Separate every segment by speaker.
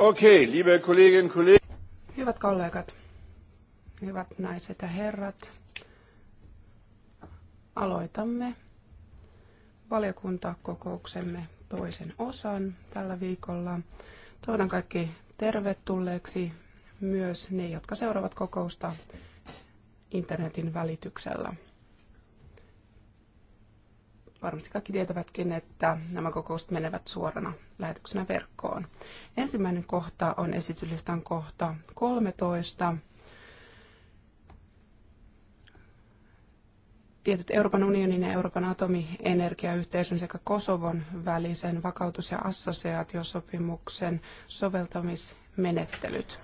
Speaker 1: Okei, okay, liebe Kollegen.
Speaker 2: Hyvät kollegat, hyvät naiset ja herrat, aloitamme valiokuntakokouksemme toisen osan tällä viikolla. Toivotan kaikki tervetulleeksi myös ne, jotka seuraavat kokousta internetin välityksellä varmasti kaikki tietävätkin, että nämä kokoukset menevät suorana lähetyksenä verkkoon. Ensimmäinen kohta on esityslistan kohta 13. Tietyt Euroopan unionin ja Euroopan atomienergiayhteisön sekä Kosovon välisen vakautus- ja assosiaatiosopimuksen soveltamismenettelyt.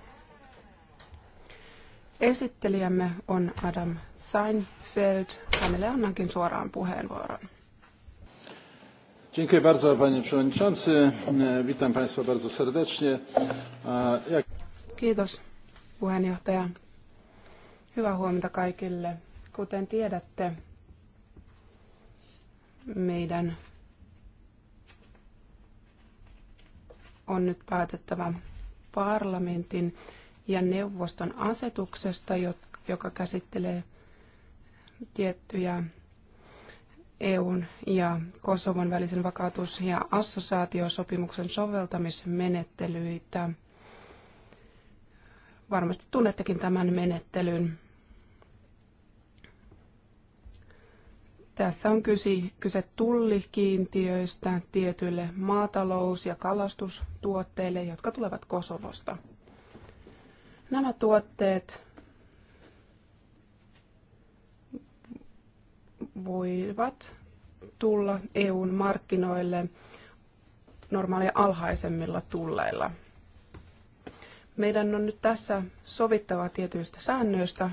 Speaker 2: Esittelijämme on Adam Seinfeld. Hänelle annankin suoraan puheenvuoron.
Speaker 3: Dziękuję bardzo panie przewodniczący. E, witam państwa bardzo serdecznie. Jak...
Speaker 2: Kiitos puheenjohtaja. Hyvää huomenta kaikille. Kuten tiedätte, meidän on nyt päätettävä parlamentin ja neuvoston asetuksesta, joka käsittelee tiettyjä EUn ja Kosovon välisen vakautus- ja assosiaatiosopimuksen soveltamismenettelyitä. Varmasti tunnettekin tämän menettelyn. Tässä on kyse, kyse tullikiintiöistä tietyille maatalous- ja kalastustuotteille, jotka tulevat Kosovosta. Nämä tuotteet voivat tulla EUn markkinoille normaalia alhaisemmilla tulleilla. Meidän on nyt tässä sovittava tietyistä säännöistä,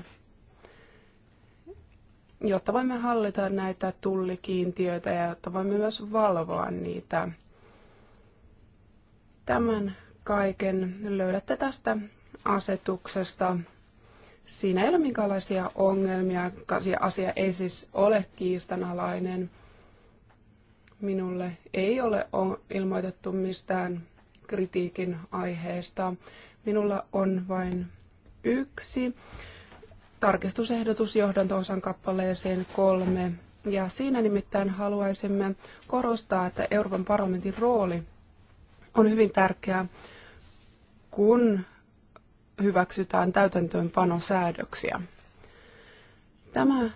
Speaker 2: jotta voimme hallita näitä tullikiintiöitä ja jotta voimme myös valvoa niitä. Tämän kaiken löydätte tästä asetuksesta. Siinä ei ole minkäänlaisia ongelmia, asia ei siis ole kiistanalainen. Minulle ei ole ilmoitettu mistään kritiikin aiheesta. Minulla on vain yksi tarkistusehdotus johdanto-osan kappaleeseen kolme. Ja siinä nimittäin haluaisimme korostaa, että Euroopan parlamentin rooli on hyvin tärkeä, kun hyväksytään täytäntöönpanosäädöksiä. Tämä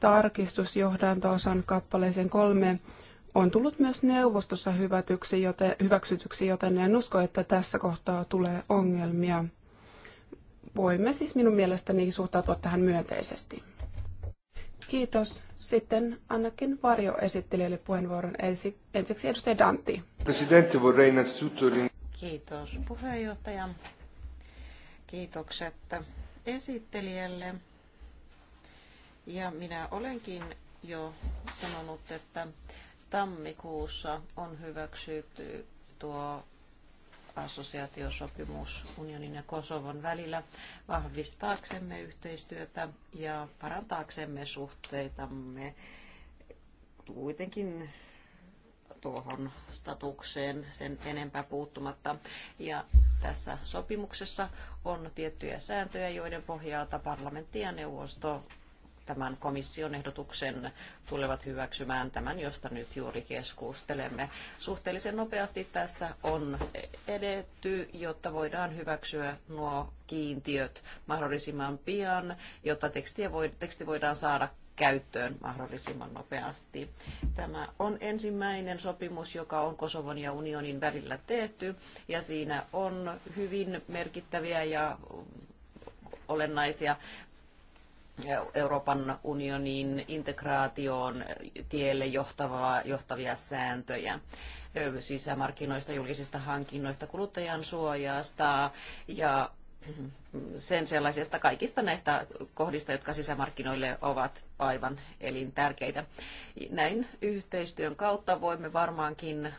Speaker 2: tarkistus johdanto-osan kappaleeseen kolme on tullut myös neuvostossa hyvätyksi, joten, hyväksytyksi, joten en usko, että tässä kohtaa tulee ongelmia. Voimme siis minun mielestäni suhtautua tähän myönteisesti. Kiitos. Sitten annakin varjo esittelijälle
Speaker 4: puheenvuoron ensi, ensiksi edustaja Dantti. Kiitos puheenjohtaja. Kiitokset esittelijälle. Ja minä olenkin jo sanonut, että tammikuussa on hyväksytty tuo assosiaatiosopimus unionin ja Kosovon välillä vahvistaaksemme yhteistyötä ja parantaaksemme suhteitamme kuitenkin tuohon statukseen sen enempää puuttumatta. Ja tässä sopimuksessa on tiettyjä sääntöjä, joiden pohjalta parlamentti ja neuvosto tämän komission ehdotuksen tulevat hyväksymään tämän, josta nyt juuri keskustelemme. Suhteellisen nopeasti tässä on edetty, jotta voidaan hyväksyä nuo kiintiöt mahdollisimman pian, jotta tekstiä voi, teksti voidaan saada käyttöön mahdollisimman nopeasti. Tämä on ensimmäinen sopimus, joka on Kosovon ja unionin välillä tehty, ja siinä on hyvin merkittäviä ja olennaisia Euroopan unionin integraation tielle johtavaa, johtavia sääntöjä sisämarkkinoista, julkisista hankinnoista, kuluttajan suojasta ja sen sellaisesta kaikista näistä kohdista, jotka sisämarkkinoille ovat aivan elintärkeitä. Näin yhteistyön kautta voimme varmaankin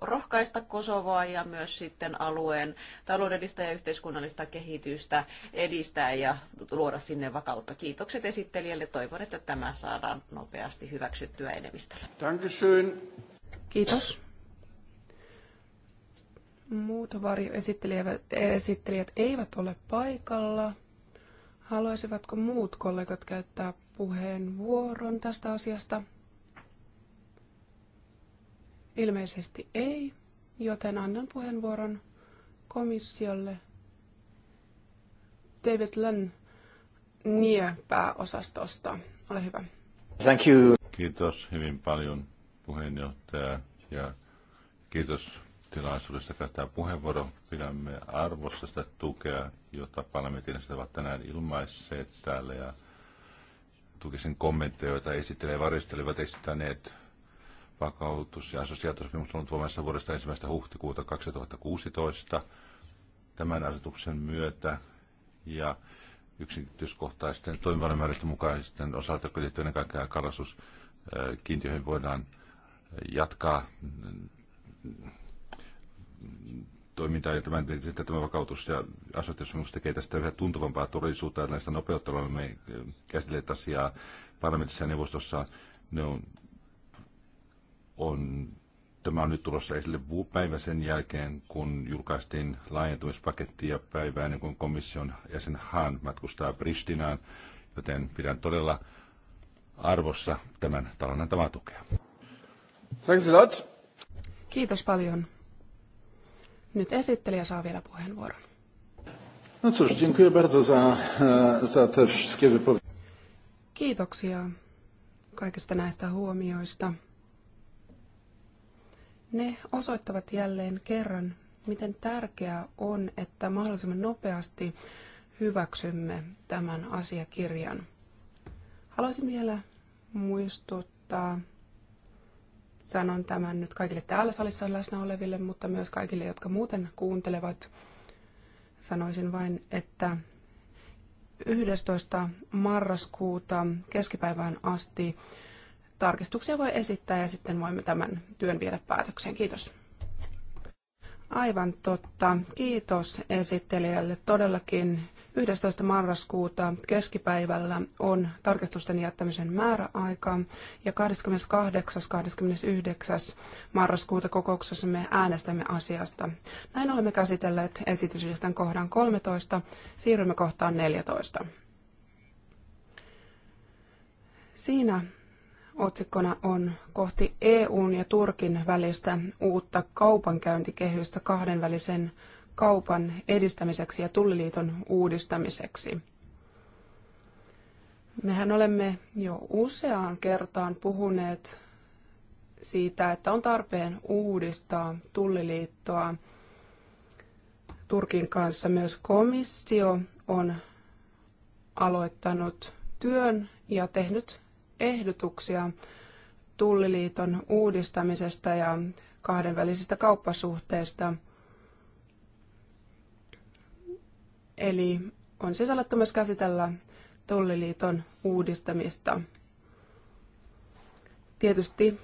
Speaker 4: rohkaista Kosovoa ja myös sitten alueen taloudellista ja yhteiskunnallista kehitystä edistää ja luoda sinne vakautta. Kiitokset esittelijälle. Toivon, että tämä saadaan nopeasti hyväksyttyä enemmistöllä.
Speaker 2: Kiitos muut varjoesittelijät eivät ole paikalla. Haluaisivatko muut kollegat käyttää puheenvuoron tästä asiasta? Ilmeisesti ei, joten annan puheenvuoron komissiolle. David Lönn
Speaker 1: NIE-pääosastosta. Ole hyvä. Thank you. Kiitos hyvin paljon puheenjohtaja ja kiitos tilaisuudesta käyttää puheenvuoro. Pidämme arvossa sitä tukea, jota parlamentin ovat tänään ilmaisseet täällä ja tukisin kommentteja, joita esittelee varistelivat esittäneet vakautus- ja assosiaatiosopimus on ollut voimassa vuodesta 1. huhtikuuta 2016 tämän asetuksen myötä ja yksityiskohtaisten toimivalmääräisten mukaisten osalta, jotka liittyy ennen kaikkea kalastuskiintiöihin, voidaan jatkaa toimintaa ja tämän, sitten tämä vakautus ja asioitus tekee tästä yhä tuntuvampaa todellisuutta ja näistä nopeuttelua me käsitelleet asiaa parlamentissa ja neuvostossa. Ne on, on, tämä on nyt tulossa esille päivä sen jälkeen, kun julkaistiin laajentumispaketti ja päivä ennen kuin komission jäsen Hahn matkustaa Pristinaan, joten pidän todella arvossa tämän talon tämä tukea. Thanks a lot.
Speaker 2: Kiitos paljon. Nyt esittelijä saa vielä puheenvuoron.
Speaker 3: No cóż, dziękuję bardzo za, e, za te wszystkie wypowiedzi.
Speaker 2: Kiitoksia kaikista näistä huomioista. Ne osoittavat jälleen kerran, miten tärkeää on, että mahdollisimman nopeasti hyväksymme tämän asiakirjan. Haluaisin vielä muistuttaa Sanon tämän nyt kaikille täällä salissa läsnä oleville, mutta myös kaikille, jotka muuten kuuntelevat. Sanoisin vain, että 11. marraskuuta keskipäivään asti tarkistuksia voi esittää ja sitten voimme tämän työn viedä päätökseen. Kiitos. Aivan totta. Kiitos esittelijälle todellakin 11. marraskuuta keskipäivällä on tarkistusten jättämisen määräaika ja 28.–29. marraskuuta kokouksessa me äänestämme asiasta. Näin olemme käsitelleet esityslistan kohdan 13. Siirrymme kohtaan 14. Siinä otsikkona on kohti EUn ja Turkin välistä uutta kaupankäyntikehystä kahdenvälisen välisen kaupan edistämiseksi ja tulliliiton uudistamiseksi. Mehän olemme jo useaan kertaan puhuneet siitä, että on tarpeen uudistaa tulliliittoa. Turkin kanssa myös komissio on aloittanut työn ja tehnyt ehdotuksia tulliliiton uudistamisesta ja kahdenvälisistä kauppasuhteista – Eli on siis alettu myös käsitellä Tolliliiton uudistamista. Tietysti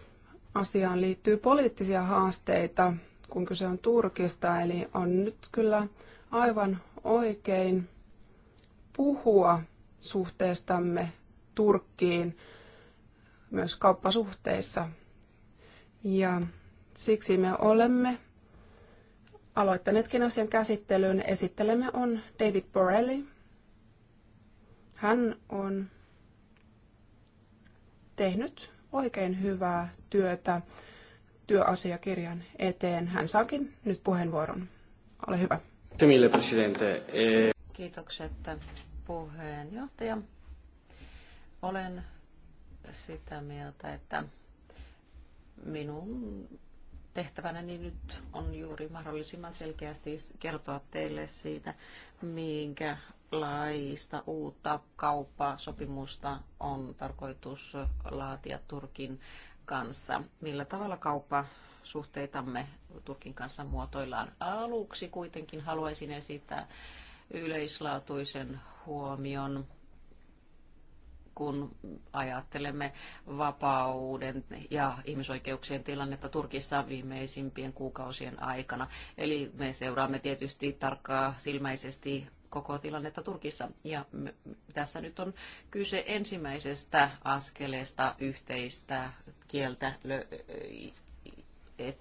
Speaker 2: asiaan liittyy poliittisia haasteita, kun kyse on Turkista, eli on nyt kyllä aivan oikein puhua suhteestamme Turkkiin myös kauppasuhteissa. Ja siksi me olemme aloittaneetkin asian käsittelyyn. Esittelemme on David Borelli. Hän on tehnyt oikein hyvää työtä työasiakirjan eteen. Hän saakin nyt puheenvuoron. Ole hyvä.
Speaker 5: E-
Speaker 4: Kiitokset puheenjohtaja. Olen sitä mieltä, että minun tehtävänä, niin nyt on juuri mahdollisimman selkeästi kertoa teille siitä, minkä laista uutta kauppasopimusta on tarkoitus laatia Turkin kanssa. Millä tavalla kauppa suhteitamme Turkin kanssa muotoillaan. Aluksi kuitenkin haluaisin esittää yleislaatuisen huomion kun ajattelemme vapauden ja ihmisoikeuksien tilannetta Turkissa viimeisimpien kuukausien aikana. Eli me seuraamme tietysti tarkkaa silmäisesti koko tilannetta Turkissa. Ja tässä nyt on kyse ensimmäisestä askeleesta yhteistä kieltä e-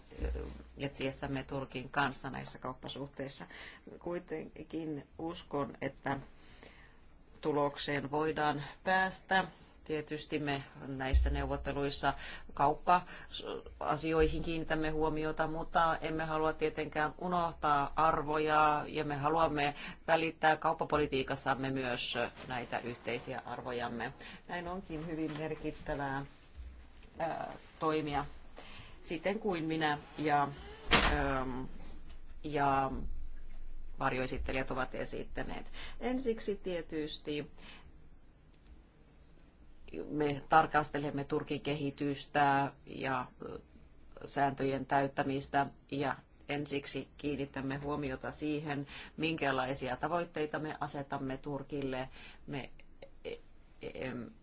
Speaker 4: etsiessämme Turkin kanssa näissä kauppasuhteissa. Kuitenkin uskon, että tulokseen voidaan päästä. Tietysti me näissä neuvotteluissa kauppa-asioihin kiinnitämme huomiota, mutta emme halua tietenkään unohtaa arvoja ja me haluamme välittää kauppapolitiikassamme myös näitä yhteisiä arvojamme. Näin onkin hyvin merkittävää ää, toimia siten kuin minä ja, ää, ja varjoesittelijät ovat esittäneet. Ensiksi tietysti me tarkastelemme Turkin kehitystä ja sääntöjen täyttämistä ja ensiksi kiinnitämme huomiota siihen, minkälaisia tavoitteita me asetamme Turkille me, e, e,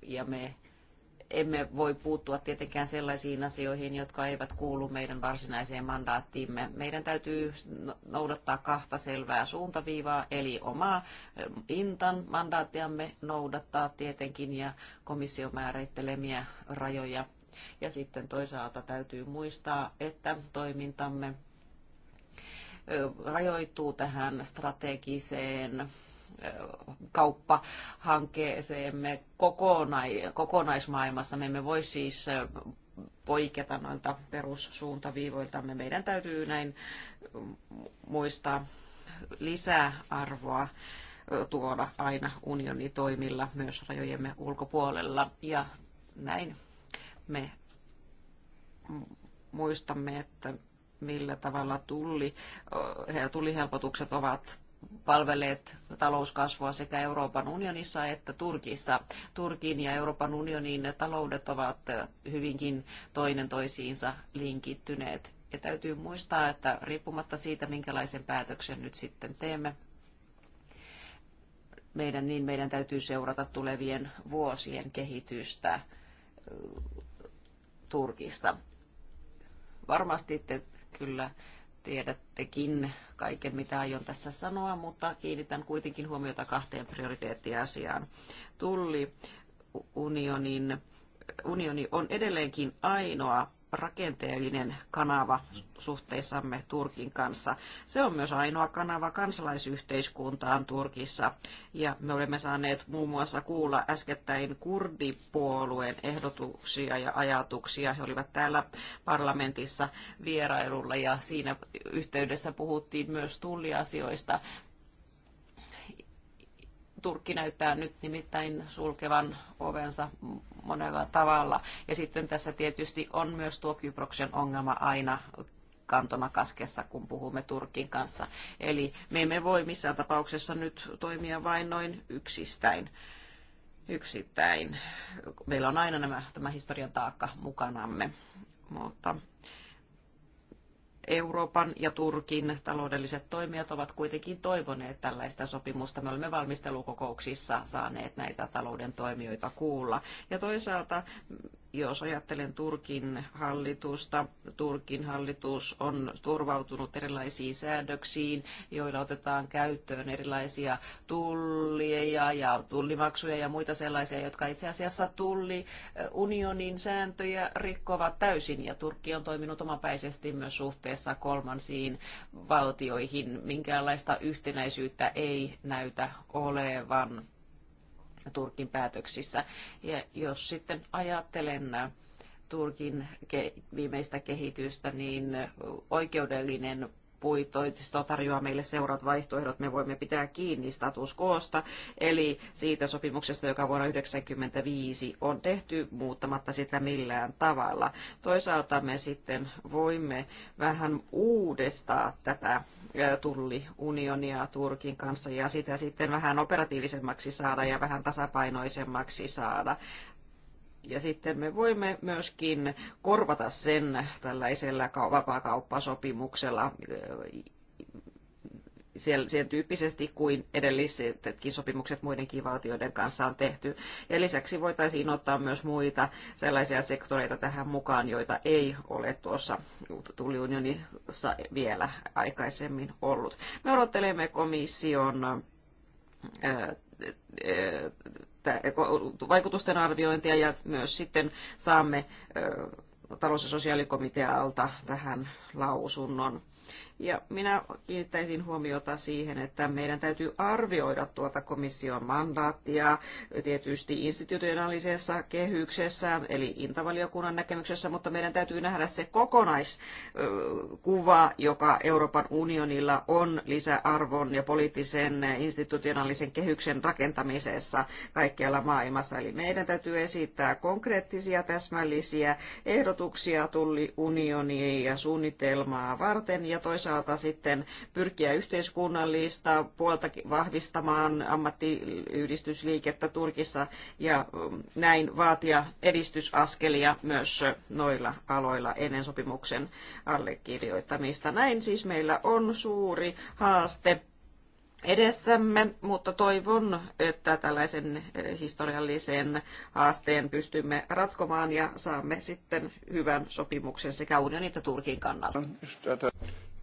Speaker 4: ja me emme voi puuttua tietenkään sellaisiin asioihin, jotka eivät kuulu meidän varsinaiseen mandaattiimme. Meidän täytyy noudattaa kahta selvää suuntaviivaa, eli omaa eh, intan mandaattiamme noudattaa tietenkin ja komission määrittelemiä rajoja. Ja sitten toisaalta täytyy muistaa, että toimintamme eh, rajoittuu tähän strategiseen kauppahankkeeseemme kokonaismaailmassa. Me emme voi siis poiketa noilta perussuuntaviivoiltamme. Meidän täytyy näin muistaa lisäarvoa tuoda aina unionitoimilla myös rajojemme ulkopuolella. Ja näin me muistamme, että millä tavalla tulli, tullihelpotukset ovat palvelleet talouskasvua sekä Euroopan unionissa että Turkissa. Turkin ja Euroopan unionin taloudet ovat hyvinkin toinen toisiinsa linkittyneet. Ja täytyy muistaa, että riippumatta siitä, minkälaisen päätöksen nyt sitten teemme, meidän, niin meidän täytyy seurata tulevien vuosien kehitystä äh, Turkista. Varmasti te kyllä tiedättekin kaiken, mitä aion tässä sanoa, mutta kiinnitän kuitenkin huomiota kahteen prioriteettiasiaan. Tulli unionin unioni on edelleenkin ainoa rakenteellinen kanava suhteissamme Turkin kanssa. Se on myös ainoa kanava kansalaisyhteiskuntaan Turkissa. Ja me olemme saaneet muun muassa kuulla äskettäin kurdipuolueen ehdotuksia ja ajatuksia. He olivat täällä parlamentissa vierailulla ja siinä yhteydessä puhuttiin myös tulliasioista. Turkki näyttää nyt nimittäin sulkevan ovensa monella tavalla. Ja sitten tässä tietysti on myös tuo Kyproksen ongelma aina kantona kaskessa, kun puhumme Turkin kanssa. Eli me emme voi missään tapauksessa nyt toimia vain noin yksistäin. yksittäin. Meillä on aina nämä, tämä historian taakka mukanamme. Mutta Euroopan ja Turkin taloudelliset toimijat ovat kuitenkin toivoneet tällaista sopimusta. Me olemme valmistelukokouksissa saaneet näitä talouden toimijoita kuulla. Ja toisaalta jos ajattelen Turkin hallitusta, Turkin hallitus on turvautunut erilaisiin säädöksiin, joilla otetaan käyttöön erilaisia tullia ja tullimaksuja ja muita sellaisia, jotka itse asiassa tulli unionin sääntöjä rikkovat täysin ja Turkki on toiminut omapäisesti myös suhteessa kolmansiin valtioihin. Minkäänlaista yhtenäisyyttä ei näytä olevan Turkin päätöksissä. Ja jos sitten ajattelen äh, Turkin viimeistä kehitystä, niin oikeudellinen puitoisto tarjoaa meille seuraavat vaihtoehdot. Me voimme pitää kiinni status quoosta, eli siitä sopimuksesta, joka vuonna 1995 on tehty muuttamatta sitä millään tavalla. Toisaalta me sitten voimme vähän uudestaa tätä tulliunionia Turkin kanssa ja sitä sitten vähän operatiivisemmaksi saada ja vähän tasapainoisemmaksi saada. Ja sitten me voimme myöskin korvata sen tällaisella vapaakauppasopimuksella äh, sen tyyppisesti kuin edellisetkin sopimukset muidenkin valtioiden kanssa on tehty. Ja lisäksi voitaisiin ottaa myös muita sellaisia sektoreita tähän mukaan, joita ei ole tuossa tuliunionissa vielä aikaisemmin ollut. Me odottelemme komission äh, äh, vaikutusten arviointia ja myös sitten saamme talous- ja sosiaalikomitealta tähän lausunnon. Ja minä kiinnittäisin huomiota siihen, että meidän täytyy arvioida tuota komission mandaattia tietysti institutionaalisessa kehyksessä, eli intavaliokunnan näkemyksessä, mutta meidän täytyy nähdä se kokonaiskuva, joka Euroopan unionilla on lisäarvon ja poliittisen institutionaalisen kehyksen rakentamisessa kaikkialla maailmassa. Eli meidän täytyy esittää konkreettisia, täsmällisiä ehdotuksia unionia ja suunnitelmaa varten ja toisaalta toisaalta sitten pyrkiä yhteiskunnallista puolta vahvistamaan ammattiyhdistysliikettä Turkissa ja mm, näin vaatia edistysaskelia myös noilla aloilla ennen sopimuksen allekirjoittamista. Näin siis meillä on suuri haaste edessämme, mutta toivon, että tällaisen eh, historiallisen haasteen pystymme ratkomaan ja saamme sitten hyvän sopimuksen sekä unionin että Turkin
Speaker 5: kannalta.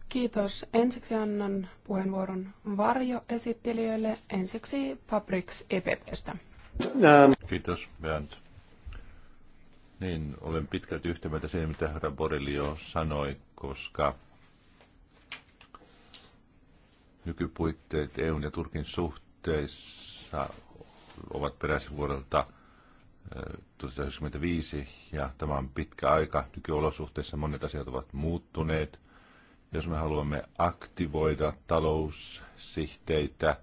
Speaker 2: Kiitos. Ensiksi annan puheenvuoron varjoesittelijöille. Ensiksi Fabriks EPPstä.
Speaker 1: Kiitos, Bernd. Niin, olen pitkälti yhtä mieltä siihen, mitä herra Borelio sanoi, koska nykypuitteet EUn ja Turkin suhteissa ovat peräisin vuodelta 1995 ja tämä on pitkä aika. Nykyolosuhteissa monet asiat ovat muuttuneet jos me haluamme aktivoida taloussihteitä,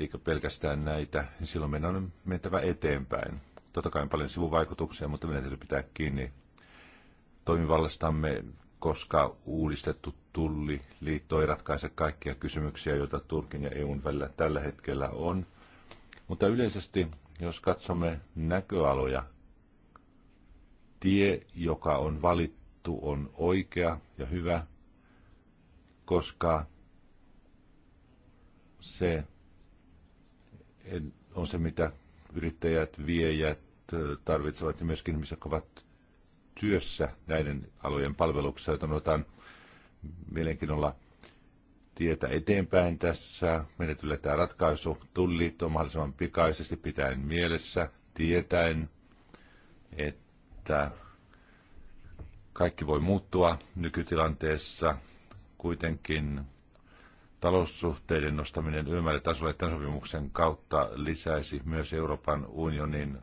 Speaker 1: eikä pelkästään näitä, niin silloin meidän on mentävä eteenpäin. Totta kai paljon sivuvaikutuksia, mutta meidän täytyy pitää kiinni toimivallastamme, koska uudistettu liitto ei ratkaise kaikkia kysymyksiä, joita Turkin ja EUn välillä tällä hetkellä on. Mutta yleisesti, jos katsomme näköaloja, tie, joka on valittu, ehdotettu on oikea ja hyvä, koska se on se, mitä yrittäjät, viejät tarvitsevat ja myöskin ihmiset, jotka ovat työssä näiden alojen palveluksessa, joten otan mielenkiinnolla tietä eteenpäin tässä. Meidän tulee tämä ratkaisu tulliitto mahdollisimman pikaisesti pitäen mielessä, tietäen, että kaikki voi muuttua nykytilanteessa. Kuitenkin taloussuhteiden nostaminen ylimmälle tasolle tämän sopimuksen kautta lisäisi myös Euroopan unionin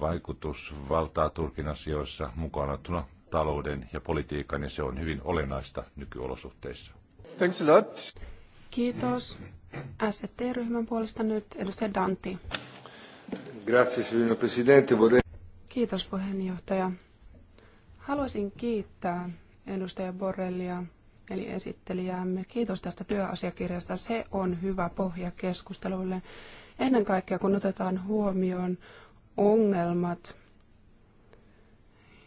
Speaker 1: vaikutusvaltaa Turkin asioissa mukana tuna, talouden ja politiikan, ja se on hyvin olennaista nykyolosuhteissa.
Speaker 3: Thanks a lot.
Speaker 2: Kiitos. ST-ryhmän puolesta nyt edustaja Danti.
Speaker 1: Grazie, signor Presidente.
Speaker 2: Kiitos puheenjohtaja. Haluaisin kiittää edustaja Borrellia, eli esittelijäämme. Kiitos tästä työasiakirjasta. Se on hyvä pohja keskustelulle. Ennen kaikkea, kun otetaan huomioon ongelmat,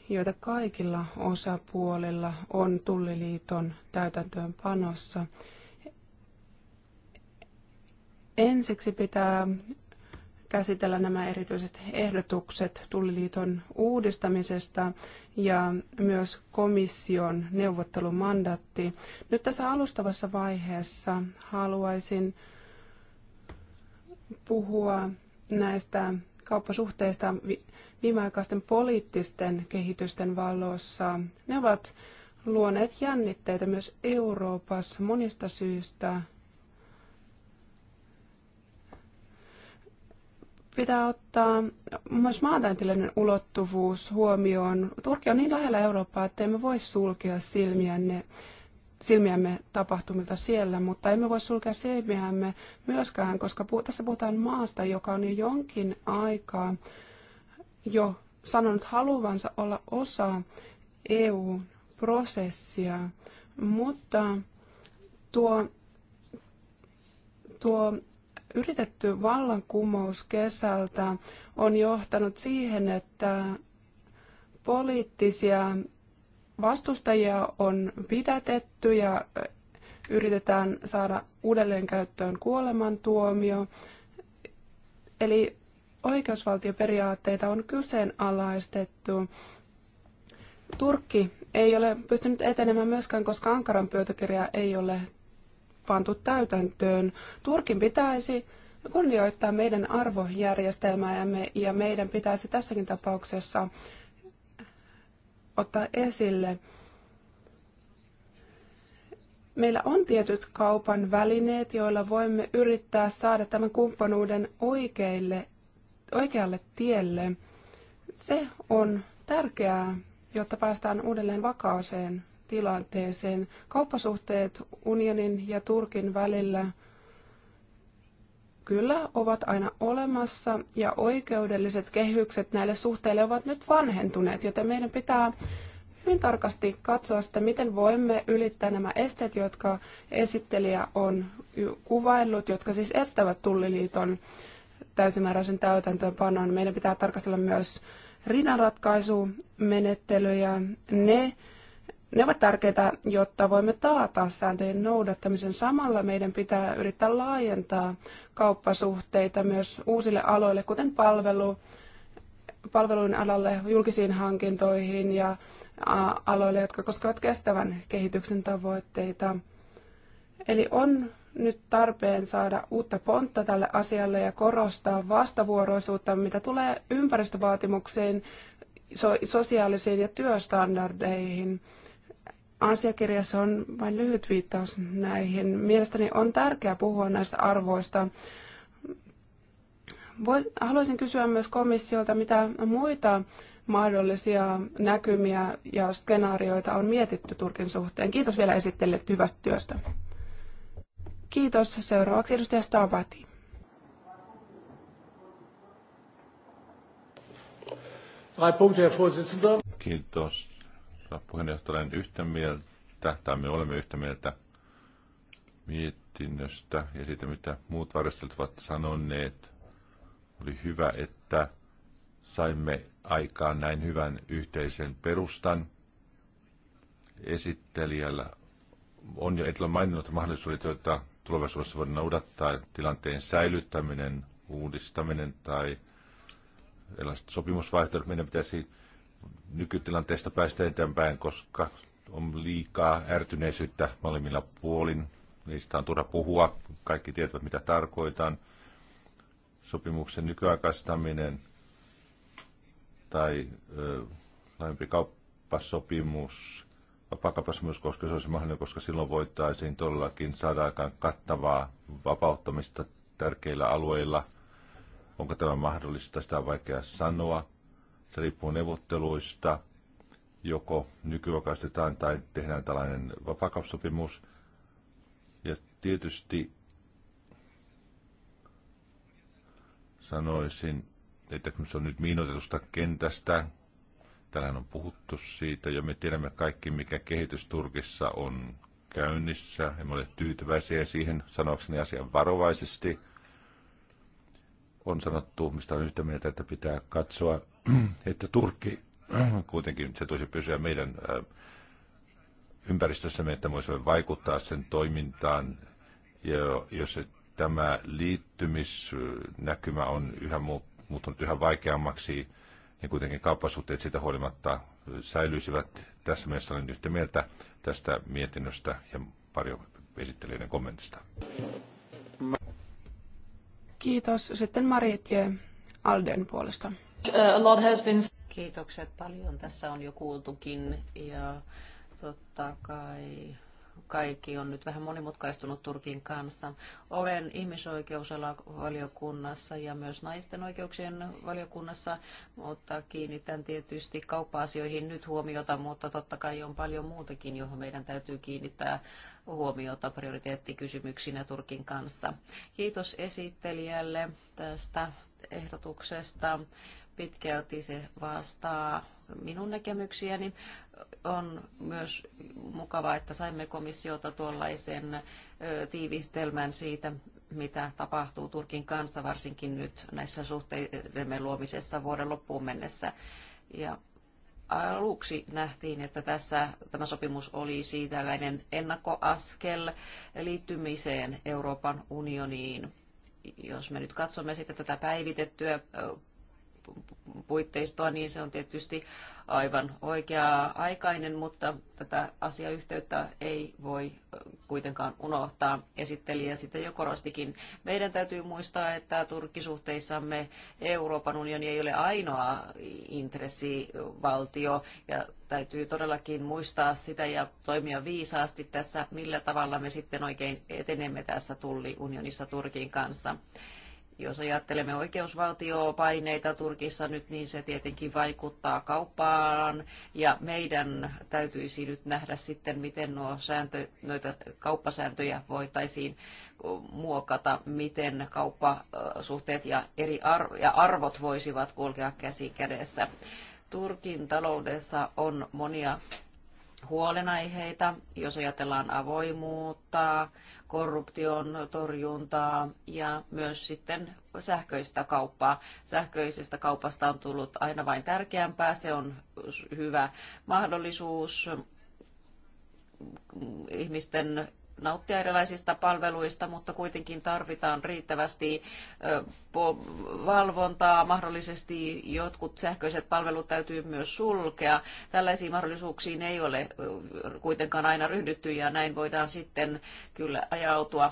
Speaker 2: joita kaikilla osapuolilla on Tulliliiton täytäntöönpanossa. Ensiksi pitää käsitellä nämä erityiset ehdotukset Tulliliiton uudistamisesta ja myös komission neuvottelumandaatti. Nyt tässä alustavassa vaiheessa haluaisin puhua näistä kauppasuhteista viimeaikaisten poliittisten kehitysten valossa. Ne ovat luoneet jännitteitä myös Euroopassa monista syistä, pitää ottaa myös maantieteellinen ulottuvuus huomioon. Turkki on niin lähellä Eurooppaa, että emme voi sulkea silmiänne, silmiämme tapahtumilta siellä, mutta emme voi sulkea silmiämme myöskään, koska puh- tässä puhutaan maasta, joka on jo jonkin aikaa jo sanonut haluvansa olla osa EU-prosessia, mutta tuo, tuo yritetty vallankumous kesältä on johtanut siihen, että poliittisia vastustajia on pidätetty ja yritetään saada uudelleen käyttöön kuolemantuomio. Eli oikeusvaltioperiaatteita on kyseenalaistettu. Turkki ei ole pystynyt etenemään myöskään, koska Ankaran pöytäkirja ei ole pantu täytäntöön. Turkin pitäisi kunnioittaa meidän arvojärjestelmäämme ja meidän pitäisi tässäkin tapauksessa ottaa esille. Meillä on tietyt kaupan välineet, joilla voimme yrittää saada tämän kumppanuuden oikeille, oikealle tielle. Se on tärkeää, jotta päästään uudelleen vakaaseen tilanteeseen. Kauppasuhteet unionin ja Turkin välillä kyllä ovat aina olemassa ja oikeudelliset kehykset näille suhteille ovat nyt vanhentuneet, joten meidän pitää hyvin tarkasti katsoa sitä, miten voimme ylittää nämä esteet, jotka esittelijä on kuvaillut, jotka siis estävät Tulliliiton täysimääräisen täytäntöönpanon. Meidän pitää tarkastella myös rinnanratkaisumenettelyjä. Ne ne ovat tärkeitä, jotta voimme taata sääntöjen noudattamisen. Samalla meidän pitää yrittää laajentaa kauppasuhteita myös uusille aloille, kuten palvelu, palveluiden alalle, julkisiin hankintoihin ja aloille, jotka koskevat kestävän kehityksen tavoitteita. Eli on nyt tarpeen saada uutta pontta tälle asialle ja korostaa vastavuoroisuutta, mitä tulee ympäristövaatimuksiin, sosiaalisiin ja työstandardeihin asiakirjassa on vain lyhyt viittaus näihin. Mielestäni on tärkeää puhua näistä arvoista. haluaisin kysyä myös komissiolta, mitä muita mahdollisia näkymiä ja skenaarioita on mietitty Turkin suhteen. Kiitos vielä esittelijät hyvästä työstä. Kiitos. Seuraavaksi edustaja Stavati.
Speaker 1: Kiitos puheenjohtaja, olen yhtä mieltä, tai me olemme yhtä mieltä mietinnöstä ja siitä, mitä muut varjostelut ovat sanoneet. Oli hyvä, että saimme aikaan näin hyvän yhteisen perustan. Esittelijällä on jo etelä maininnut mahdollisuudet, joita tulevaisuudessa voidaan noudattaa, tilanteen säilyttäminen, uudistaminen tai erilaiset sopimusvaihtoehdot. Meidän pitäisi nykytilanteesta päästä eteenpäin, koska on liikaa ärtyneisyyttä molemmilla puolin. Niistä on turha puhua. Kaikki tietävät, mitä tarkoitan. Sopimuksen nykyaikaistaminen tai ö, laajempi kauppasopimus, vapaakauppasopimus, koska se olisi mahdollinen, koska silloin voitaisiin todellakin saada aikaan kattavaa vapauttamista tärkeillä alueilla. Onko tämä mahdollista, sitä on vaikea sanoa se riippuu neuvotteluista, joko nykyvakaistetaan tai tehdään tällainen vapakaussopimus. Ja tietysti sanoisin, että kun se on nyt miinoitetusta kentästä, tällähän on puhuttu siitä ja me tiedämme kaikki, mikä kehitys Turkissa on käynnissä. Emme ole tyytyväisiä siihen, sanoakseni asian varovaisesti. On sanottu, mistä on yhtä mieltä, että pitää katsoa että Turkki kuitenkin se tulisi pysyä meidän äh, ympäristössämme, että voisimme vaikuttaa sen toimintaan. Ja jos tämä liittymisnäkymä on yhä muuttunut yhä vaikeammaksi, niin kuitenkin kauppasuhteet siitä huolimatta säilyisivät. Tässä mielessä olen yhtä mieltä tästä mietinnöstä ja paljon esittelijöiden kommentista.
Speaker 2: Kiitos. Sitten Marietje Alden puolesta.
Speaker 4: Uh, a lot has been... Kiitokset paljon. Tässä on jo kuultukin ja totta kai kaikki on nyt vähän monimutkaistunut Turkin kanssa. Olen ihmisoikeusvaliokunnassa ja myös naisten oikeuksien valiokunnassa, mutta kiinnitän tietysti kauppa-asioihin nyt huomiota, mutta totta kai on paljon muutakin, johon meidän täytyy kiinnittää huomiota prioriteettikysymyksinä Turkin kanssa. Kiitos esittelijälle tästä ehdotuksesta pitkälti se vastaa minun näkemyksiäni. On myös mukavaa, että saimme komissiota tuollaisen tiivistelmän siitä, mitä tapahtuu Turkin kanssa, varsinkin nyt näissä suhteidemme luomisessa vuoden loppuun mennessä. Ja aluksi nähtiin, että tässä tämä sopimus olisi tällainen ennakkoaskel liittymiseen Euroopan unioniin. Jos me nyt katsomme sitten tätä päivitettyä puitteistoa, niin se on tietysti aivan oikea-aikainen, mutta tätä asiayhteyttä ei voi kuitenkaan unohtaa. Esittelijä sitä jo korostikin. Meidän täytyy muistaa, että turkkisuhteissamme Euroopan unioni ei ole ainoa intressivaltio ja täytyy todellakin muistaa sitä ja toimia viisaasti tässä, millä tavalla me sitten oikein etenemme tässä tulliunionissa Turkin kanssa. Jos ajattelemme oikeusvaltiopaineita Turkissa nyt, niin se tietenkin vaikuttaa kauppaan ja meidän täytyisi nyt nähdä sitten, miten nuo sääntö, noita kauppasääntöjä voitaisiin muokata, miten kauppasuhteet ja, eri ar- ja arvot voisivat kulkea käsi kädessä. Turkin taloudessa on monia huolenaiheita, jos ajatellaan avoimuutta, korruption torjuntaa ja myös sitten sähköistä kauppaa. Sähköisestä kaupasta on tullut aina vain tärkeämpää, se on hyvä mahdollisuus ihmisten nauttia erilaisista palveluista, mutta kuitenkin tarvitaan riittävästi valvontaa. Mahdollisesti jotkut sähköiset palvelut täytyy myös sulkea. Tällaisiin mahdollisuuksiin ei ole kuitenkaan aina ryhdytty ja näin voidaan sitten kyllä ajautua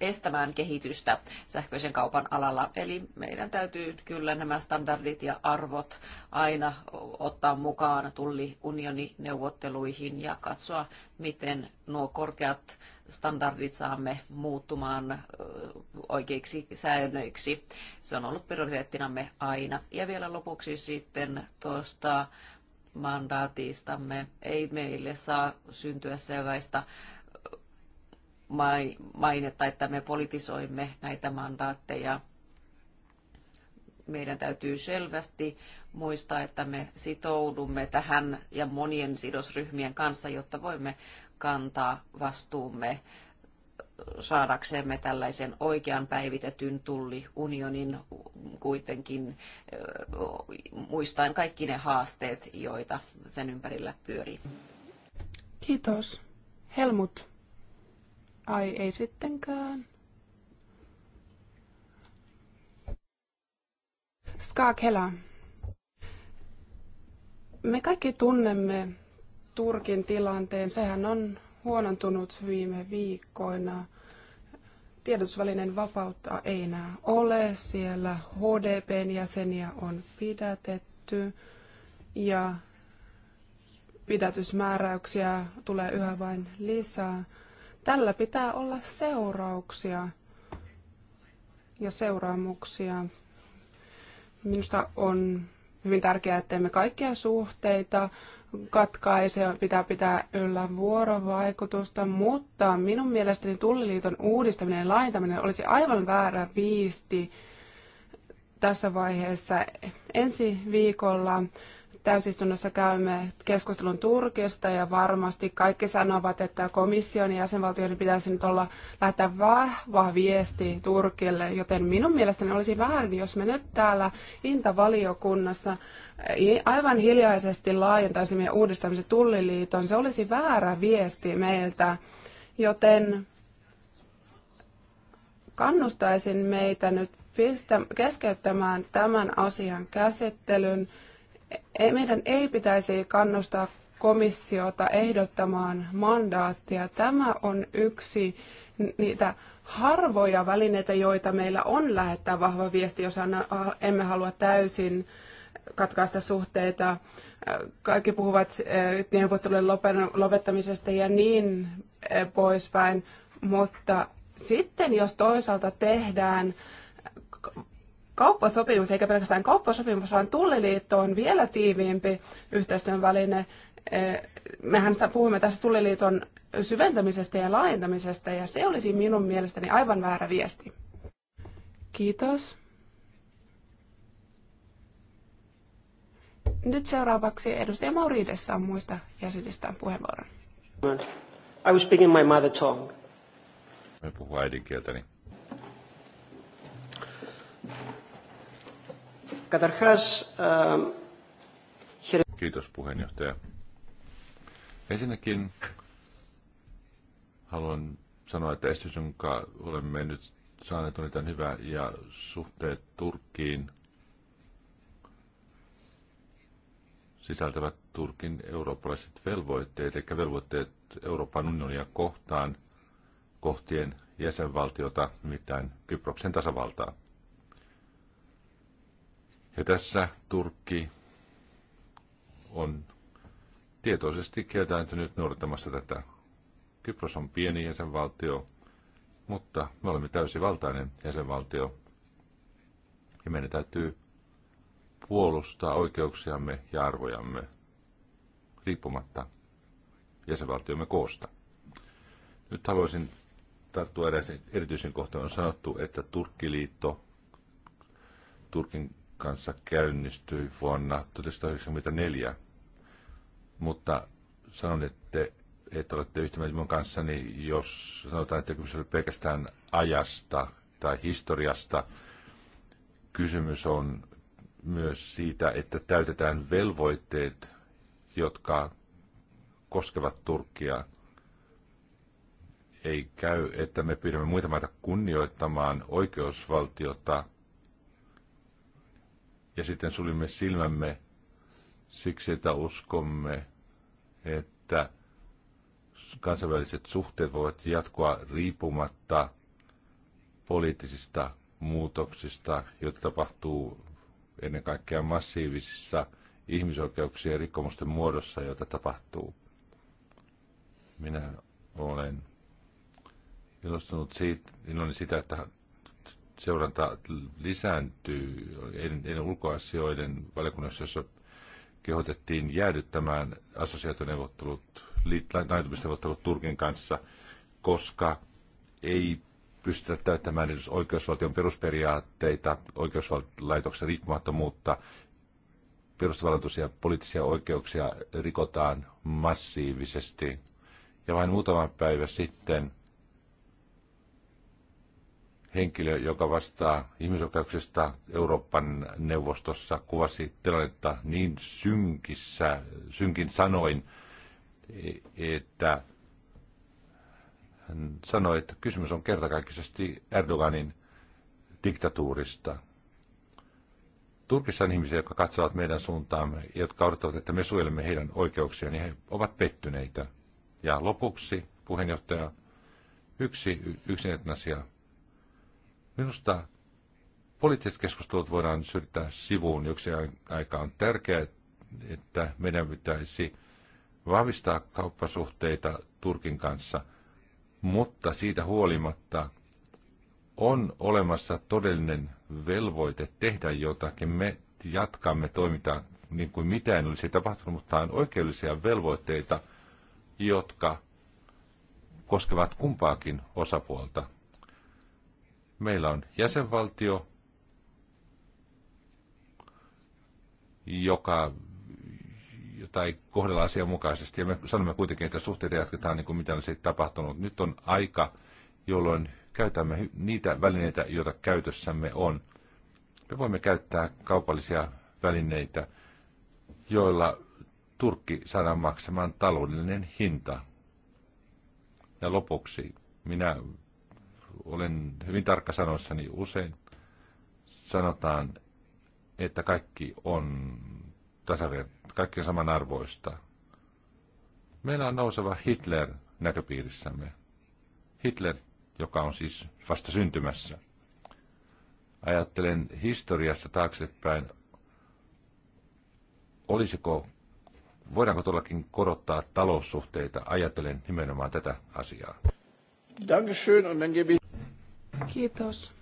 Speaker 4: estämään kehitystä sähköisen kaupan alalla. Eli meidän täytyy kyllä nämä standardit ja arvot aina ottaa mukaan tulli tulliunionineuvotteluihin ja katsoa, miten nuo korkeat standardit saamme muuttumaan oikeiksi säännöiksi. Se on ollut prioriteettinamme aina. Ja vielä lopuksi sitten tuosta mandaatistamme. Ei meille saa syntyä sellaista mainetta, että me politisoimme näitä mandaatteja. Meidän täytyy selvästi muistaa, että me sitoudumme tähän ja monien sidosryhmien kanssa, jotta voimme kantaa vastuumme saadaksemme tällaisen oikean päivitetyn tulliunionin kuitenkin muistaen kaikki ne haasteet, joita sen ympärillä pyörii. Kiitos. Helmut.
Speaker 2: Ai ei sittenkään. Skakela. Me kaikki tunnemme Turkin tilanteen. Sehän on huonontunut viime viikkoina. Tiedotusvälineen vapautta ei enää ole. Siellä HDPn jäseniä on pidätetty ja pidätysmääräyksiä tulee yhä vain lisää. Tällä pitää olla seurauksia ja seuraamuksia. Minusta on hyvin tärkeää, että me kaikkia suhteita katkaise ja pitää pitää yllä vuorovaikutusta, mutta minun mielestäni Tulliliiton uudistaminen ja laajentaminen olisi aivan väärä viisti tässä vaiheessa. Ensi viikolla täysistunnossa käymme keskustelun Turkista ja varmasti kaikki sanovat, että komission ja jäsenvaltioiden pitäisi nyt olla lähettää vahva viesti Turkille, joten minun mielestäni olisi väärin, jos me nyt täällä Intavaliokunnassa eh, aivan hiljaisesti laajentaisimme uudistamisen tulliliiton. Se olisi väärä viesti meiltä, joten kannustaisin meitä nyt pistä, keskeyttämään tämän asian käsittelyn meidän ei pitäisi kannustaa komissiota ehdottamaan mandaattia. Tämä on yksi niitä harvoja välineitä, joita meillä on lähettää vahva viesti, jos emme halua täysin katkaista suhteita. Kaikki puhuvat e, neuvottelujen lopettamisesta ja niin e, poispäin, mutta sitten jos toisaalta tehdään kauppasopimus, eikä pelkästään kauppasopimus, vaan tulliliitto on vielä tiiviimpi yhteistyön väline. E, mehän puhumme tässä tulliliiton syventämisestä ja laajentamisesta, ja se olisi minun mielestäni aivan väärä viesti. Kiitos. Nyt seuraavaksi edustaja Mauriides saa muista jäsenistään puheenvuoron.
Speaker 1: I was speaking my mother tongue. Mä puhun äidinkieltäni. Niin Καταρχάς... Kiitos puheenjohtaja. Ensinnäkin haluan sanoa, että esitys, jonka olemme nyt saaneet, on erittäin hyvä ja suhteet Turkkiin sisältävät Turkin eurooppalaiset velvoitteet, eli velvoitteet Euroopan unionia kohtaan kohtien jäsenvaltiota, nimittäin Kyproksen tasavaltaa. Ja tässä Turkki on tietoisesti kieltäytynyt noudattamassa tätä. Kypros on pieni jäsenvaltio, mutta me olemme täysivaltainen jäsenvaltio. Ja meidän täytyy puolustaa oikeuksiamme ja arvojamme riippumatta jäsenvaltiomme koosta. Nyt haluaisin tarttua erityisen kohtaan. On sanottu, että Turkkiliitto, Turkin kanssa käynnistyi vuonna 1994. Mutta sanon, että, että olette yhtä mieltä minun kanssani, jos sanotaan, että kysymys oli pelkästään ajasta tai historiasta. Kysymys on myös siitä, että täytetään velvoitteet, jotka koskevat Turkkia. Ei käy, että me pyydämme muita maita kunnioittamaan oikeusvaltiota – ja sitten sulimme silmämme siksi, että uskomme, että kansainväliset suhteet voivat jatkua riippumatta poliittisista muutoksista, joita tapahtuu ennen kaikkea massiivisissa ihmisoikeuksien rikkomusten muodossa, joita tapahtuu. Minä olen ilostunut siitä, iloinen sitä, että seuranta lisääntyy. Eilen, ulkoasioiden valiokunnassa, jossa kehotettiin jäädyttämään assosiaationeuvottelut, laajentumisneuvottelut Turkin kanssa, koska ei pystytä täyttämään edes oikeusvaltion perusperiaatteita, oikeuslaitoksen riippumattomuutta, perustavallantuisia poliittisia oikeuksia rikotaan massiivisesti. Ja vain muutama päivä sitten henkilö, joka vastaa ihmisoikeuksista Euroopan neuvostossa, kuvasi tilannetta niin synkissä, synkin sanoin, että hän sanoi, että kysymys on kertakaikkisesti Erdoganin diktatuurista. Turkissa on ihmisiä, jotka katsovat meidän suuntaamme, jotka odottavat, että me suojelemme heidän oikeuksiaan, niin he ovat pettyneitä. Ja lopuksi, puheenjohtaja, yksi yksinäinen asia Minusta poliittiset keskustelut voidaan syrjittää sivuun. Yksi aika on tärkeää, että meidän pitäisi vahvistaa kauppasuhteita Turkin kanssa, mutta siitä huolimatta on olemassa todellinen velvoite tehdä jotakin. Me jatkamme toimintaa niin kuin mitään olisi tapahtunut, mutta on oikeudellisia velvoitteita, jotka koskevat kumpaakin osapuolta. Meillä on jäsenvaltio, joka tai kohdella asianmukaisesti. Ja me sanomme kuitenkin, että suhteita jatketaan niin kuin mitä siitä tapahtunut. Nyt on aika, jolloin käytämme niitä välineitä, joita käytössämme on. Me voimme käyttää kaupallisia välineitä, joilla Turkki saadaan maksamaan taloudellinen hinta. Ja lopuksi minä olen hyvin tarkka sanoissani, usein sanotaan, että kaikki on tasaver- kaikki on samanarvoista. Meillä on nouseva Hitler näköpiirissämme. Hitler, joka on siis vasta syntymässä. Ajattelen historiassa taaksepäin, olisiko, voidaanko todellakin korottaa taloussuhteita? Ajattelen nimenomaan tätä asiaa.
Speaker 2: Dankeschön, und dann gebe ich... Kiitos.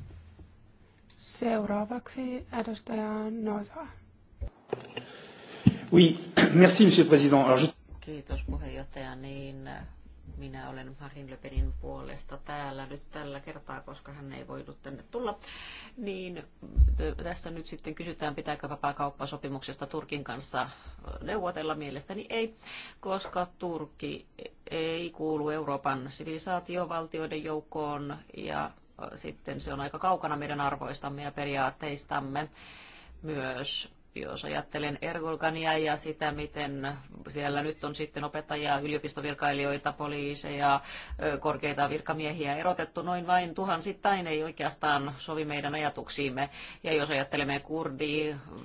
Speaker 4: Seuraavaksi edustaja Nosa.
Speaker 3: Oui, merci, monsieur le président. Alors, je...
Speaker 4: Kiitos puheenjohtaja. Niin, minä olen Marin Penin puolesta täällä nyt tällä kertaa, koska hän ei voinut tänne tulla. Niin tässä nyt sitten kysytään, pitääkö vapaakauppasopimuksesta Turkin kanssa neuvotella. Mielestäni ei, koska Turkki ei kuulu Euroopan sivilisaatiovaltioiden joukkoon ja sitten se on aika kaukana meidän arvoistamme ja periaatteistamme myös jos ajattelen ergolgania ja sitä, miten siellä nyt on sitten opettajia, yliopistovirkailijoita, poliiseja, korkeita virkamiehiä erotettu noin vain tuhansittain, ei oikeastaan sovi meidän ajatuksiimme. Ja jos ajattelemme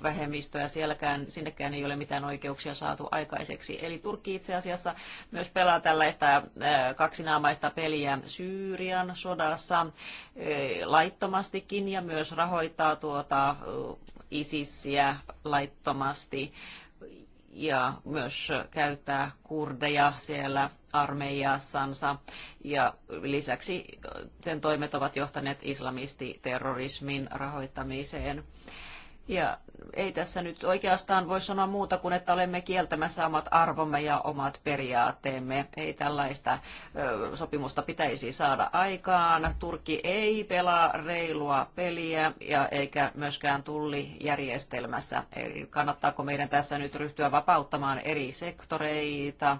Speaker 4: vähemmistöä, sielläkään, sinnekään ei ole mitään oikeuksia saatu aikaiseksi. Eli Turkki itse asiassa myös pelaa tällaista kaksinaamaista peliä Syyrian sodassa laittomastikin ja myös rahoittaa tuota ISISiä laittomasti ja myös käyttää kurdeja siellä armeijassansa. Ja lisäksi sen toimet ovat johtaneet islamistiterrorismin rahoittamiseen. Ja ei tässä nyt oikeastaan voi sanoa muuta kuin, että olemme kieltämässä omat arvomme ja omat periaatteemme. Ei tällaista sopimusta pitäisi saada aikaan. Turkki ei pelaa reilua peliä ja eikä myöskään järjestelmässä. Eli kannattaako meidän tässä nyt ryhtyä vapauttamaan eri sektoreita?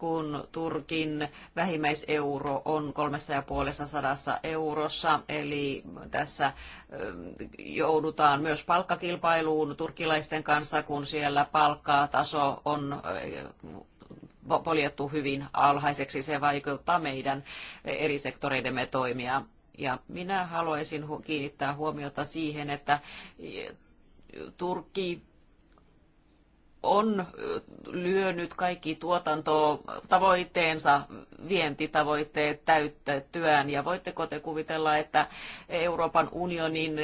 Speaker 4: kun Turkin vähimmäiseuro on sadassa eurossa, eli tässä joudutaan myös palkkakilpailuun turkilaisten kanssa, kun siellä palkkataso on poljettu hyvin alhaiseksi. Se vaikuttaa meidän eri sektoreidemme toimia. Ja minä haluaisin kiinnittää huomiota siihen, että Turkki on lyönyt kaikki tuotantotavoitteensa, vientitavoitteet täyttöään. Ja voitteko te kuvitella, että Euroopan unionin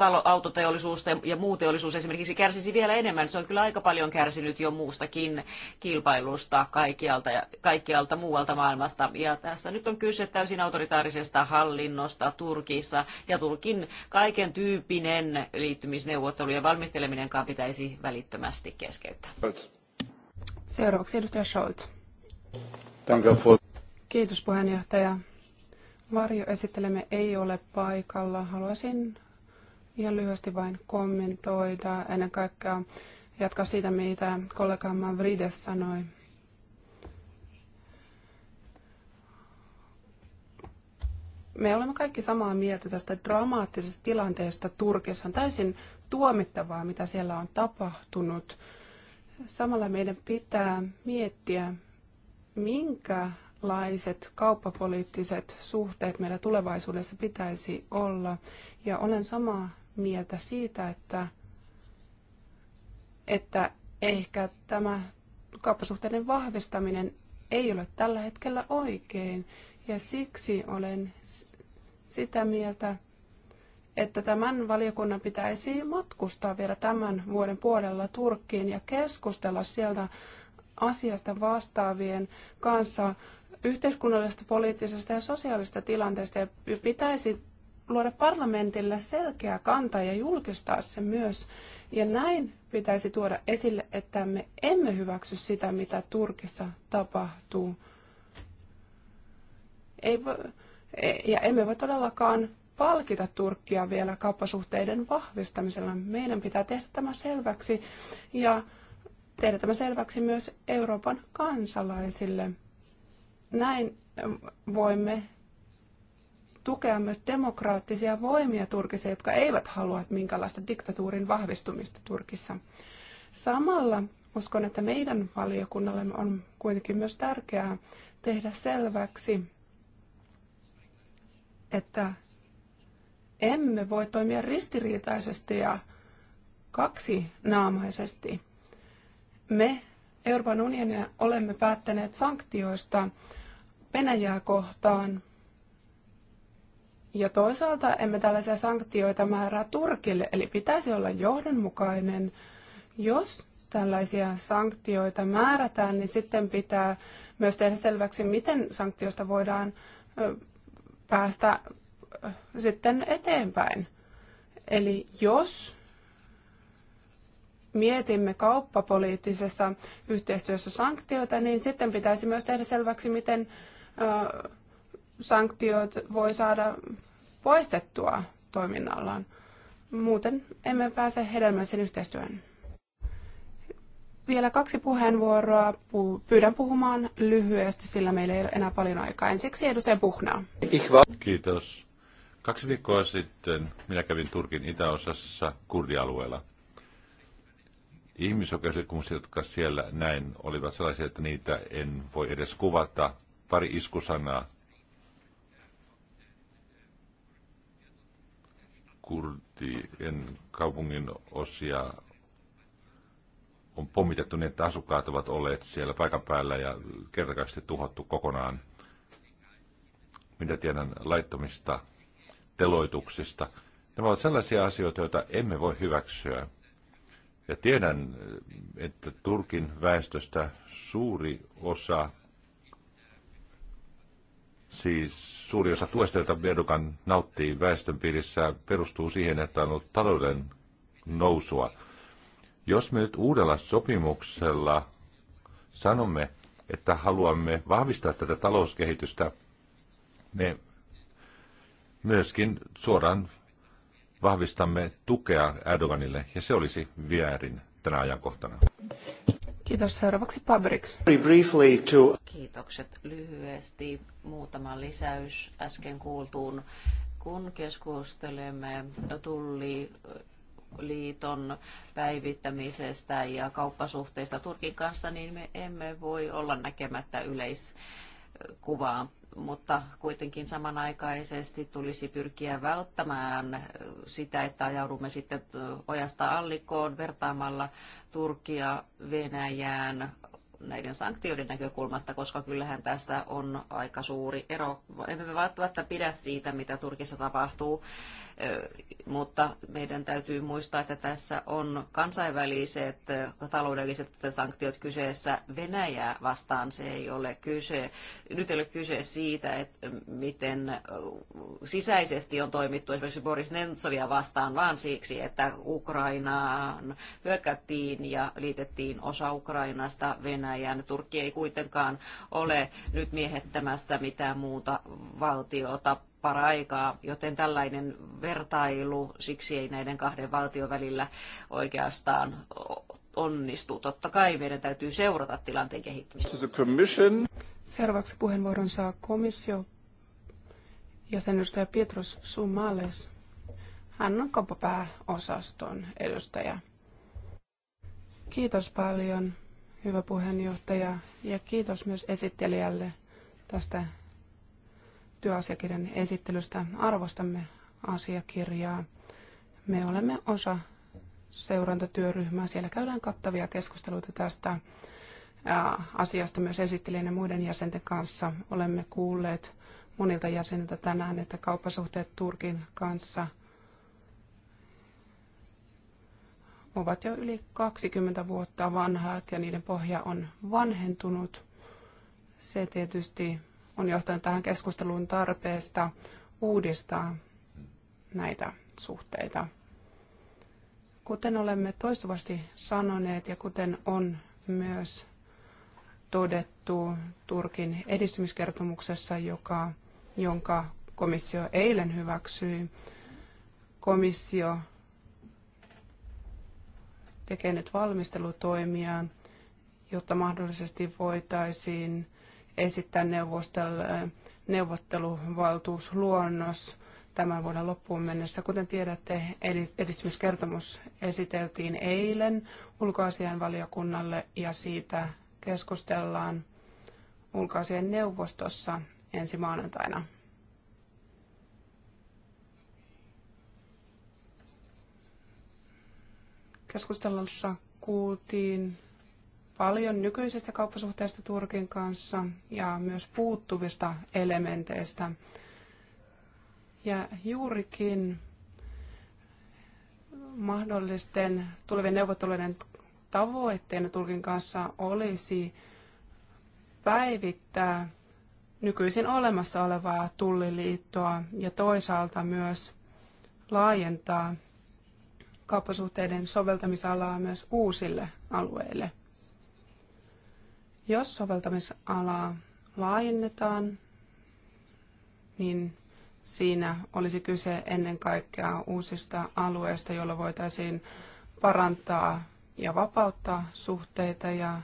Speaker 4: talo, autoteollisuus ja muu teollisuus esimerkiksi kärsisi vielä enemmän. Se on kyllä aika paljon kärsinyt jo muustakin kilpailusta kaikkialta, ja, kaikkialta muualta maailmasta. Ja tässä nyt on kyse täysin autoritaarisesta hallinnosta Turkissa ja Turkin kaiken tyyppinen liittymisneuvottelujen valmisteleminenkaan pitäisi välittömästi keskeyttää.
Speaker 2: Seuraavaksi edustaja Scholz. Kiitos puheenjohtaja. Varjo esittelemme ei ole paikalla. Haluaisin ihan lyhyesti vain kommentoida, ennen kaikkea jatkaa siitä, mitä kollega Mavrides sanoi. Me olemme kaikki samaa mieltä tästä dramaattisesta tilanteesta Turkissa. On täysin tuomittavaa, mitä siellä on tapahtunut. Samalla meidän pitää miettiä, minkälaiset kauppapoliittiset suhteet meillä tulevaisuudessa pitäisi olla. Ja olen samaa mieltä siitä, että, että ehkä tämä kauppasuhteiden vahvistaminen ei ole tällä hetkellä oikein. Ja siksi olen sitä mieltä, että tämän valiokunnan pitäisi matkustaa vielä tämän vuoden puolella Turkkiin ja keskustella sieltä asiasta vastaavien kanssa yhteiskunnallisesta, poliittisesta ja sosiaalisesta tilanteesta. Ja pitäisi luoda parlamentille selkeä kanta ja julkistaa se myös. Ja näin pitäisi tuoda esille, että me emme hyväksy sitä, mitä Turkissa tapahtuu. Ei vo- ja emme voi todellakaan palkita Turkkia vielä kauppasuhteiden vahvistamisella. Meidän pitää tehdä tämä selväksi ja tehdä tämä selväksi myös Euroopan kansalaisille. Näin voimme tukea myös demokraattisia voimia Turkissa, jotka eivät halua minkälaista diktatuurin vahvistumista Turkissa. Samalla uskon, että meidän valiokunnallemme on kuitenkin myös tärkeää tehdä selväksi, että emme voi toimia ristiriitaisesti ja kaksinaamaisesti. Me Euroopan unionina olemme päättäneet sanktioista Venäjää kohtaan, ja toisaalta emme tällaisia sanktioita määrää Turkille, eli pitäisi olla johdonmukainen. Jos tällaisia sanktioita määrätään, niin sitten pitää myös tehdä selväksi, miten sanktiosta voidaan päästä sitten eteenpäin. Eli jos mietimme kauppapoliittisessa yhteistyössä sanktioita, niin sitten pitäisi myös tehdä selväksi, miten sanktiot voi saada poistettua toiminnallaan. Muuten emme pääse hedelmällisen yhteistyön. Vielä kaksi puheenvuoroa. Pyydän puhumaan lyhyesti, sillä meillä ei ole enää paljon aikaa. Ensiksi edustaja Puhnaa.
Speaker 1: Kiitos. Kaksi viikkoa sitten minä kävin Turkin itäosassa kurdialueella. Ihmisoikeusrikkomukset, jotka siellä näin, olivat sellaisia, että niitä en voi edes kuvata. Pari iskusanaa kurdien kaupungin osia on pommitettu niin, että asukkaat ovat olleet siellä paikan päällä ja kertakaisesti tuhottu kokonaan. Mitä tiedän laittomista teloituksista. Nämä ovat sellaisia asioita, joita emme voi hyväksyä. Ja tiedän, että Turkin väestöstä suuri osa Siis suuri osa tuesta, jota Erdogan nauttii väestön piirissä, perustuu siihen, että on ollut talouden nousua. Jos me nyt uudella sopimuksella sanomme, että haluamme vahvistaa tätä talouskehitystä, me myöskin suoraan vahvistamme tukea Erdoganille, ja se olisi vierin tänä ajankohtana.
Speaker 4: Kiitos. Seuraavaksi Pabriks. Kiitokset lyhyesti. Muutama lisäys äsken kuultuun. Kun keskustelemme tulli liiton päivittämisestä ja kauppasuhteista Turkin kanssa, niin me emme voi olla näkemättä yleiskuvaa mutta kuitenkin samanaikaisesti tulisi pyrkiä välttämään sitä, että ajaudumme sitten ojasta allikkoon vertaamalla Turkia Venäjään näiden sanktioiden näkökulmasta, koska kyllähän tässä on aika suuri ero. Emme me välttämättä pidä siitä, mitä Turkissa tapahtuu, mutta meidän täytyy muistaa, että tässä on kansainväliset taloudelliset sanktiot kyseessä Venäjää vastaan. Se ei ole kyse, nyt ei ole kyse siitä, että miten sisäisesti on toimittu esimerkiksi Boris Nemtsovia vastaan, vaan siksi, että Ukrainaan hyökättiin ja liitettiin osa Ukrainasta Venäjään Venäjän. Turkki ei kuitenkaan ole nyt miehettämässä mitään muuta valtiota paraikaa, joten tällainen vertailu, siksi ei näiden kahden valtion välillä oikeastaan onnistu. Totta kai meidän täytyy seurata tilanteen kehittymistä.
Speaker 2: Seuraavaksi puheenvuoron saa komissio ja sen edustaja Pietros Sumales. Hän on kauppapääosaston edustaja. Kiitos paljon hyvä puheenjohtaja, ja kiitos myös esittelijälle tästä työasiakirjan esittelystä. Arvostamme asiakirjaa. Me olemme osa seurantatyöryhmää. Siellä käydään kattavia keskusteluita tästä asiasta myös esittelijän ja muiden jäsenten kanssa. Olemme kuulleet monilta jäseniltä tänään, että kauppasuhteet Turkin kanssa – ovat jo yli 20 vuotta vanhat ja niiden pohja on vanhentunut. Se tietysti on johtanut tähän keskusteluun tarpeesta uudistaa näitä suhteita. Kuten olemme toistuvasti sanoneet ja kuten on myös todettu Turkin edistymiskertomuksessa, joka, jonka komissio eilen hyväksyi, komissio tekee nyt valmistelutoimia, jotta mahdollisesti voitaisiin esittää neuvostolle neuvotteluvaltuusluonnos tämän vuoden loppuun mennessä. Kuten tiedätte, edistymiskertomus esiteltiin eilen ulkoasianvaliokunnalle ja siitä keskustellaan ulkoasian neuvostossa ensi maanantaina. Keskustelussa kuultiin paljon nykyisestä kauppasuhteesta Turkin kanssa ja myös puuttuvista elementeistä. Ja juurikin mahdollisten tulevien neuvotteluiden tavoitteena Turkin kanssa olisi päivittää nykyisin olemassa olevaa tulliliittoa ja toisaalta myös laajentaa kauppasuhteiden soveltamisalaa myös uusille alueille. Jos soveltamisalaa laajennetaan, niin siinä olisi kyse ennen kaikkea uusista alueista, joilla voitaisiin parantaa ja vapauttaa suhteita ja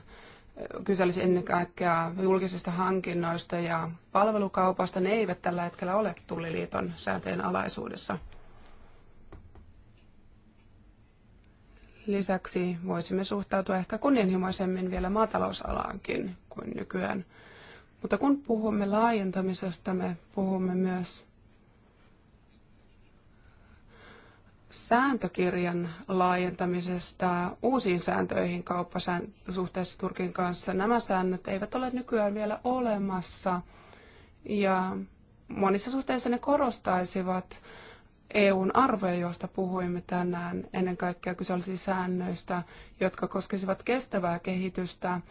Speaker 2: kyse olisi ennen kaikkea julkisista hankinnoista ja palvelukaupasta. Ne eivät tällä hetkellä ole Tulliliiton sääntöjen alaisuudessa. Lisäksi voisimme suhtautua ehkä kunnianhimoisemmin vielä maatalousalaankin kuin nykyään. Mutta kun puhumme laajentamisesta, me puhumme myös sääntökirjan laajentamisesta uusiin sääntöihin kauppasuhteessa Turkin kanssa. Nämä säännöt eivät ole nykyään vielä olemassa ja monissa suhteissa ne korostaisivat EUn arvoja, joista puhuimme tänään. Ennen kaikkea kyse olisi säännöistä, jotka koskisivat kestävää kehitystä.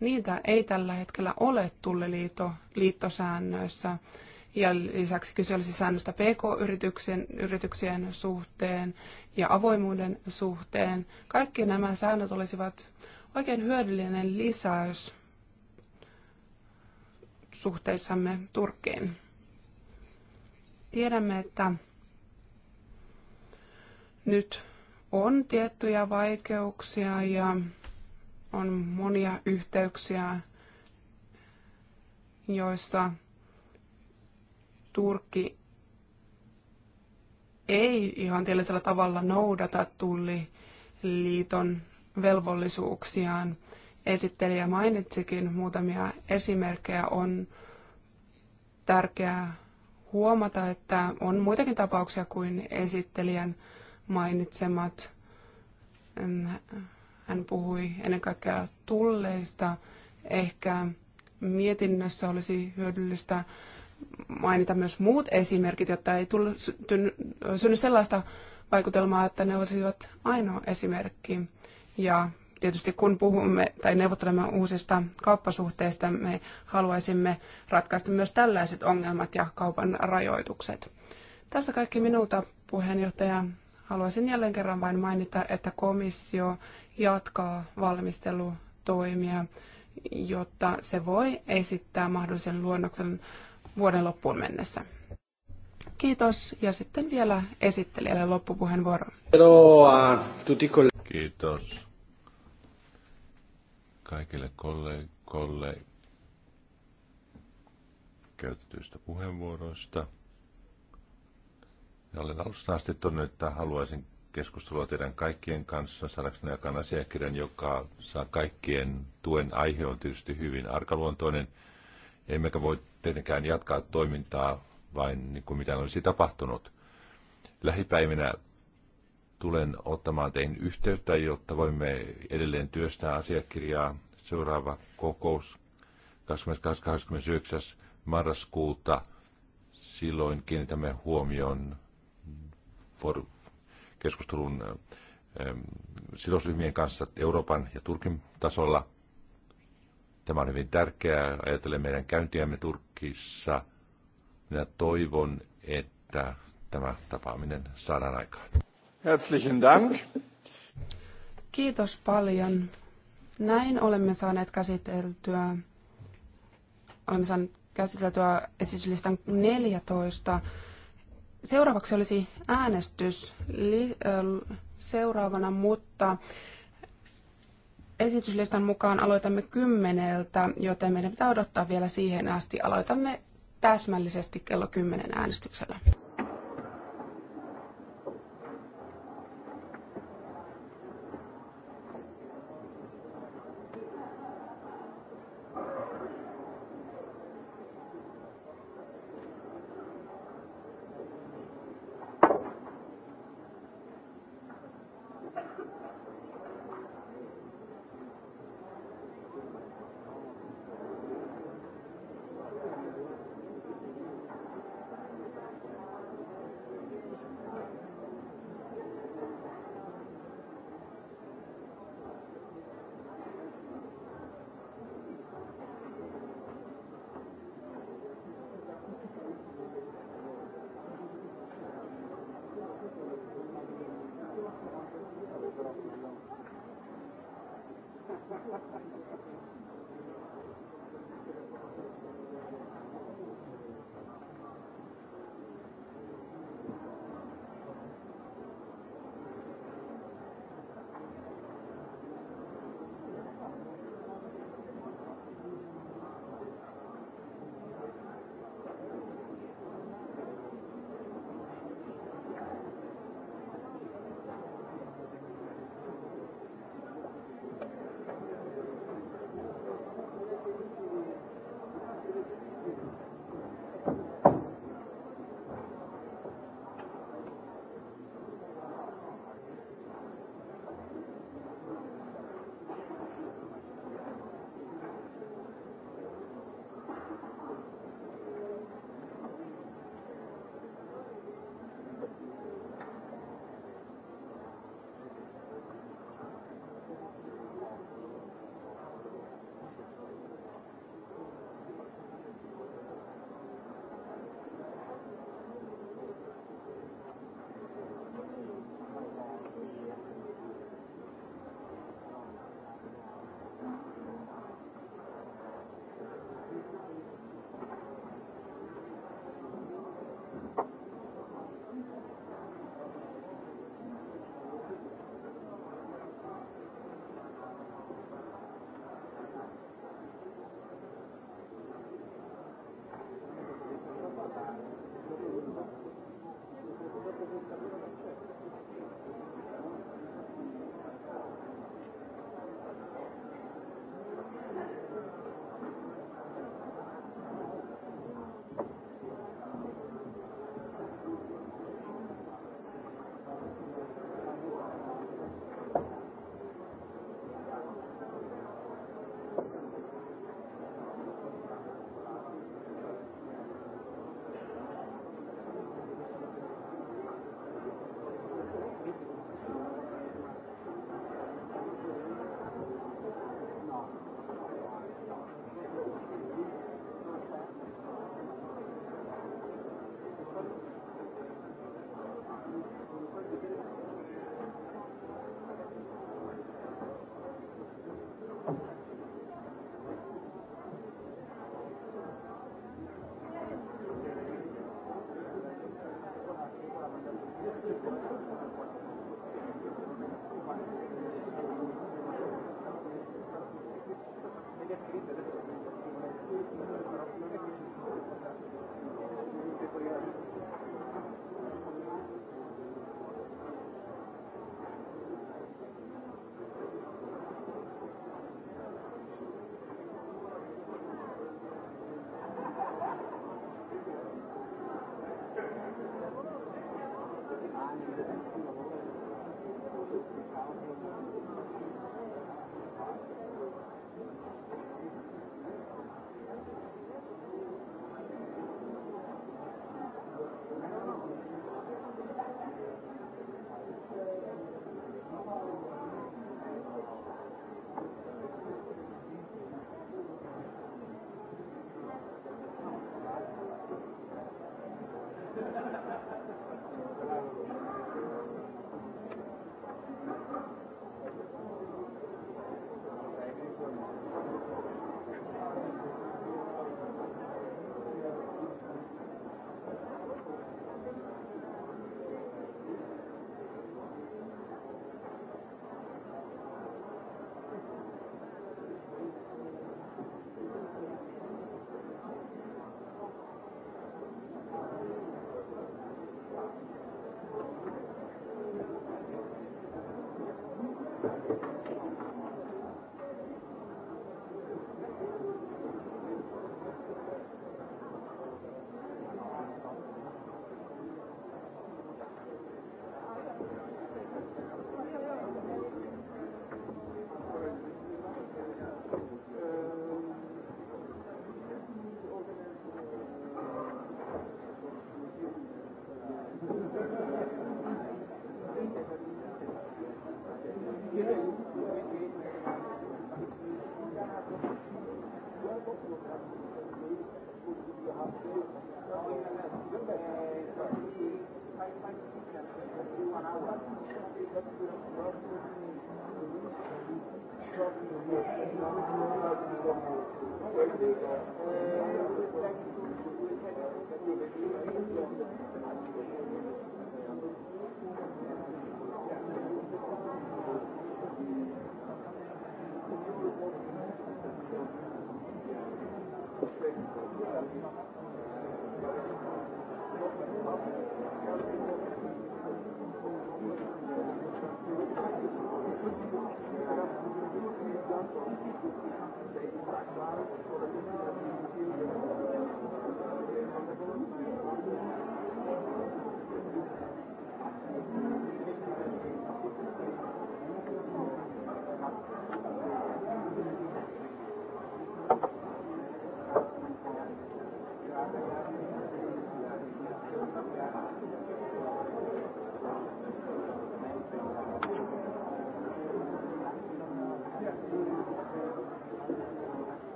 Speaker 2: Niitä ei tällä hetkellä ole tulliliitto liittosäännöissä. Ja lisäksi kyse olisi säännöstä PK-yrityksien yrityksien suhteen ja avoimuuden suhteen. Kaikki nämä säännöt olisivat oikein hyödyllinen lisäys suhteissamme Turkkiin. Tiedämme, että nyt on tiettyjä vaikeuksia ja on monia yhteyksiä, joissa Turkki ei ihan tällaisella tavalla noudata tulliliiton velvollisuuksiaan. Esittelijä mainitsikin muutamia esimerkkejä. On tärkeää huomata, että on muitakin tapauksia kuin esittelijän mainitsemat. Hän puhui ennen kaikkea tulleista. Ehkä mietinnössä olisi hyödyllistä mainita myös muut esimerkit, jotta ei tullut, synny sellaista vaikutelmaa, että ne olisivat ainoa esimerkki. Ja tietysti kun puhumme tai neuvottelemme uusista kauppasuhteista, me haluaisimme ratkaista myös tällaiset ongelmat ja kaupan rajoitukset. Tässä kaikki minulta puheenjohtaja haluaisin jälleen kerran vain mainita, että komissio jatkaa valmistelutoimia, jotta se voi esittää mahdollisen luonnoksen vuoden loppuun mennessä. Kiitos ja sitten vielä esittelijälle loppupuheenvuoro.
Speaker 1: Kiitos kaikille kollegoille käytetyistä puheenvuoroista. Ja olen alusta asti todennut, että haluaisin keskustelua teidän kaikkien kanssa, saadakseni aikaan asiakirjan, joka saa kaikkien tuen aihe on tietysti hyvin arkaluontoinen. Emmekä voi tietenkään jatkaa toimintaa vain niin kuin mitä olisi tapahtunut. Lähipäivinä tulen ottamaan teihin yhteyttä, jotta voimme edelleen työstää asiakirjaa. Seuraava kokous 29. marraskuuta. Silloin kiinnitämme huomioon keskustelun ähm, sidosryhmien kanssa Euroopan ja Turkin tasolla. Tämä on hyvin tärkeää. Ajatellen meidän käyntiämme Turkissa. Minä toivon, että tämä tapaaminen saadaan aikaan.
Speaker 3: Herzlichen Dank.
Speaker 2: Kiitos paljon. Näin olemme saaneet käsiteltyä, olemme saaneet käsiteltyä esityslistan 14 Seuraavaksi olisi äänestys seuraavana, mutta esityslistan mukaan aloitamme kymmeneltä, joten meidän pitää odottaa vielä siihen asti. Aloitamme täsmällisesti kello kymmenen äänestyksellä.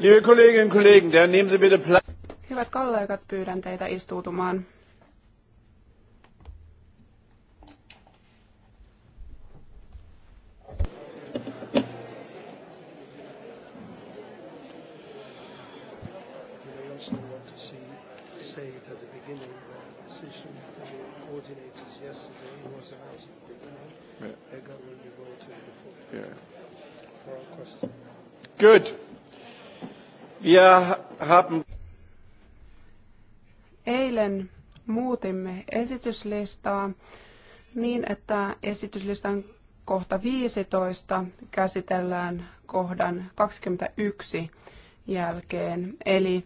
Speaker 3: Liebe Kolleginnen und Kollegen, dann
Speaker 2: nehmen Sie bitte Platz. Hyvät kollegat, pyydän teitä istuutumaan.
Speaker 3: Good haben...
Speaker 2: Eilen muutimme esityslistaa niin, että esityslistan kohta 15 käsitellään kohdan 21 jälkeen. Eli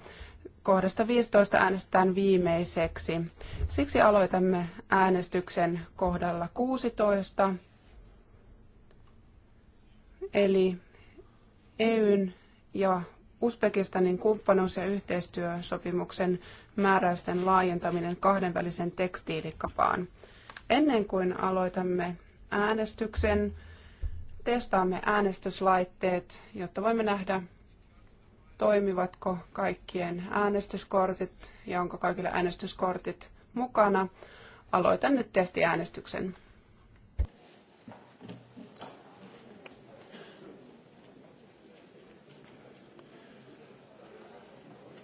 Speaker 2: kohdasta 15 äänestetään viimeiseksi. Siksi aloitamme äänestyksen kohdalla 16. Eli EUn ja Uzbekistanin kumppanuus- ja yhteistyösopimuksen määräysten laajentaminen kahdenvälisen tekstiilikapaan. Ennen kuin aloitamme äänestyksen, testaamme äänestyslaitteet, jotta voimme nähdä, toimivatko kaikkien äänestyskortit ja onko kaikilla äänestyskortit mukana. Aloitan nyt testiäänestyksen.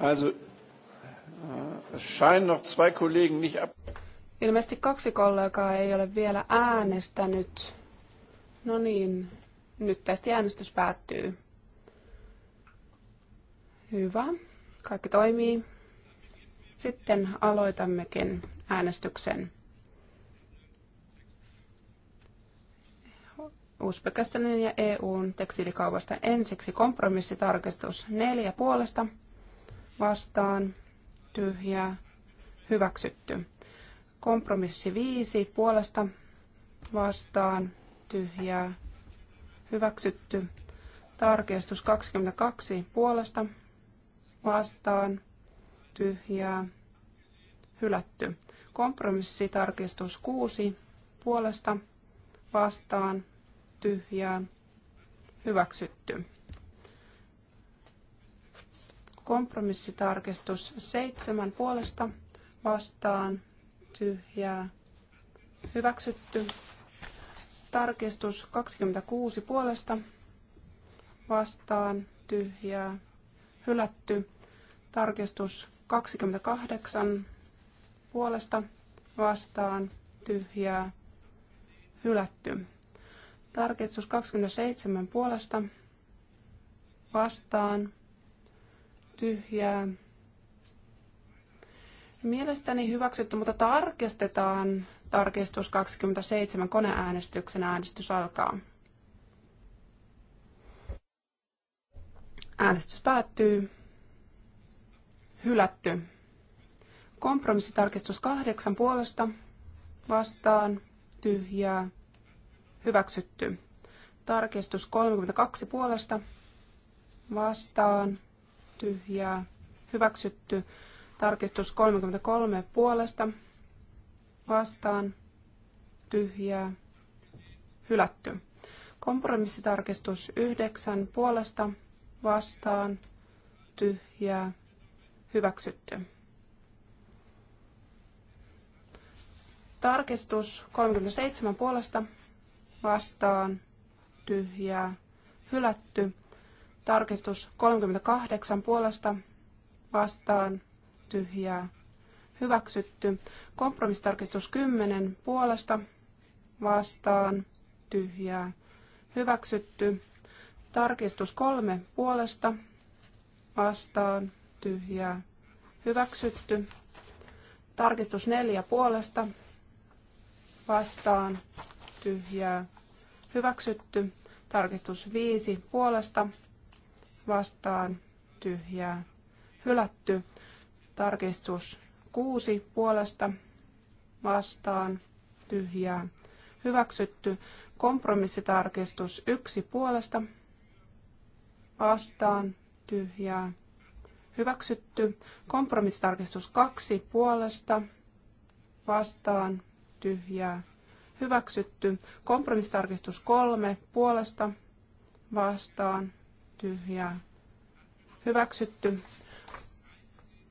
Speaker 3: Also, äh, es scheinen noch zwei Kollegen nicht ab.
Speaker 2: Ilmeisesti kaksi kollegaa ei ole vielä äänestänyt. No niin, nyt tästä äänestys päättyy. Hyvä, kaikki toimii. Sitten aloitammekin äänestyksen. Uzbekistanin ja EUn tekstiilikaupasta ensiksi kompromissitarkistus neljä puolesta vastaan, tyhjää, hyväksytty. Kompromissi 5 puolesta vastaan, tyhjää, hyväksytty. Tarkistus 22 puolesta vastaan, tyhjää, hylätty. kompromissi tarkistus 6 puolesta vastaan, tyhjää, hyväksytty. Kompromissitarkistus seitsemän puolesta vastaan tyhjää hyväksytty. Tarkistus 26 puolesta vastaan tyhjää hylätty. Tarkistus 28 puolesta vastaan tyhjää hylätty. Tarkistus 27 puolesta vastaan tyhjää. Mielestäni hyväksytty, mutta tarkistetaan tarkistus 27 koneäänestyksen äänestys alkaa. Äänestys päättyy. Hylätty. Kompromissitarkistus kahdeksan puolesta. Vastaan. Tyhjää. Hyväksytty. Tarkistus 32 puolesta. Vastaan tyhjää hyväksytty. Tarkistus 33 puolesta vastaan tyhjää hylätty. Kompromissitarkistus 9 puolesta vastaan tyhjää hyväksytty. Tarkistus 37 puolesta vastaan tyhjää hylätty. Tarkistus 38 puolesta vastaan tyhjää hyväksytty. Kompromissitarkistus 10 puolesta vastaan tyhjää hyväksytty. Tarkistus 3 puolesta vastaan tyhjää hyväksytty. Tarkistus 4 puolesta vastaan tyhjää hyväksytty. Tarkistus 5 puolesta vastaan tyhjää hylätty. Tarkistus 6 puolesta vastaan tyhjää hyväksytty. Kompromissitarkistus 1 puolesta vastaan tyhjää hyväksytty. Kompromissitarkistus 2 puolesta vastaan tyhjää hyväksytty. Kompromissitarkistus 3 puolesta vastaan ja hyväksytty.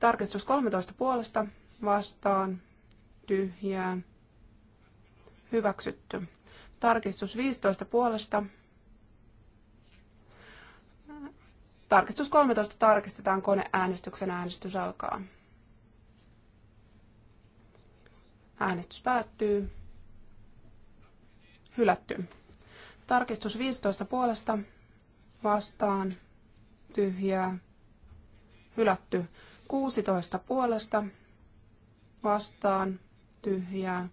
Speaker 2: Tarkistus 13 puolesta vastaan tyhjää hyväksytty. Tarkistus 15 puolesta. Tarkistus 13 tarkistetaan koneäänestyksen äänestys alkaa. Äänestys päättyy. Hylätty. Tarkistus 15 puolesta vastaan tyhjää hylätty. 16 puolesta vastaan tyhjää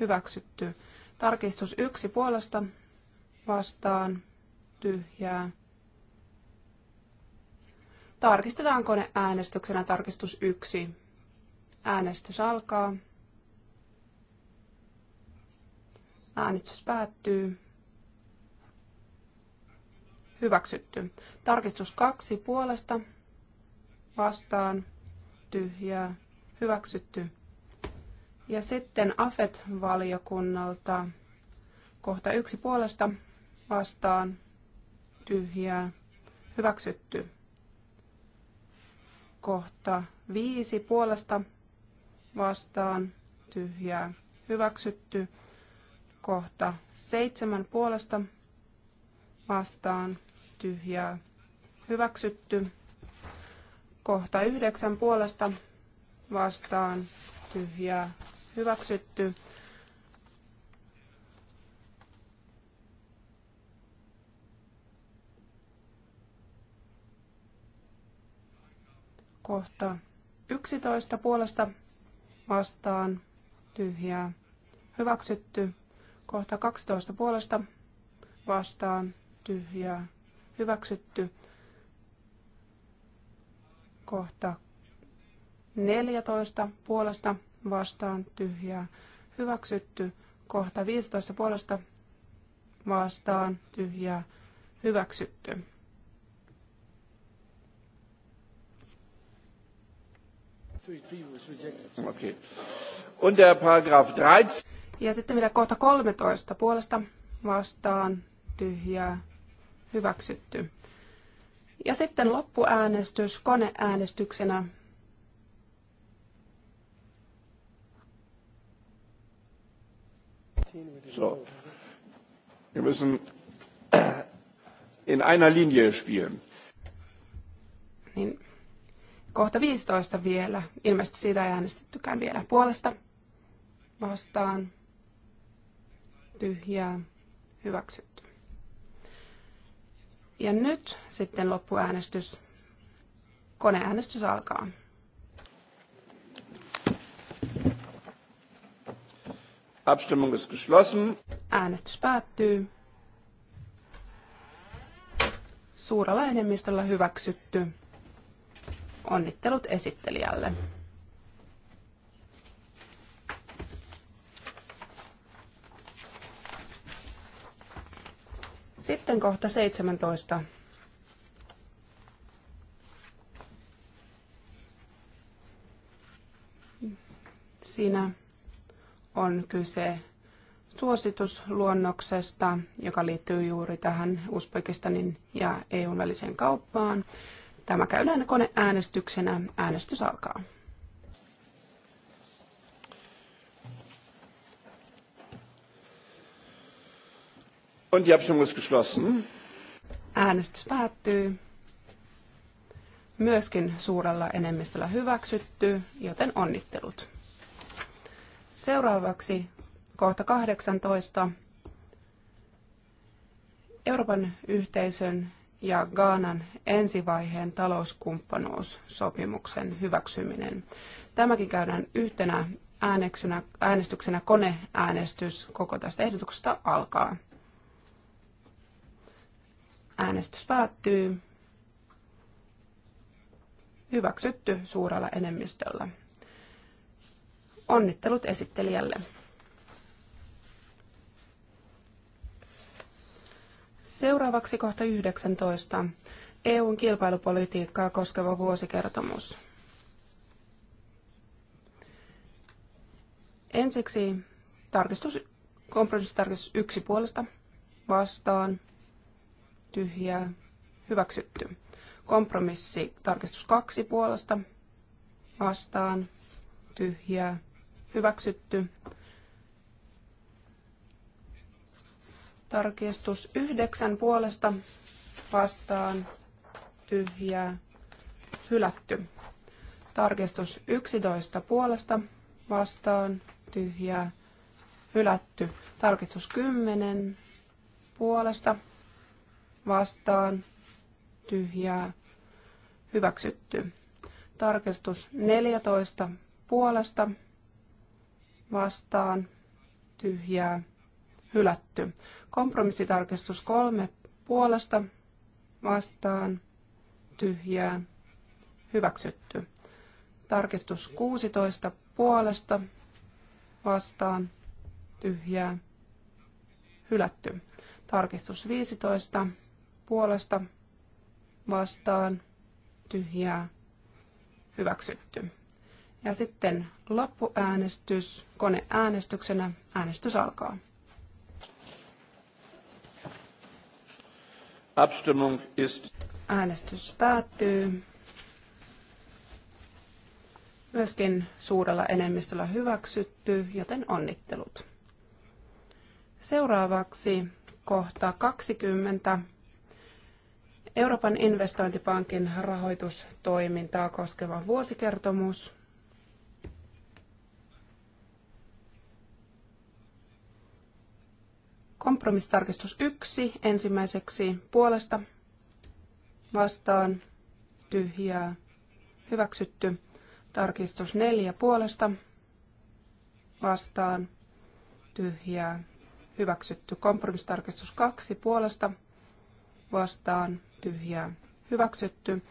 Speaker 2: hyväksytty. Tarkistus 1 puolesta vastaan tyhjää. Tarkistetaan kone äänestyksenä tarkistus 1. Äänestys alkaa. Äänestys päättyy hyväksytty. Tarkistus kaksi puolesta vastaan tyhjää hyväksytty. Ja sitten AFET-valiokunnalta kohta yksi puolesta vastaan tyhjää hyväksytty. Kohta viisi puolesta vastaan tyhjää hyväksytty. Kohta seitsemän puolesta vastaan tyhjää hyväksytty. Kohta yhdeksän puolesta vastaan tyhjää hyväksytty. Kohta 11 puolesta vastaan tyhjää hyväksytty. Kohta 12 puolesta vastaan tyhjää hyväksytty. Kohta 14 puolesta vastaan tyhjää hyväksytty. Kohta 15 puolesta vastaan tyhjää hyväksytty.
Speaker 3: der Paragraph
Speaker 2: Ja sitten vielä kohta 13 puolesta vastaan tyhjää hyväksytty. Ja sitten loppuäänestys koneäänestyksenä. So.
Speaker 1: Wir müssen in einer Linie spielen.
Speaker 2: Niin. Kohta 15 vielä. Ilmeisesti siitä ei äänestettykään vielä puolesta. Vastaan. Tyhjää. Hyväksytty. Ja nyt sitten loppuäänestys. Koneäänestys alkaa.
Speaker 3: Abstimmung ist geschlossen.
Speaker 2: Äänestys päättyy. Suurella enemmistöllä hyväksytty. Onnittelut esittelijälle. Sitten kohta 17. Siinä on kyse suositusluonnoksesta, joka liittyy juuri tähän Uzbekistanin ja EUn väliseen kauppaan. Tämä käydään koneäänestyksenä. Äänestys alkaa.
Speaker 1: Und die Abstimmung ist geschlossen.
Speaker 2: Äänestys päättyy. Myöskin suurella enemmistöllä hyväksytty, joten onnittelut. Seuraavaksi kohta 18. Euroopan yhteisön ja Gaanan ensivaiheen talouskumppanuussopimuksen hyväksyminen. Tämäkin käydään yhtenä äänestyksenä koneäänestys koko tästä ehdotuksesta alkaa. Äänestys päättyy. Hyväksytty suurella enemmistöllä. Onnittelut esittelijälle. Seuraavaksi kohta 19. EUn kilpailupolitiikkaa koskeva vuosikertomus. Ensiksi tarkistus, kompromissitarkistus yksi puolesta vastaan tyhjää, hyväksytty. Kompromissi tarkistus kaksi puolesta vastaan, tyhjää, hyväksytty. Tarkistus yhdeksän puolesta vastaan, tyhjää, hylätty. Tarkistus 11 puolesta vastaan, tyhjää, hylätty. Tarkistus 10 puolesta vastaan, tyhjää, hyväksytty. Tarkistus 14 puolesta, vastaan, tyhjää, hylätty. Kompromissitarkistus 3 puolesta, vastaan, tyhjää, hyväksytty. Tarkistus 16 puolesta, vastaan, tyhjää, hylätty. Tarkistus 15 puolesta vastaan tyhjää hyväksytty. Ja sitten loppuäänestys koneäänestyksenä. Äänestys alkaa.
Speaker 3: Abstimmung ist...
Speaker 2: Äänestys päättyy. Myöskin suurella enemmistöllä hyväksytty, joten onnittelut. Seuraavaksi kohta 20 Euroopan investointipankin rahoitustoimintaa koskeva vuosikertomus. Kompromissitarkistus 1 ensimmäiseksi puolesta vastaan tyhjää hyväksytty. Tarkistus 4 puolesta vastaan tyhjää hyväksytty. Kompromissitarkistus 2 puolesta vastaan tyhjää hyväksytty.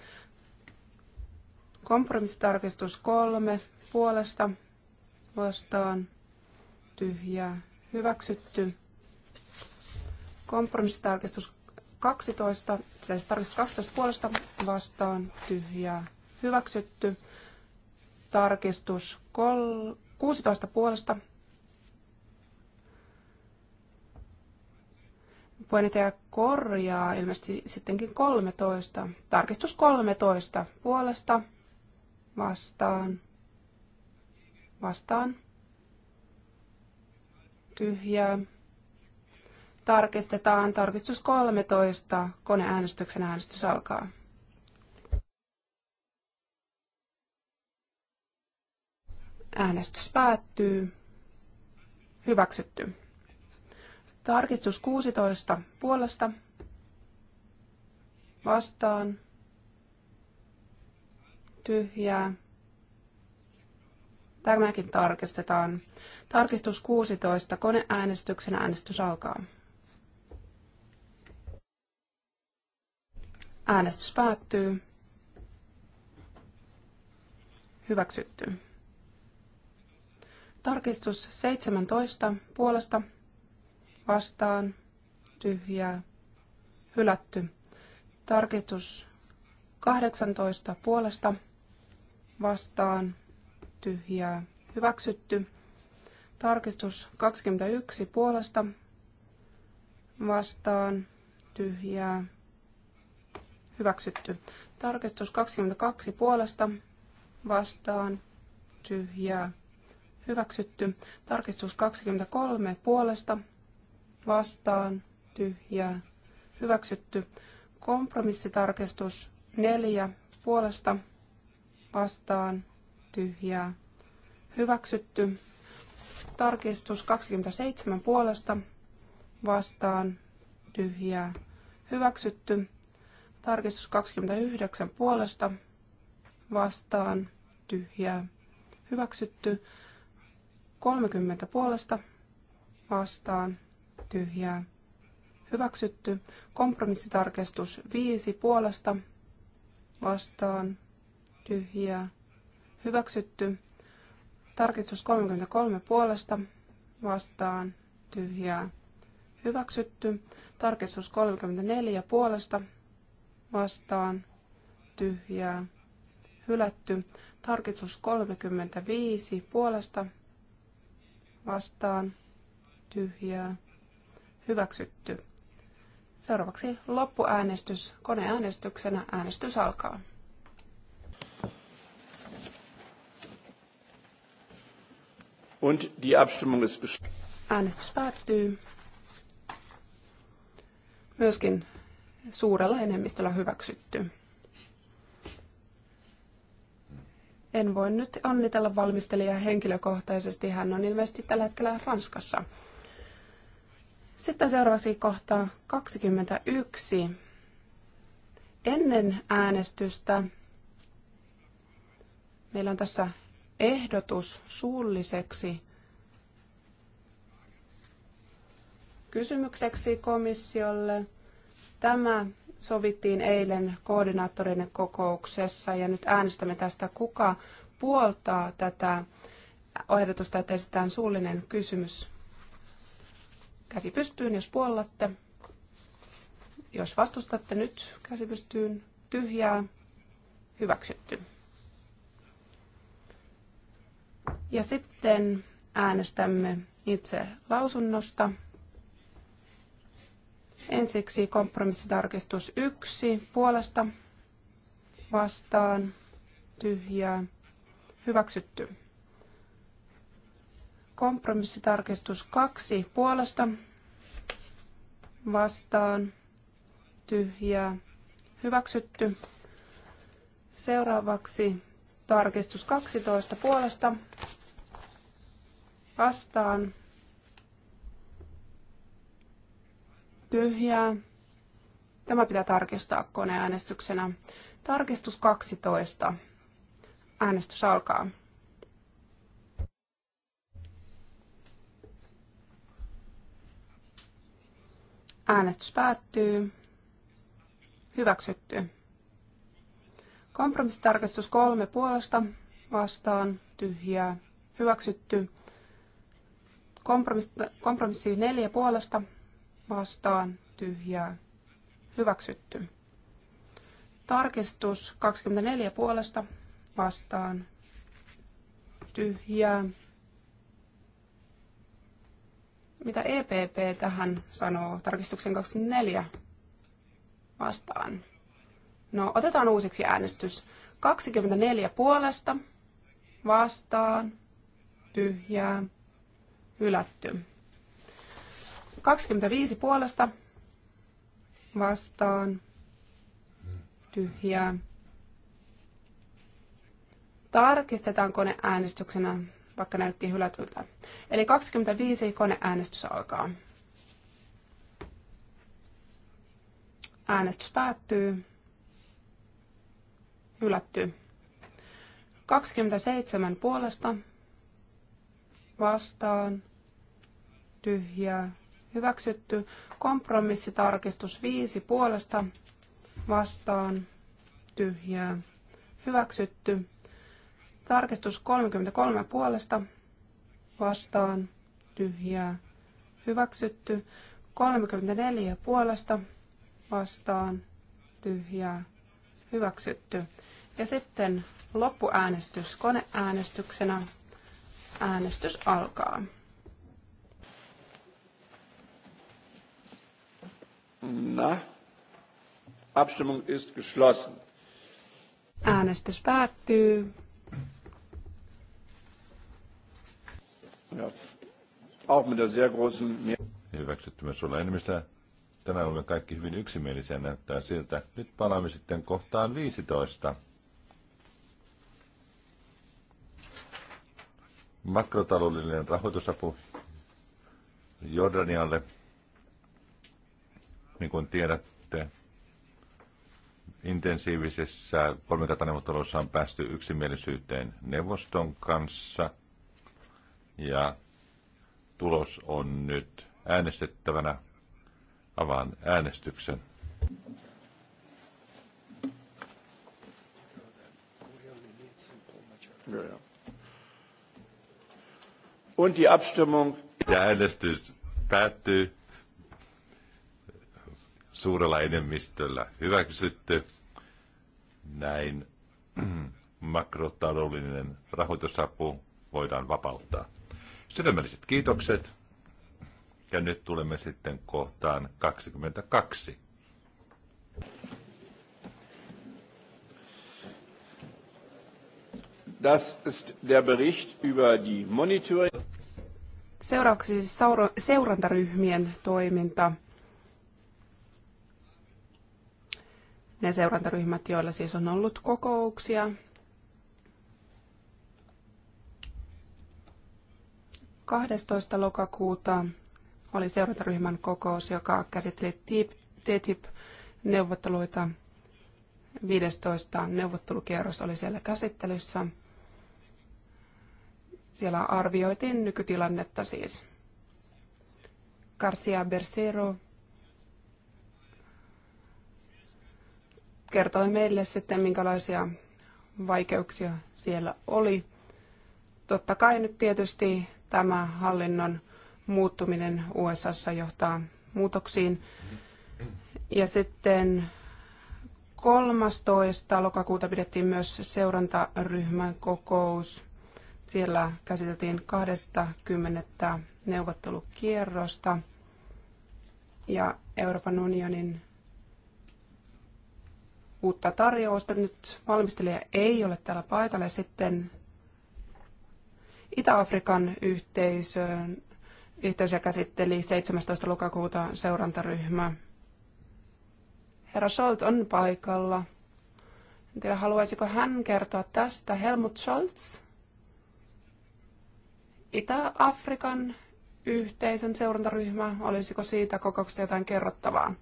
Speaker 2: Kompromissitarkistus kolme puolesta vastaan tyhjää hyväksytty. Kompromissitarkistus 12, tai siis tarkistus 12 puolesta vastaan tyhjää hyväksytty. Tarkistus 16 puolesta Puheenjohtaja korjaa ilmeisesti sittenkin 13. Tarkistus 13 puolesta vastaan. Vastaan. Tyhjää. Tarkistetaan. Tarkistus 13. Koneäänestyksen äänestys alkaa. Äänestys päättyy. Hyväksytty. Tarkistus 16 puolesta vastaan tyhjää. Tämäkin tarkistetaan. Tarkistus 16. Koneäänestyksen äänestys alkaa. Äänestys päättyy. Hyväksytty. Tarkistus 17 puolesta vastaan, tyhjää, hylätty. Tarkistus 18 puolesta vastaan, tyhjää, hyväksytty. Tarkistus 21 puolesta vastaan, tyhjää, hyväksytty. Tarkistus 22 puolesta vastaan, tyhjää, hyväksytty. Tarkistus 23 puolesta vastaan, vastaan, tyhjää, hyväksytty. Kompromissitarkistus neljä puolesta vastaan, tyhjää, hyväksytty. Tarkistus 27 puolesta vastaan, tyhjää, hyväksytty. Tarkistus 29 puolesta vastaan, tyhjää, hyväksytty. 30 puolesta vastaan, tyhjää, hyväksytty. Kompromissitarkistus viisi puolesta, vastaan, tyhjää, hyväksytty. Tarkistus 33 puolesta, vastaan, tyhjää, hyväksytty. Tarkistus 34 puolesta, vastaan, tyhjää, hylätty. Tarkistus 35 puolesta, vastaan, tyhjää, Hyväksytty. Seuraavaksi loppuäänestys. Koneäänestyksenä äänestys alkaa.
Speaker 3: Und die Abstimmung ist
Speaker 2: Äänestys päättyy. Myöskin suurella enemmistöllä hyväksytty. En voi nyt onnitella valmistelijaa henkilökohtaisesti. Hän on ilmeisesti tällä hetkellä Ranskassa. Sitten seuraavaksi kohta 21. Ennen äänestystä meillä on tässä ehdotus suulliseksi kysymykseksi komissiolle. Tämä sovittiin eilen koordinaattorin kokouksessa ja nyt äänestämme tästä, kuka puoltaa tätä ehdotusta, että esitetään suullinen kysymys Käsi pystyyn, jos puollatte. Jos vastustatte nyt, käsi pystyyn, tyhjää, hyväksytty. Ja sitten äänestämme itse lausunnosta. Ensiksi kompromissitarkistus 1 puolesta vastaan tyhjää hyväksytty. Kompromissitarkistus kaksi puolesta vastaan tyhjää hyväksytty. Seuraavaksi tarkistus 12 puolesta vastaan tyhjää. Tämä pitää tarkistaa koneäänestyksenä. Tarkistus 12. Äänestys alkaa. Äänestys päättyy. Hyväksytty. Kompromissitarkastus kolme puolesta vastaan tyhjää. Hyväksytty. Kompromissi, kompromissi neljä puolesta vastaan tyhjää. Hyväksytty. Tarkistus 24 puolesta vastaan tyhjää mitä EPP tähän sanoo tarkistuksen 24 vastaan. No, otetaan uusiksi äänestys. 24 puolesta vastaan tyhjää hylätty. 25 puolesta vastaan tyhjää. Tarkistetaan koneäänestyksenä vaikka näytti hylätyltä. Eli 25 koneäänestys alkaa. Äänestys päättyy. Hylätty. 27 puolesta. Vastaan. Tyhjää. Hyväksytty. Kompromissitarkistus 5 puolesta. Vastaan. Tyhjää. Hyväksytty. Tarkistus 33 puolesta vastaan tyhjää hyväksytty. 34 puolesta vastaan tyhjää hyväksytty. Ja sitten loppuäänestys koneäänestyksenä. Äänestys alkaa.
Speaker 1: Na, Abstimmung ist geschlossen.
Speaker 2: Äänestys päättyy.
Speaker 1: Ja auch mit der sehr großen Hyväksytty myös sulle enemmistö. Tänään olemme kaikki hyvin yksimielisiä näyttää siltä. Nyt palaamme sitten kohtaan 15. Makrotaloudellinen rahoitusapu Jordanialle. Niin kuin tiedätte, intensiivisessä kolmikataneuvottelussa on päästy yksimielisyyteen neuvoston kanssa – ja tulos on nyt äänestettävänä. Avaan äänestyksen.
Speaker 3: Und die Abstimmung.
Speaker 1: Ja äänestys päättyy suurella enemmistöllä hyväksytty. Näin makrotaloudellinen rahoitusapu voidaan vapauttaa. Sydämelliset kiitokset. Ja nyt tulemme sitten kohtaan 22.
Speaker 3: Das ist der Bericht über die Monitoring.
Speaker 2: Seuraavaksi siis seurantaryhmien toiminta. Ne seurantaryhmät, joilla siis on ollut kokouksia 12. lokakuuta oli seurantaryhmän kokous, joka käsitteli TTIP-neuvotteluita. 15. neuvottelukierros oli siellä käsittelyssä. Siellä arvioitiin nykytilannetta siis. Garcia Bersero kertoi meille sitten, minkälaisia vaikeuksia siellä oli. Totta kai nyt tietysti Tämä hallinnon muuttuminen USAssa johtaa muutoksiin. Ja sitten 13. lokakuuta pidettiin myös seurantaryhmän kokous. Siellä käsiteltiin 20 neuvottelukierrosta ja Euroopan unionin uutta tarjousta. Nyt valmistelija ei ole täällä paikalla. Sitten Itä-Afrikan yhteisöön yhteisöä käsitteli 17. lokakuuta seurantaryhmä. Herra Scholz on paikalla. En tiedä, haluaisiko hän kertoa tästä. Helmut Scholz, Itä-Afrikan yhteisön seurantaryhmä, olisiko siitä kokouksesta jotain kerrottavaa?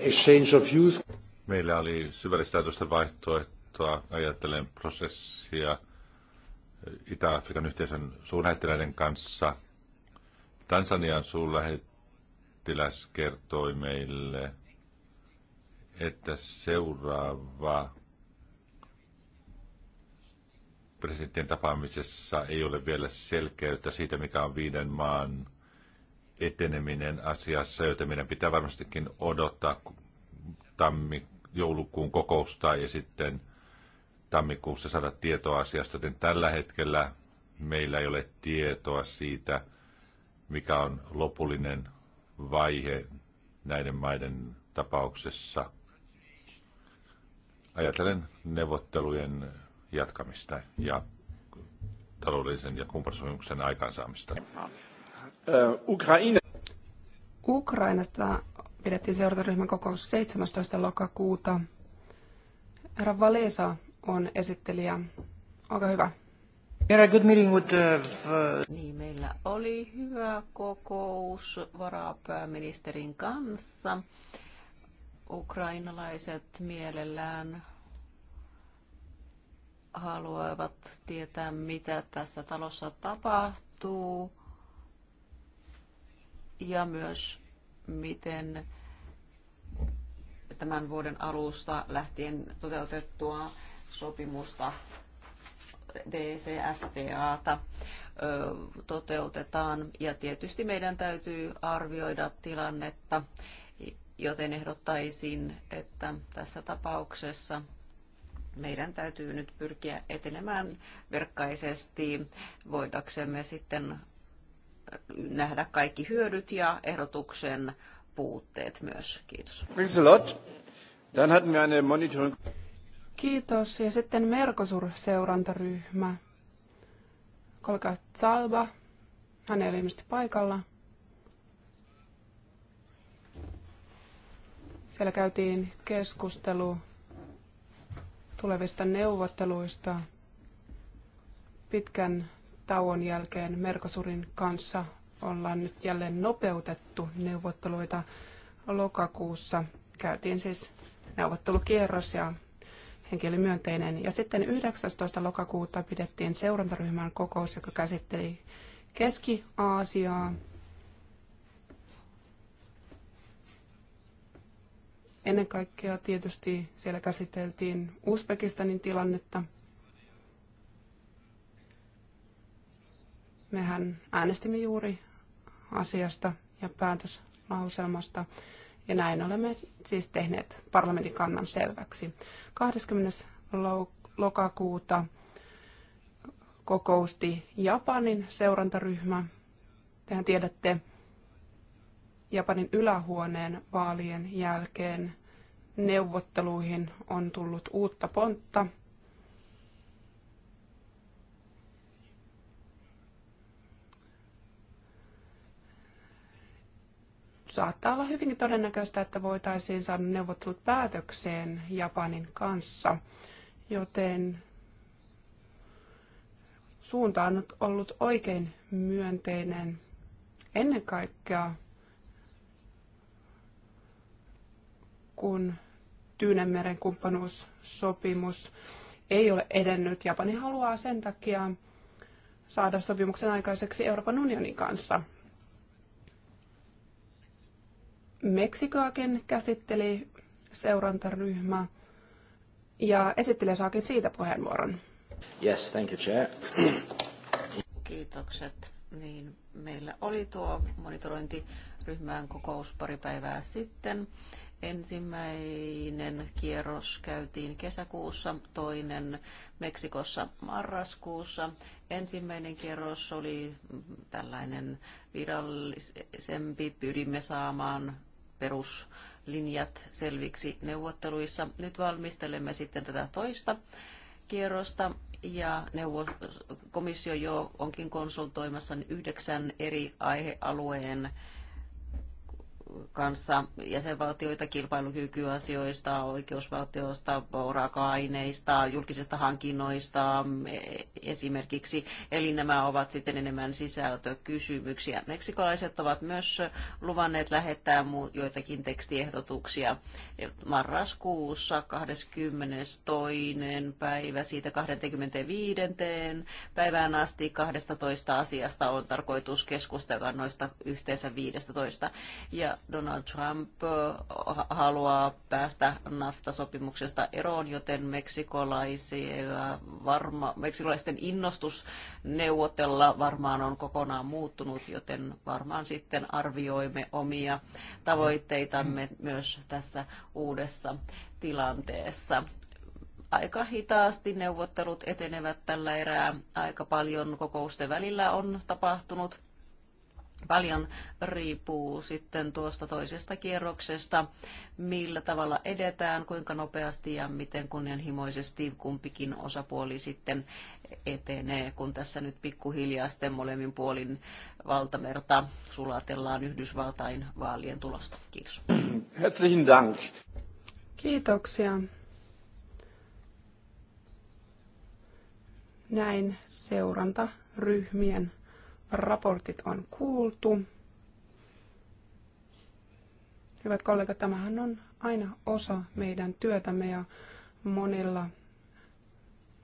Speaker 1: Exchange of views. Meillä oli syvällistä vaihtoehtoa ajattelen prosessia – Itä-Afrikan yhteisön suunnäyttelijöiden kanssa. Tansanian suunlähettiläs kertoi meille, että seuraava presidentin tapaamisessa ei ole vielä selkeyttä siitä, mikä on viiden maan eteneminen asiassa, joten meidän pitää varmastikin odottaa tammi-joulukuun kokousta ja sitten tammikuussa saada tietoa asiasta, joten tällä hetkellä meillä ei ole tietoa siitä, mikä on lopullinen vaihe näiden maiden tapauksessa. Ajattelen neuvottelujen jatkamista ja taloudellisen ja kumppanisopimuksen aikaansaamista. Äh,
Speaker 2: Ukraina. Ukrainasta pidettiin seurantaryhmän kokous 17. lokakuuta. Herra Valesa on esittelijä. Olkaa hyvä.
Speaker 4: Had a good meeting with the... Uh, niin, meillä oli hyvä kokous varapääministerin kanssa. Ukrainalaiset mielellään haluavat tietää, mitä tässä talossa tapahtuu ja myös miten tämän vuoden alusta lähtien toteutettua sopimusta DCFTAta toteutetaan ja tietysti meidän täytyy arvioida tilannetta, joten ehdottaisin, että tässä tapauksessa meidän täytyy nyt pyrkiä etenemään verkkaisesti, voidaksemme sitten nähdä kaikki hyödyt ja ehdotuksen puutteet myös. Kiitos.
Speaker 3: Thanks a lot. Dann hatten wir eine monitoring...
Speaker 2: Kiitos. Ja sitten merkosur seurantaryhmä Kolka Salba. Hän ei ole ilmeisesti paikalla. Siellä käytiin keskustelu tulevista neuvotteluista pitkän tauon jälkeen merkosurin kanssa ollaan nyt jälleen nopeutettu neuvotteluita lokakuussa. Käytiin siis neuvottelukierros ja myönteinen Ja sitten 19. lokakuuta pidettiin seurantaryhmän kokous, joka käsitteli Keski-Aasiaa. Ennen kaikkea tietysti siellä käsiteltiin Uzbekistanin tilannetta. Mehän äänestimme juuri asiasta ja päätöslauselmasta. Ja näin olemme siis tehneet parlamentin kannan selväksi. 20. lokakuuta kokousti Japanin seurantaryhmä. Tehän tiedätte, Japanin ylähuoneen vaalien jälkeen neuvotteluihin on tullut uutta pontta – saattaa olla hyvinkin todennäköistä, että voitaisiin saada neuvottelut päätökseen Japanin kanssa, joten suunta on ollut oikein myönteinen. Ennen kaikkea, kun Tyynenmeren kumppanuussopimus ei ole edennyt, Japani haluaa sen takia saada sopimuksen aikaiseksi Euroopan unionin kanssa. Meksikoakin käsitteli seurantaryhmä ja esittelijä saakin siitä puheenvuoron.
Speaker 4: Yes, thank you, Chair. Kiitokset. Niin, meillä oli tuo monitorointiryhmään kokous pari päivää sitten. Ensimmäinen kierros käytiin kesäkuussa, toinen Meksikossa marraskuussa. Ensimmäinen kierros oli tällainen virallisempi, pyrimme saamaan peruslinjat selviksi neuvotteluissa. Nyt valmistelemme sitten tätä toista kierrosta ja komissio jo onkin konsultoimassa yhdeksän eri aihealueen kanssa jäsenvaltioita kilpailukykyasioista, oikeusvaltiosta, raaka-aineista, julkisista hankinnoista e, esimerkiksi. Eli nämä ovat sitten enemmän sisältökysymyksiä. Meksikolaiset ovat myös luvanneet lähettää joitakin tekstiehdotuksia marraskuussa 22. päivä siitä 25. päivään asti 12 asiasta on tarkoitus keskustella noista yhteensä 15. Ja Donald Trump äh, haluaa päästä NAFTA-sopimuksesta eroon, joten varma, meksikolaisten innostus neuvotella varmaan on kokonaan muuttunut, joten varmaan sitten arvioimme omia tavoitteitamme myös tässä uudessa tilanteessa aika hitaasti neuvottelut etenevät tällä erää. Aika paljon kokousten välillä on tapahtunut Paljon riippuu sitten tuosta toisesta kierroksesta, millä tavalla edetään, kuinka nopeasti ja miten kunnianhimoisesti kumpikin osapuoli sitten etenee, kun tässä nyt pikkuhiljaa sitten molemmin puolin valtamerta sulatellaan Yhdysvaltain vaalien tulosta. Kiitos.
Speaker 3: Herzlichen Dank.
Speaker 4: Kiitoksia.
Speaker 2: Näin seurantaryhmien raportit on kuultu. Hyvät kollegat, tämähän on aina osa meidän työtämme ja monilla,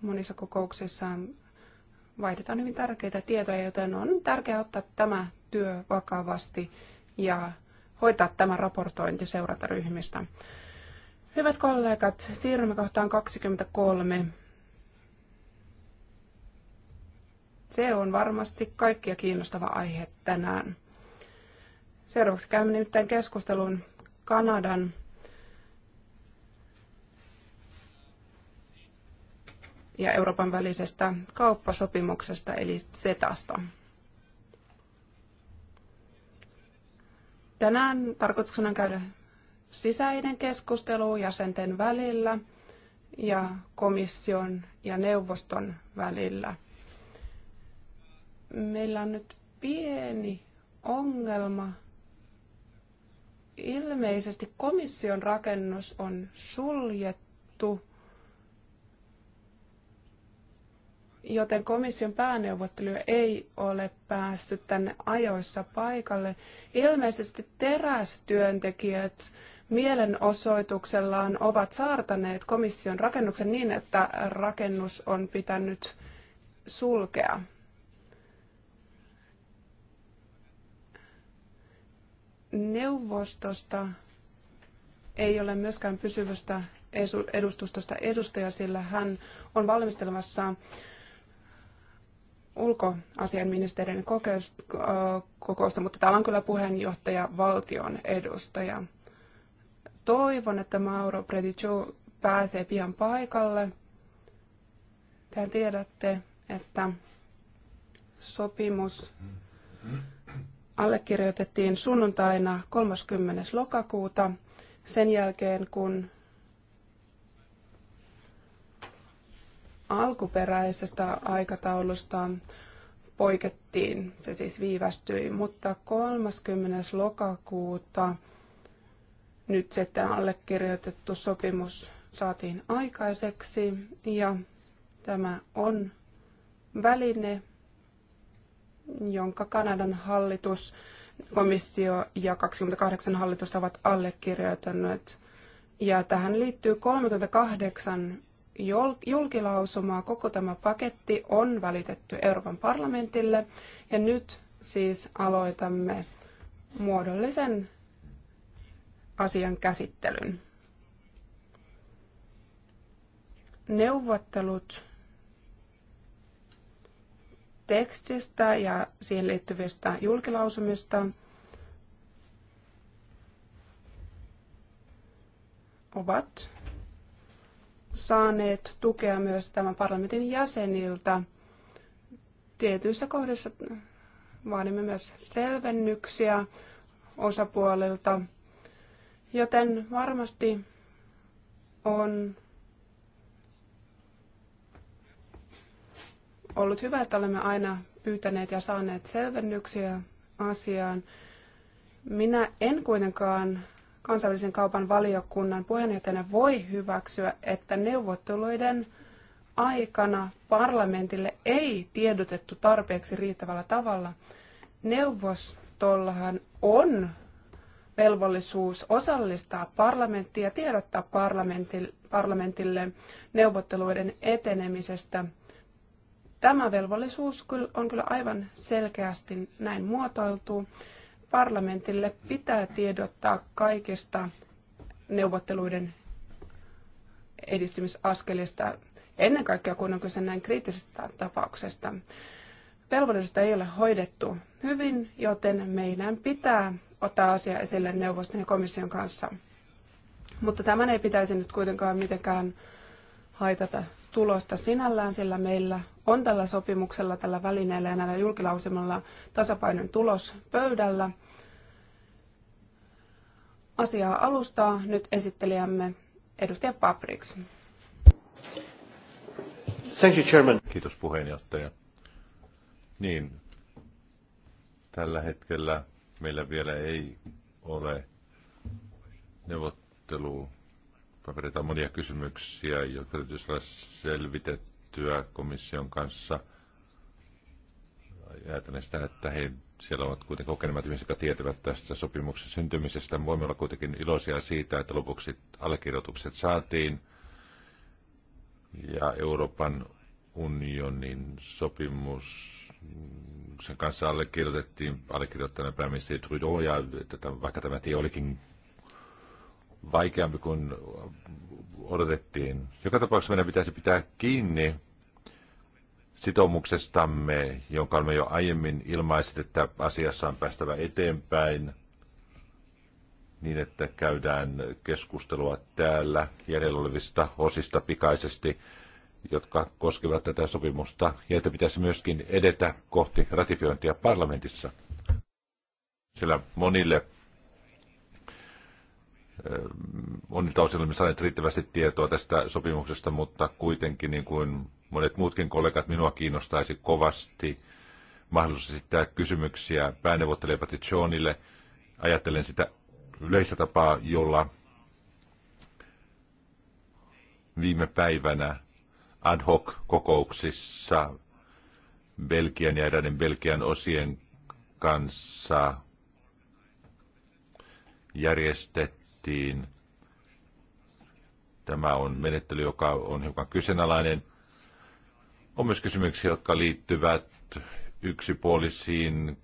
Speaker 2: monissa kokouksissa vaihdetaan hyvin tärkeitä tietoja, joten on tärkeää ottaa tämä työ vakavasti ja hoitaa tämä raportointi seurantaryhmistä. Hyvät kollegat, siirrymme kohtaan 23. Se on varmasti kaikkia kiinnostava aihe tänään. Seuraavaksi käymme nimittäin keskustelun Kanadan ja Euroopan välisestä kauppasopimuksesta eli SETAsta. Tänään tarkoituksena on käydä sisäinen keskustelu jäsenten välillä ja komission ja neuvoston välillä – meillä on nyt pieni ongelma. Ilmeisesti komission rakennus on suljettu, joten komission pääneuvottelija ei ole päässyt tänne ajoissa paikalle. Ilmeisesti terästyöntekijät mielenosoituksellaan ovat saartaneet komission rakennuksen niin, että rakennus on pitänyt sulkea. Neuvostosta ei ole myöskään pysyvästä edustustosta edustaja, sillä hän on valmistelemassa ulkoasiainministerin kokousta, mutta täällä on kyllä puheenjohtaja valtion edustaja. Toivon, että Mauro Predicu pääsee pian paikalle. Te tiedätte, että sopimus allekirjoitettiin sunnuntaina 30. lokakuuta sen jälkeen, kun alkuperäisestä aikataulusta poikettiin, se siis viivästyi, mutta 30. lokakuuta nyt sitten allekirjoitettu sopimus saatiin aikaiseksi ja tämä on väline, jonka Kanadan hallitus, komissio ja 28 hallitusta ovat allekirjoittaneet. Ja tähän liittyy 38 julkilausumaa. Koko tämä paketti on välitetty Euroopan parlamentille ja nyt siis aloitamme muodollisen asian käsittelyn. Neuvottelut tekstistä ja siihen liittyvistä julkilausumista. ovat saaneet tukea myös tämän parlamentin jäseniltä. Tietyissä kohdissa vaadimme myös selvennyksiä osapuolilta, joten varmasti on ollut hyvä, että olemme aina pyytäneet ja saaneet selvennyksiä asiaan. Minä en kuitenkaan kansainvälisen kaupan valiokunnan puheenjohtajana voi hyväksyä, että neuvotteluiden aikana parlamentille ei tiedotettu tarpeeksi riittävällä tavalla. Neuvostollahan on velvollisuus osallistaa parlamenttia ja tiedottaa parlamentille neuvotteluiden etenemisestä. Tämä velvollisuus on kyllä aivan selkeästi näin muotoiltu. Parlamentille pitää tiedottaa kaikista neuvotteluiden edistymisaskelista, ennen kaikkea kun on kyse näin kriittisestä tapauksesta. Velvollisuutta ei ole hoidettu hyvin, joten meidän pitää ottaa asia esille neuvoston ja komission kanssa. Mutta tämän ei pitäisi nyt kuitenkaan mitenkään haitata tulosta sinällään, sillä meillä on tällä sopimuksella, tällä välineellä ja näillä julkilausumilla tasapainon tulos pöydällä. Asiaa alustaa nyt esittelijämme edustaja Papriks.
Speaker 1: Thank you, Chairman. Kiitos puheenjohtaja. Niin, tällä hetkellä meillä vielä ei ole neuvottelua papereita on monia kysymyksiä, jotka täytyy saada selvitettyä komission kanssa. Ajatellen sitä, että he siellä ovat kuitenkin kokeneet ihmiset, jotka tietävät tästä sopimuksen syntymisestä. Voimme olla kuitenkin iloisia siitä, että lopuksi allekirjoitukset saatiin ja Euroopan unionin sopimus sen kanssa allekirjoitettiin allekirjoittajana pääministeri Trudeau, ja että tämän, vaikka tämä tie olikin vaikeampi kuin odotettiin. Joka tapauksessa meidän pitäisi pitää kiinni sitoumuksestamme, jonka me jo aiemmin ilmaisit, että asiassa on päästävä eteenpäin niin, että käydään keskustelua täällä jäljellä olevista osista pikaisesti, jotka koskevat tätä sopimusta, ja että pitäisi myöskin edetä kohti ratifiointia parlamentissa. Sillä monille on nyt olemme saaneet riittävästi tietoa tästä sopimuksesta, mutta kuitenkin niin kuin monet muutkin kollegat minua kiinnostaisi kovasti mahdollisuus esittää kysymyksiä pääneuvottelijapati Johnille. Ajattelen sitä yleistä tapaa, jolla viime päivänä ad hoc kokouksissa Belgian ja eräiden Belgian osien kanssa järjestettiin tehtiin. Tämä on menettely, joka on hiukan kyseenalainen. On myös kysymyksiä, jotka liittyvät yksipuolisiin,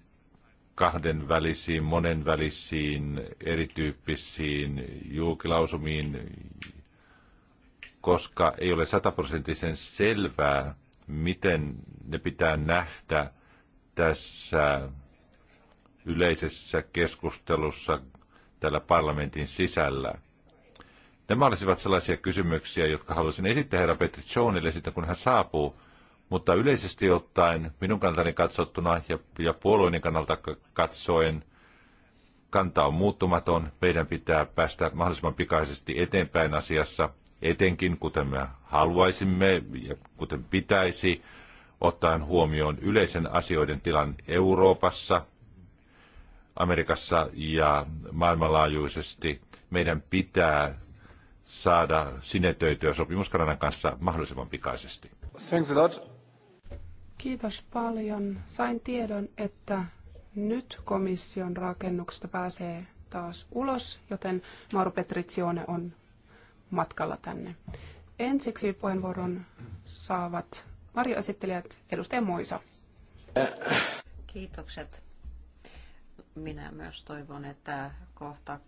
Speaker 1: kahdenvälisiin, monenvälisiin, erityyppisiin julkilausumiin, koska ei ole sataprosenttisen selvää, miten ne pitää nähdä tässä yleisessä keskustelussa täällä parlamentin sisällä. Nämä olisivat sellaisia kysymyksiä, jotka haluaisin esittää herra Petri Jonesille sitten, kun hän saapuu. Mutta yleisesti ottaen, minun kantani katsottuna ja, ja puolueiden kannalta katsoen, kanta on muuttumaton. Meidän pitää päästä mahdollisimman pikaisesti eteenpäin asiassa, etenkin kuten me haluaisimme ja kuten pitäisi, ottaen huomioon yleisen asioiden tilan Euroopassa, Amerikassa ja maailmanlaajuisesti. Meidän pitää saada sinetöityä sopimus Kanadan kanssa mahdollisimman pikaisesti. Thanks a lot.
Speaker 2: Kiitos paljon. Sain tiedon, että nyt komission rakennuksesta pääsee taas ulos, joten Mauro Petrizione on matkalla tänne. Ensiksi puheenvuoron saavat varjoesittelijät edustaja Moisa.
Speaker 4: Kiitokset minä myös toivon, että kohta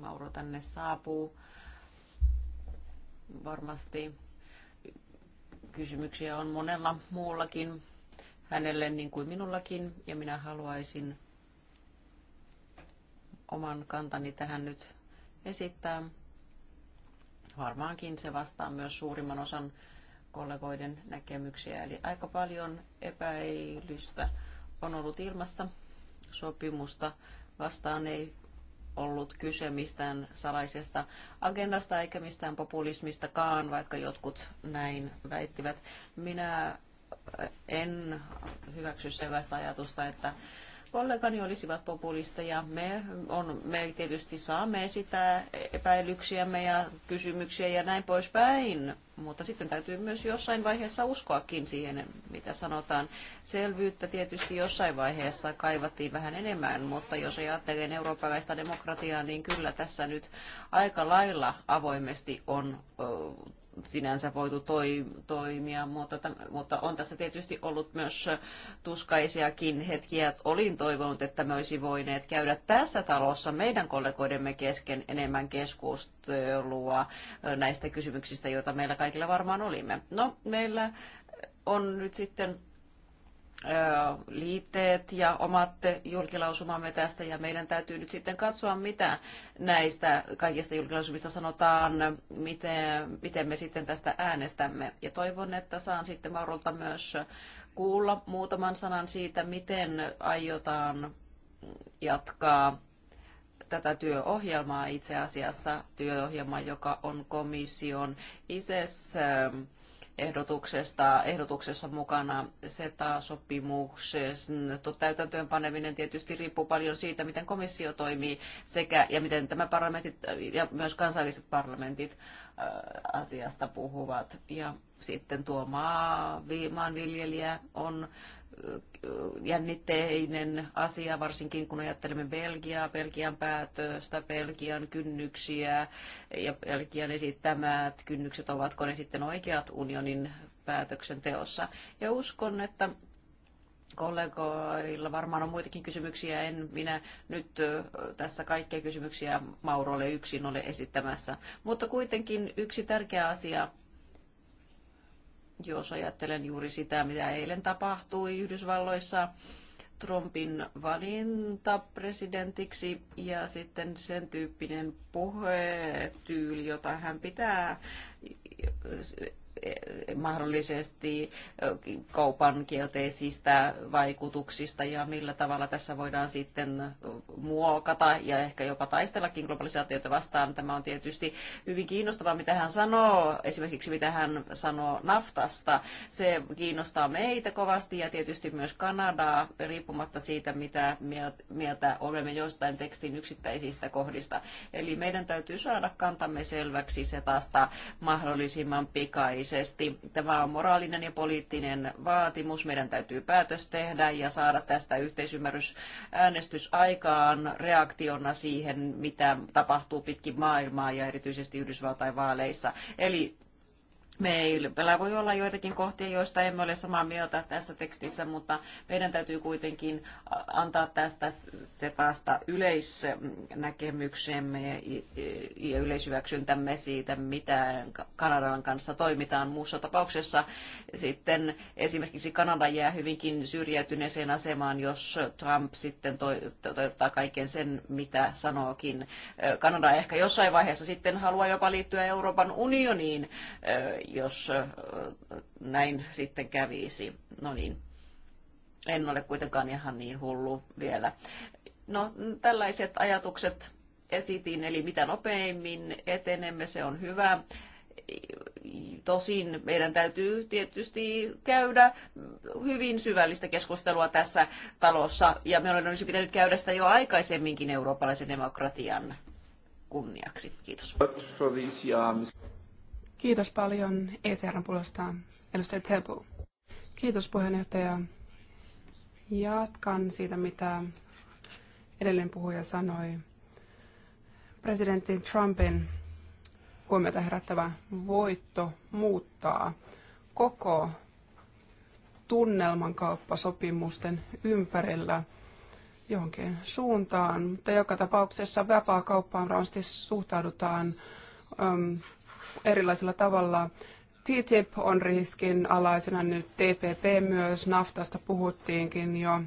Speaker 4: Mauro tänne saapuu. Varmasti kysymyksiä on monella muullakin hänelle niin kuin minullakin ja minä haluaisin oman kantani tähän nyt esittää. Varmaankin se vastaa myös suurimman osan kollegoiden näkemyksiä, eli aika paljon epäilystä on ollut ilmassa sopimusta vastaan ei ollut kyse mistään salaisesta agendasta eikä mistään populismistakaan, vaikka jotkut näin väittivät. Minä en hyväksy sellaista ajatusta, että kollegani olisivat populisteja. Me, on, me tietysti saamme sitä epäilyksiämme ja kysymyksiä ja näin poispäin, mutta sitten täytyy myös jossain vaiheessa uskoakin siihen, mitä sanotaan. Selvyyttä tietysti jossain vaiheessa kaivattiin vähän enemmän, mutta jos ajattelen eurooppalaista demokratiaa, niin kyllä tässä nyt aika lailla avoimesti on sinänsä voitu toi, toimia, mutta, mutta on tässä tietysti ollut myös tuskaisiakin hetkiä. Olin toivonut, että me olisi voineet käydä tässä talossa meidän kollegoidemme kesken enemmän keskustelua näistä kysymyksistä, joita meillä kaikilla varmaan olimme. No, meillä on nyt sitten liitteet ja omat julkilausumamme tästä ja meidän täytyy nyt sitten katsoa, mitä näistä kaikista julkilausumista sanotaan, miten, miten me sitten tästä äänestämme. Ja toivon, että saan sitten Maurulta myös kuulla muutaman sanan siitä, miten aiotaan jatkaa tätä työohjelmaa itse asiassa, työohjelmaa, joka on komission ISES ehdotuksesta, ehdotuksessa mukana ceta sopimuksen täytäntöön paneminen tietysti riippuu paljon siitä, miten komissio toimii sekä ja miten tämä parlamentti ja myös kansalliset parlamentit asiasta puhuvat. Ja sitten tuo maa, maanviljelijä on jännitteinen asia, varsinkin kun ajattelemme Belgiaa, Belgian päätöstä, Belgian kynnyksiä ja Belgian esittämät kynnykset, ovatko ne sitten oikeat unionin päätöksenteossa. Ja uskon, että kollegoilla varmaan on muitakin kysymyksiä. En minä nyt tässä kaikkia kysymyksiä Maurolle yksin ole esittämässä. Mutta kuitenkin yksi tärkeä asia jos ajattelen juuri sitä, mitä eilen tapahtui Yhdysvalloissa, Trumpin valinta presidentiksi ja sitten sen tyyppinen puhetyyli, jota hän pitää mahdollisesti kaupan kielteisistä vaikutuksista ja millä tavalla tässä voidaan sitten muokata ja ehkä jopa taistellakin globalisaatiota vastaan. Tämä on tietysti hyvin kiinnostavaa, mitä hän sanoo, esimerkiksi mitä hän sanoo naftasta. Se kiinnostaa meitä kovasti ja tietysti myös Kanadaa, riippumatta siitä, mitä mieltä olemme jostain tekstin yksittäisistä kohdista. Eli meidän täytyy saada kantamme selväksi se tästä mahdollisimman pikaisesti poliittisesti. Tämä on moraalinen ja poliittinen vaatimus. Meidän täytyy päätös tehdä ja saada tästä yhteisymmärrysäänestys aikaan reaktiona siihen, mitä tapahtuu pitkin maailmaa ja erityisesti Yhdysvaltain vaaleissa. Eli Meillä voi olla joitakin kohtia, joista emme ole samaa mieltä tässä tekstissä, mutta meidän täytyy kuitenkin antaa tästä se taasta yleisnäkemyksemme ja yleisyväksyntämme siitä, mitä Kanadan kanssa toimitaan. Muussa tapauksessa sitten esimerkiksi Kanada jää hyvinkin syrjäytyneeseen asemaan, jos Trump sitten toteuttaa kaiken sen, mitä sanookin. Kanada ehkä jossain vaiheessa sitten haluaa jopa liittyä Euroopan unioniin jos näin sitten kävisi. No niin, en ole kuitenkaan ihan niin hullu vielä. No, tällaiset ajatukset esitin, eli mitä nopeimmin etenemme, se on hyvä. Tosin meidän täytyy tietysti käydä hyvin syvällistä keskustelua tässä talossa, ja me olisi pitänyt käydä sitä jo aikaisemminkin eurooppalaisen demokratian kunniaksi. Kiitos.
Speaker 2: Kiitos paljon ECRn puolesta edustaja Tebu. Kiitos puheenjohtaja. Jatkan siitä, mitä edellinen puhuja sanoi. Presidentti Trumpin huomiota herättävä voitto muuttaa koko tunnelman kauppasopimusten ympärillä johonkin suuntaan, mutta joka tapauksessa vapaa kauppaan varmasti suhtaudutaan um, erilaisella tavalla. TTIP on riskin alaisena nyt, TPP myös, naftasta puhuttiinkin jo.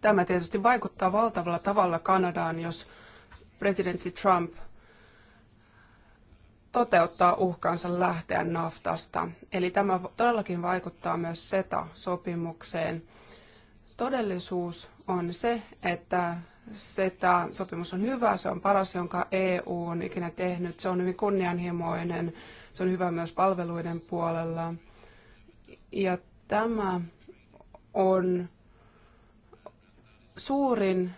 Speaker 2: Tämä tietysti vaikuttaa valtavalla tavalla Kanadaan, jos presidentti Trump toteuttaa uhkansa lähteä naftasta. Eli tämä todellakin vaikuttaa myös SETA-sopimukseen. Todellisuus on se, että se, että sopimus on hyvä, se on paras, jonka EU on ikinä tehnyt. Se on hyvin kunnianhimoinen, se on hyvä myös palveluiden puolella. Ja tämä on suurin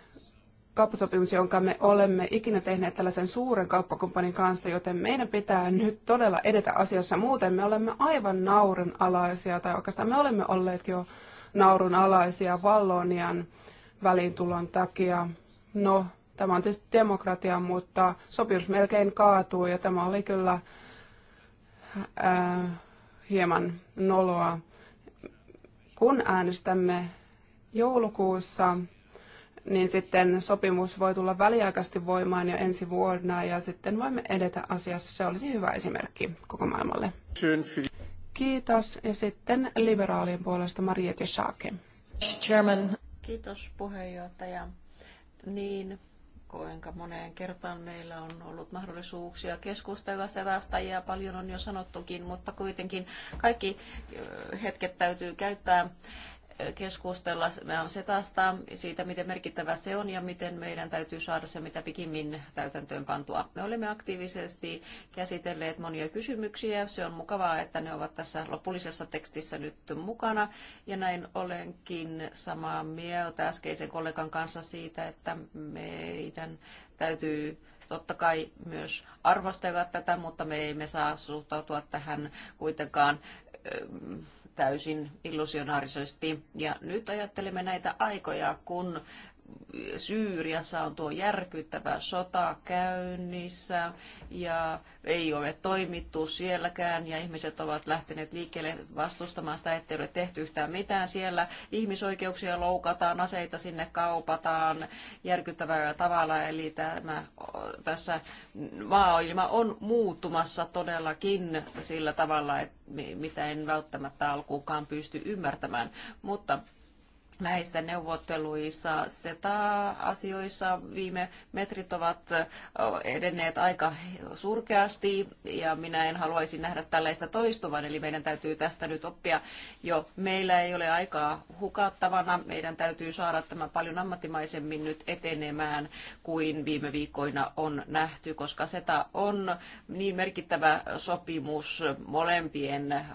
Speaker 2: kauppasopimus, jonka me olemme ikinä tehneet tällaisen suuren kauppakumppanin kanssa, joten meidän pitää nyt todella edetä asiassa. Muuten me olemme aivan naurunalaisia, tai oikeastaan me olemme olleet jo naurunalaisia Vallonian välintulon takia. No, tämä on tietysti demokratia, mutta sopimus melkein kaatuu ja tämä oli kyllä ää, äh, hieman noloa. Kun äänestämme joulukuussa, niin sitten sopimus voi tulla väliaikaisesti voimaan jo ensi vuonna ja sitten voimme edetä asiassa. Se olisi hyvä esimerkki koko maailmalle. Kiitos. Ja sitten liberaalien puolesta Mariette Schaake. Chairman.
Speaker 4: Kiitos puheenjohtaja. Niin, kuinka moneen kertaan meillä on ollut mahdollisuuksia keskustella sevästä ja paljon on jo sanottukin, mutta kuitenkin kaikki hetket täytyy käyttää keskustella setasta, siitä miten merkittävä se on ja miten meidän täytyy saada se mitä pikimmin täytäntöön pantua. Me olemme aktiivisesti käsitelleet monia kysymyksiä. Se on mukavaa, että ne ovat tässä lopullisessa tekstissä nyt mukana. Ja näin olenkin samaa mieltä äskeisen kollegan kanssa siitä, että meidän täytyy totta kai myös arvostella tätä, mutta me emme saa suhtautua tähän kuitenkaan täysin illusionaarisesti. Ja nyt ajattelemme näitä aikoja, kun Syyriassa on tuo järkyttävä sota käynnissä ja ei ole toimittu sielläkään ja ihmiset ovat lähteneet liikkeelle vastustamaan sitä, ettei ole tehty yhtään mitään siellä. Ihmisoikeuksia loukataan, aseita sinne kaupataan järkyttävällä tavalla, eli tämä, tässä maailma on muuttumassa todellakin sillä tavalla, että mitä en välttämättä alkuunkaan pysty ymmärtämään, mutta näissä neuvotteluissa SETA-asioissa viime metrit ovat edenneet aika surkeasti ja minä en haluaisi nähdä tällaista toistuvan, eli meidän täytyy tästä nyt oppia jo. Meillä ei ole aikaa hukattavana, meidän täytyy saada tämä paljon ammattimaisemmin nyt etenemään kuin viime viikkoina on nähty, koska SETA on niin merkittävä sopimus molempien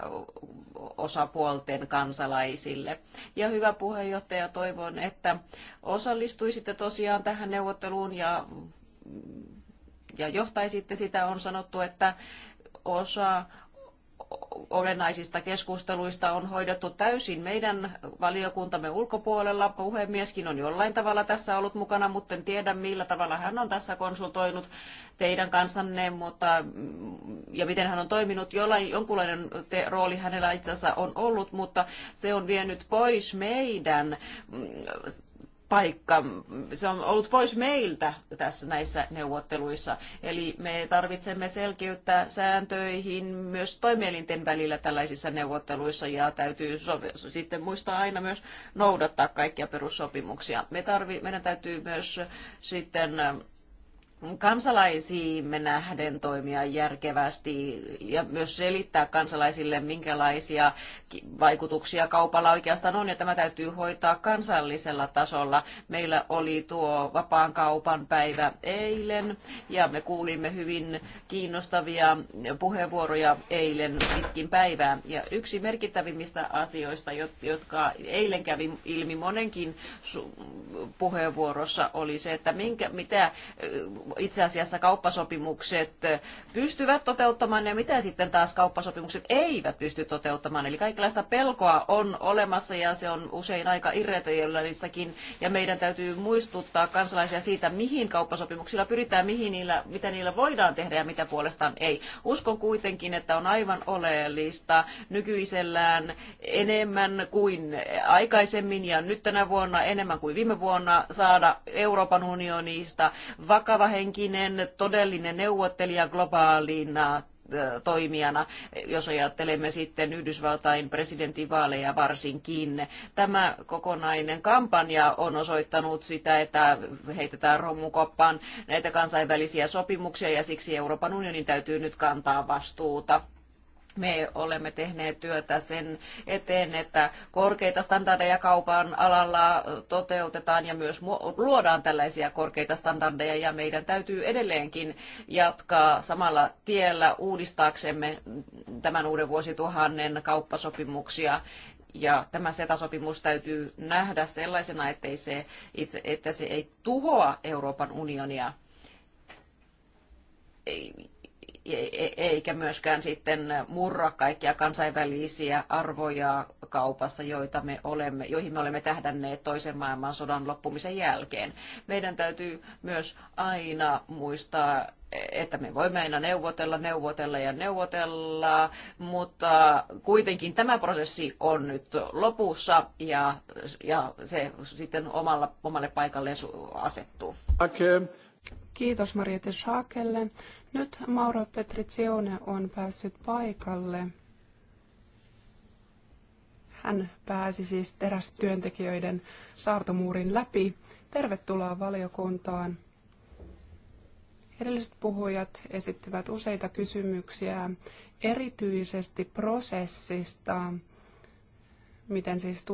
Speaker 4: osapuolten kansalaisille. Ja hyvä puheenjohtaja, puheenjohtaja, toivon, että osallistuisitte tosiaan tähän neuvotteluun ja, ja johtaisitte sitä. On sanottu, että osa olennaisista keskusteluista on hoidettu täysin meidän valiokuntamme ulkopuolella. Puhemieskin on jollain tavalla tässä ollut mukana, mutta en tiedä millä tavalla hän on tässä konsultoinut teidän kanssanne mutta, mm, ja miten hän on toiminut. Jollain, jonkunlainen te, rooli hänellä itse asiassa on ollut, mutta se on vienyt pois meidän mm, paikka. Se on ollut pois meiltä tässä näissä neuvotteluissa. Eli me tarvitsemme selkeyttä sääntöihin myös toimielinten välillä tällaisissa neuvotteluissa ja täytyy sitten muistaa aina myös noudattaa kaikkia perussopimuksia. Me tarvi, meidän täytyy myös sitten kansalaisiimme nähden toimia järkevästi ja myös selittää kansalaisille, minkälaisia vaikutuksia kaupalla oikeastaan on, ja tämä täytyy hoitaa kansallisella tasolla. Meillä oli tuo vapaan kaupan päivä eilen, ja me kuulimme hyvin kiinnostavia puheenvuoroja eilen pitkin päivää. Ja yksi merkittävimmistä asioista, jotka eilen kävi ilmi monenkin puheenvuorossa, oli se, että minkä, mitä itse asiassa kauppasopimukset pystyvät toteuttamaan ja mitä sitten taas kauppasopimukset eivät pysty toteuttamaan. Eli kaikenlaista pelkoa on olemassa ja se on usein aika irretöjällistäkin ja meidän täytyy muistuttaa kansalaisia siitä, mihin kauppasopimuksilla pyritään, mihin niillä, mitä niillä voidaan tehdä ja mitä puolestaan ei. Uskon kuitenkin, että on aivan oleellista nykyisellään enemmän kuin aikaisemmin ja nyt tänä vuonna enemmän kuin viime vuonna saada Euroopan unionista vakava vastahenkinen todellinen neuvottelija globaalina toimijana, jos ajattelemme sitten Yhdysvaltain presidentinvaaleja varsinkin. Tämä kokonainen kampanja on osoittanut sitä, että heitetään romukoppaan näitä kansainvälisiä sopimuksia ja siksi Euroopan unionin täytyy nyt kantaa vastuuta me olemme tehneet työtä sen eteen, että korkeita standardeja kaupan alalla toteutetaan ja myös luodaan tällaisia korkeita standardeja ja meidän täytyy edelleenkin jatkaa samalla tiellä uudistaaksemme tämän uuden vuosituhannen kauppasopimuksia ja tämä setasopimus täytyy nähdä sellaisena, ettei se itse, että se ei tuhoa Euroopan unionia. Ei, E, e, eikä myöskään sitten murra kaikkia kansainvälisiä arvoja kaupassa, joita me olemme, joihin me olemme tähdänneet toisen maailmansodan loppumisen jälkeen. Meidän täytyy myös aina muistaa että me voimme aina neuvotella, neuvotella ja neuvotella, mutta kuitenkin tämä prosessi on nyt lopussa ja, ja se sitten omalla, omalle paikalleen asettuu.
Speaker 2: Kiitos Mariette Schaakelle. Nyt Mauro Petrizione on päässyt paikalle. Hän pääsi siis terästyöntekijöiden saartomuurin läpi. Tervetuloa valiokuntaan. Edelliset puhujat esittivät useita kysymyksiä erityisesti prosessista, miten siis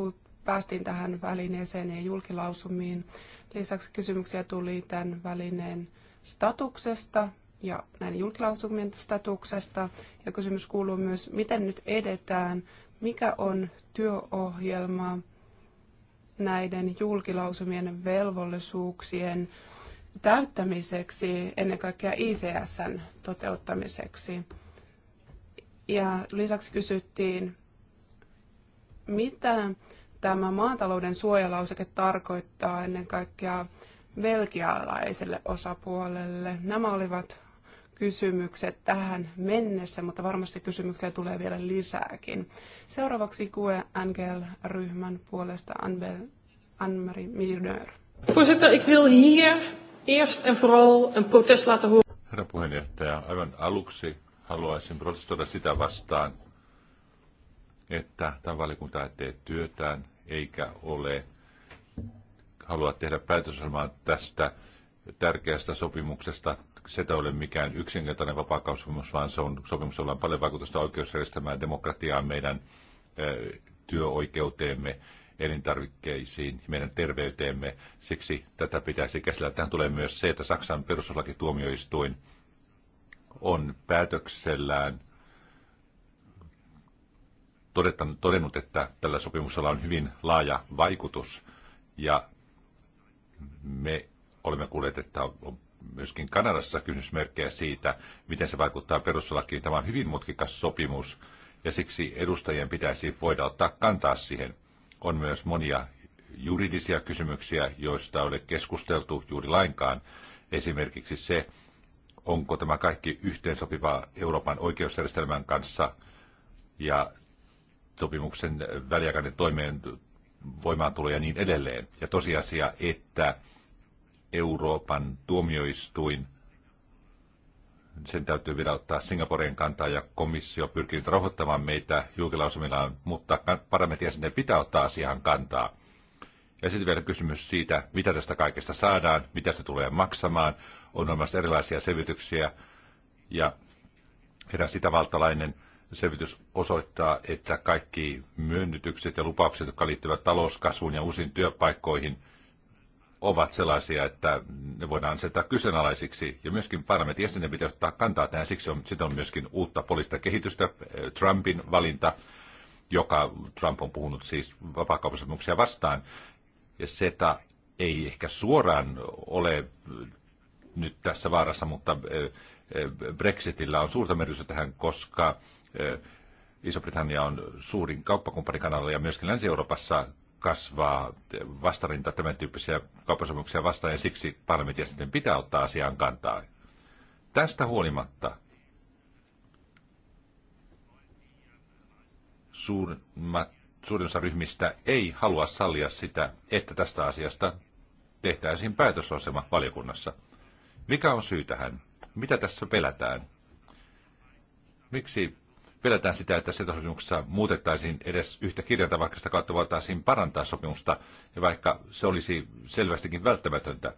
Speaker 2: päästiin tähän välineeseen ja julkilausumiin. Lisäksi kysymyksiä tuli tämän välineen statuksesta ja näiden julkilausumien statuksesta. Ja kysymys kuuluu myös, miten nyt edetään, mikä on työohjelma näiden julkilausumien velvollisuuksien täyttämiseksi, ennen kaikkea ICSn toteuttamiseksi. Ja lisäksi kysyttiin, mitä tämä maatalouden suojalauseke tarkoittaa ennen kaikkea belgialaiselle osapuolelle. Nämä olivat kysymykset tähän mennessä, mutta varmasti kysymyksiä tulee vielä lisääkin. Seuraavaksi Kue Angel-ryhmän puolesta Anne-Marie Mirdeur. Voorzitter, ik wil hier eerst en vooral een protest laten horen.
Speaker 1: Herra puheenjohtaja, aivan aluksi haluaisin protestoida sitä vastaan, että tämä valikunta ei tee työtään eikä ole halua tehdä päätösohjelmaa tästä tärkeästä sopimuksesta SETA ole mikään yksinkertainen vapaakauppasopimus, vaan se on sopimus, jolla on paljon vaikutusta oikeusjärjestelmään, demokratiaan, meidän työoikeuteemme, elintarvikkeisiin, meidän terveyteemme. Siksi tätä pitäisi käsitellä. Tähän tulee myös se, että Saksan perustuslakituomioistuin on päätöksellään todennut, että tällä sopimuksella on hyvin laaja vaikutus ja me olemme kuulleet, että on myöskin Kanadassa kysymysmerkkejä siitä, miten se vaikuttaa perustuslakiin. Tämä on hyvin mutkikas sopimus ja siksi edustajien pitäisi voida ottaa kantaa siihen. On myös monia juridisia kysymyksiä, joista ei ole keskusteltu juuri lainkaan. Esimerkiksi se, onko tämä kaikki yhteensopivaa Euroopan oikeusjärjestelmän kanssa ja sopimuksen väliaikainen toimeen voimaantulo ja niin edelleen. Ja tosiasia, että Euroopan tuomioistuin. Sen täytyy ottaa Singaporeen kantaa ja komissio pyrkii nyt rauhoittamaan meitä julkilausumillaan, mutta parlamentin jäsenten pitää ottaa asiaan kantaa. Ja sitten vielä kysymys siitä, mitä tästä kaikesta saadaan, mitä se tulee maksamaan. On olemassa erilaisia selvityksiä ja eräs itävaltalainen selvitys osoittaa, että kaikki myönnytykset ja lupaukset, jotka liittyvät talouskasvuun ja uusiin työpaikkoihin – ovat sellaisia, että ne voidaan asettaa kyseenalaisiksi. Ja myöskin parlamentin jäsenen pitää ottaa kantaa tähän. Siksi on, sit on myöskin uutta poliittista kehitystä. Eh, Trumpin valinta, joka Trump on puhunut siis vapaakauppasopimuksia vastaan. Ja SETA ei ehkä suoraan ole nyt tässä vaarassa, mutta eh, eh, Brexitillä on suurta merkitystä tähän, koska Iso-Britannia on suurin kauppakumppani ja myöskin Länsi-Euroopassa kasvaa vastarinta tämän tyyppisiä kauppasopimuksia vastaan, ja siksi parlamentin sitten pitää ottaa asiaan kantaa. Tästä huolimatta suurimmat, suurin osa ryhmistä ei halua sallia sitä, että tästä asiasta tehtäisiin päätösasema valiokunnassa. Mikä on syy tähän? Mitä tässä pelätään? Miksi pelätään sitä, että CETA-sopimuksessa muutettaisiin edes yhtä kirjata, vaikka sitä kautta voitaisiin parantaa sopimusta, ja vaikka se olisi selvästikin välttämätöntä.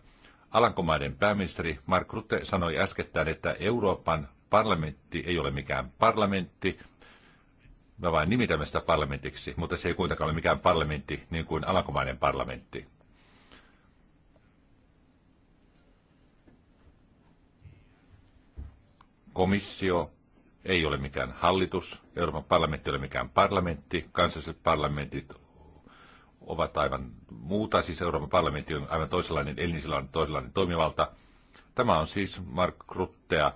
Speaker 1: Alankomaiden pääministeri Mark Rutte sanoi äskettäin, että Euroopan parlamentti ei ole mikään parlamentti, me vain nimitämme sitä parlamentiksi, mutta se ei kuitenkaan ole mikään parlamentti niin kuin alankomainen parlamentti. Komissio ei ole mikään hallitus, Euroopan parlamentti ei ole mikään parlamentti, kansalliset parlamentit ovat aivan muuta, siis Euroopan parlamentti on aivan toisenlainen, eli sillä on toisenlainen toimivalta. Tämä on siis Mark Ruttea.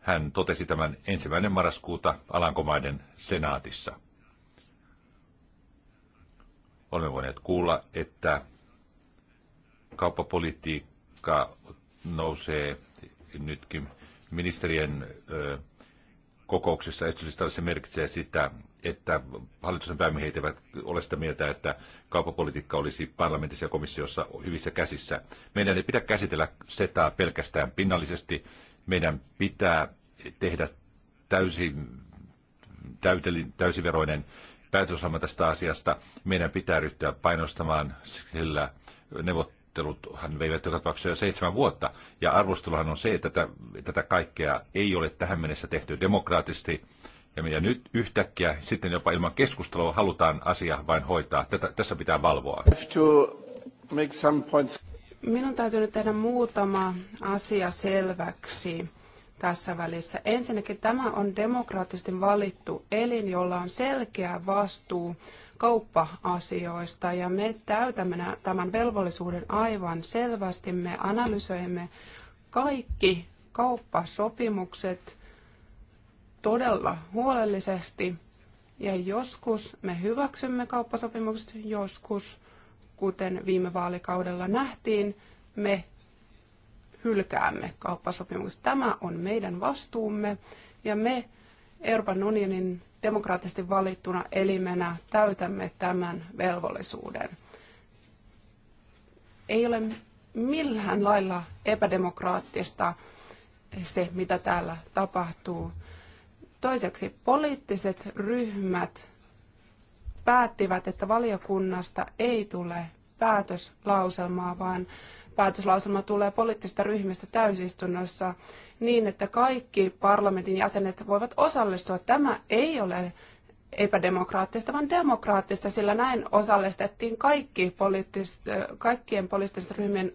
Speaker 1: Hän totesi tämän ensimmäinen marraskuuta Alankomaiden senaatissa. Olemme voineet kuulla, että kauppapolitiikka nousee nytkin ministerien kokouksissa se merkitsee sitä, että hallituksen päämiehet eivät ole sitä mieltä, että kauppapolitiikka olisi parlamentissa ja komissiossa hyvissä käsissä. Meidän ei pidä käsitellä sitä pelkästään pinnallisesti. Meidän pitää tehdä täysin, täyteli, täysiveroinen päätösohjelma tästä asiasta. Meidän pitää ryhtyä painostamaan sillä neuvottelua hän veivät joka tapauksessa seitsemän vuotta. Ja arvosteluhan on se, että tätä, tätä kaikkea ei ole tähän mennessä tehty demokraattisesti. Ja, ja nyt yhtäkkiä sitten jopa ilman keskustelua halutaan asia vain hoitaa. Tätä, tässä pitää valvoa.
Speaker 2: Minun täytyy nyt tehdä muutama asia selväksi tässä välissä. Ensinnäkin tämä on demokraattisesti valittu elin, jolla on selkeä vastuu kauppa-asioista ja me täytämme tämän velvollisuuden aivan selvästi. Me analysoimme kaikki kauppasopimukset todella huolellisesti ja joskus me hyväksymme kauppasopimukset, joskus, kuten viime vaalikaudella nähtiin, me hylkäämme kauppasopimukset. Tämä on meidän vastuumme ja me Euroopan unionin demokraattisesti valittuna elimenä täytämme tämän velvollisuuden. Ei ole millään lailla epädemokraattista se, mitä täällä tapahtuu. Toiseksi poliittiset ryhmät päättivät, että valiokunnasta ei tule päätöslauselmaa, vaan päätöslauselma tulee poliittisista ryhmistä täysistunnossa niin, että kaikki parlamentin jäsenet voivat osallistua. Tämä ei ole epädemokraattista, vaan demokraattista, sillä näin osallistettiin kaikki poliittis, kaikkien poliittisten ryhmien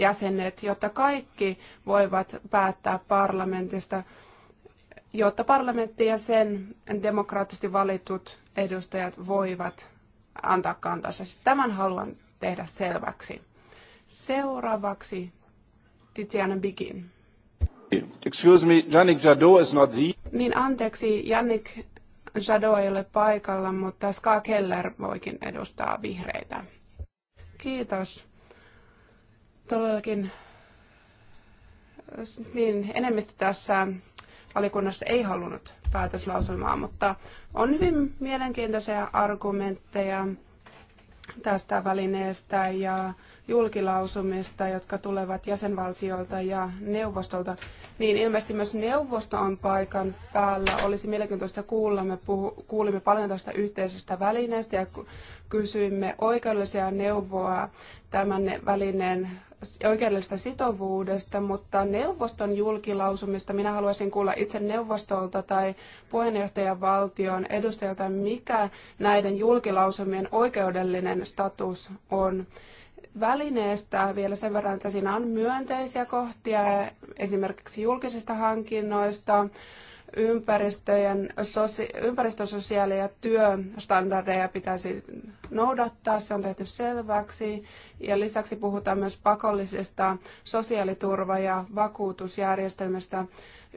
Speaker 2: jäsenet, jotta kaikki voivat päättää parlamentista, jotta parlamentti ja sen demokraattisesti valitut edustajat voivat antaa kantansa. Siis tämän haluan tehdä selväksi. Seuraavaksi Tiziana Bikin.
Speaker 3: Excuse me, Janik Jadot is not the...
Speaker 2: Niin anteeksi, Janik Jadot ei ole paikalla, mutta Ska Keller voikin edustaa vihreitä. Kiitos. Todellakin niin, enemmistö tässä valikunnassa ei halunnut päätöslauselmaa, mutta on hyvin mielenkiintoisia argumentteja tästä välineestä ja julkilausumista, jotka tulevat jäsenvaltiolta ja neuvostolta, niin ilmeisesti myös neuvosto on paikan päällä. Olisi mielenkiintoista kuulla. Me puhu, kuulimme paljon tästä yhteisestä välineestä ja kysyimme oikeudellisia neuvoa tämän välineen oikeudellisesta sitovuudesta, mutta neuvoston julkilausumista minä haluaisin kuulla itse neuvostolta tai puheenjohtajavaltion edustajalta, mikä näiden julkilausumien oikeudellinen status on välineestä vielä sen verran, että siinä on myönteisiä kohtia esimerkiksi julkisista hankinnoista, ympäristöjen, sosi, ympäristösosiaali- ja työstandardeja pitäisi noudattaa, se on tehty selväksi. Ja lisäksi puhutaan myös pakollisesta sosiaaliturva- ja vakuutusjärjestelmästä.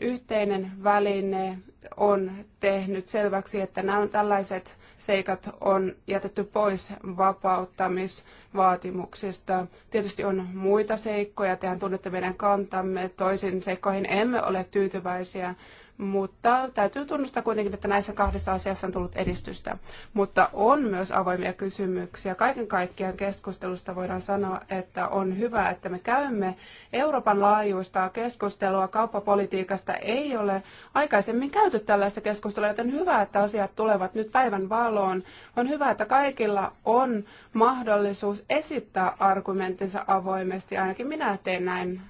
Speaker 2: Yhteinen väline on tehnyt selväksi, että nämä tällaiset seikat on jätetty pois vapauttamisvaatimuksista. Tietysti on muita seikkoja, tehän tunnette meidän kantamme, toisiin seikkoihin emme ole tyytyväisiä, mutta täytyy tunnustaa kuitenkin, että näissä kahdessa asiassa on tullut edistystä. Mutta on myös avoimia kysymyksiä. Kaiken kaikkiaan keskustelusta voidaan sanoa, että on hyvä, että me käymme Euroopan laajuista keskustelua kauppapolitiikasta. Ei ole aikaisemmin käyty tällaista keskustelua, joten hyvä, että asiat tulevat nyt päivän valoon. On hyvä, että kaikilla on mahdollisuus esittää argumenttinsa avoimesti. Ainakin minä teen näin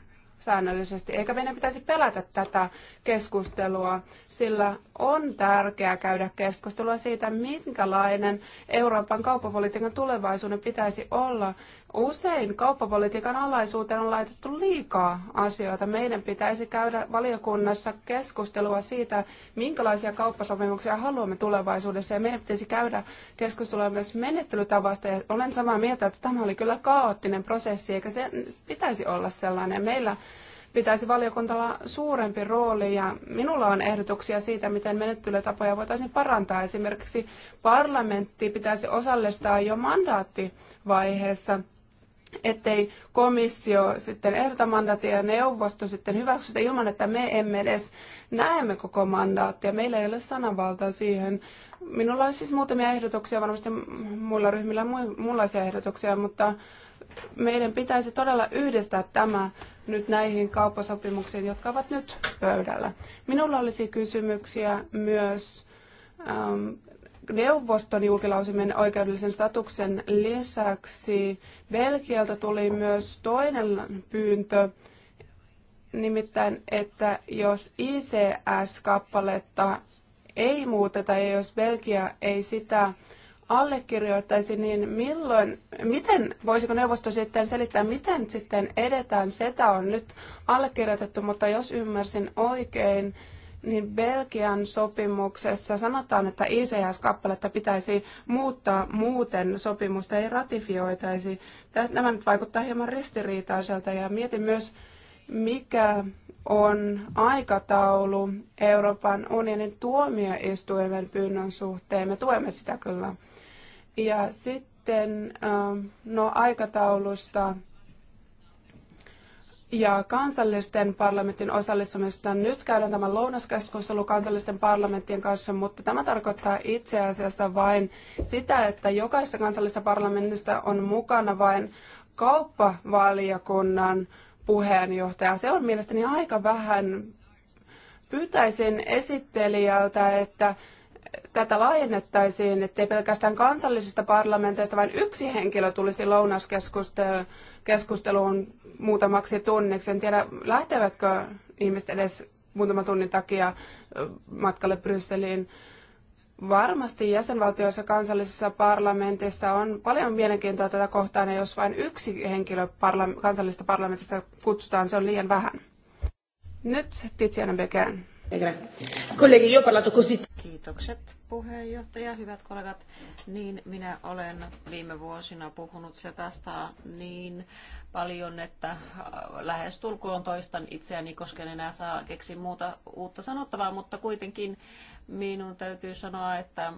Speaker 2: säännöllisesti. Eikä meidän pitäisi pelätä tätä keskustelua, sillä on tärkeää käydä keskustelua siitä, minkälainen Euroopan kauppapolitiikan tulevaisuuden pitäisi olla. Usein kauppapolitiikan alaisuuteen on laitettu liikaa asioita. Meidän pitäisi käydä valiokunnassa keskustelua siitä, minkälaisia kauppasopimuksia haluamme tulevaisuudessa. Ja meidän pitäisi käydä keskustelua myös menettelytavasta. Ja olen samaa mieltä, että tämä oli kyllä kaoottinen prosessi, eikä se pitäisi olla sellainen. Meillä pitäisi valiokuntalla suurempi rooli ja minulla on ehdotuksia siitä, miten menettelytapoja voitaisiin parantaa. Esimerkiksi parlamentti pitäisi osallistaa jo mandaattivaiheessa – ettei komissio sitten ehdota mandaattia ja neuvosto sitten hyväksy sitä ilman, että me emme edes näemme koko mandaattia. Meillä ei ole sananvaltaa siihen. Minulla on siis muutamia ehdotuksia, varmasti muilla ryhmillä on muunlaisia ehdotuksia, mutta meidän pitäisi todella yhdistää tämä nyt näihin kauppasopimuksiin, jotka ovat nyt pöydällä. Minulla olisi kysymyksiä myös ähm, neuvoston julkilausimen oikeudellisen statuksen lisäksi Belgialta tuli myös toinen pyyntö, nimittäin, että jos ICS-kappaletta ei muuteta ja jos Belgia ei sitä allekirjoittaisi, niin milloin, miten, voisiko neuvosto sitten selittää, miten sitten edetään, sitä on nyt allekirjoitettu, mutta jos ymmärsin oikein, niin Belgian sopimuksessa sanotaan, että ICS-kappaletta pitäisi muuttaa, muuten sopimusta ei ratifioitaisi. Nämä nyt vaikuttaa hieman ristiriitaiselta ja mietin myös, mikä on aikataulu Euroopan unionin tuomioistuimen pyynnön suhteen. Me tuemme sitä kyllä. Ja sitten ähm, no, aikataulusta ja kansallisten parlamentin osallistumista. Nyt käydään tämä lounaskeskustelu kansallisten parlamenttien kanssa, mutta tämä tarkoittaa itse asiassa vain sitä, että jokaisesta kansallisessa parlamentista on mukana vain kauppavaliokunnan puheenjohtaja. Se on mielestäni aika vähän. Pyytäisin esittelijältä, että tätä laajennettaisiin, ettei pelkästään kansallisista parlamenteista, vain yksi henkilö tulisi lounaskeskusteluun muutamaksi tunniksi. En tiedä, lähtevätkö ihmiset edes muutaman tunnin takia matkalle Brysseliin. Varmasti jäsenvaltioissa kansallisissa parlamentissa on paljon mielenkiintoa tätä kohtaan, ja jos vain yksi henkilö parla- kansallisesta parlamentista kutsutaan, se on liian vähän. Nyt Tiziana Bekään. Kollegi, eh, jo parlato così.
Speaker 4: Kiitokset puheenjohtaja, hyvät kollegat. Niin minä olen viime vuosina puhunut se tästä niin paljon, että äh, lähes tulkoon toistan itseäni, koska en enää saa keksi muuta uutta sanottavaa, mutta kuitenkin minun täytyy sanoa, että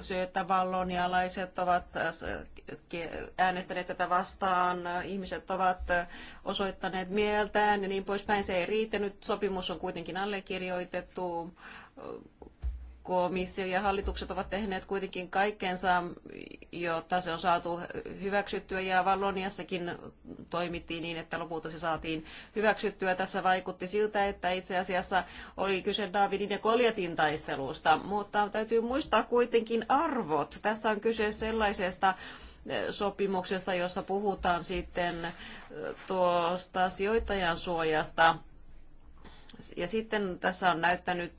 Speaker 4: se, että vallonialaiset ovat äh, äänestäneet tätä vastaan, ihmiset ovat äh, osoittaneet mieltään ja niin poispäin. Se ei riittänyt. Sopimus on kuitenkin allekirjoitettu komissio ja hallitukset ovat tehneet kuitenkin kaikkensa, jotta se on saatu hyväksyttyä ja Valloniassakin toimittiin niin, että lopulta se saatiin hyväksyttyä. Tässä vaikutti siltä, että itse asiassa oli kyse Davidin ja Koljatin taistelusta, mutta täytyy muistaa kuitenkin arvot. Tässä on kyse sellaisesta eh, sopimuksesta, jossa puhutaan sitten eh, tuosta sijoittajan suojasta ja sitten tässä on näyttänyt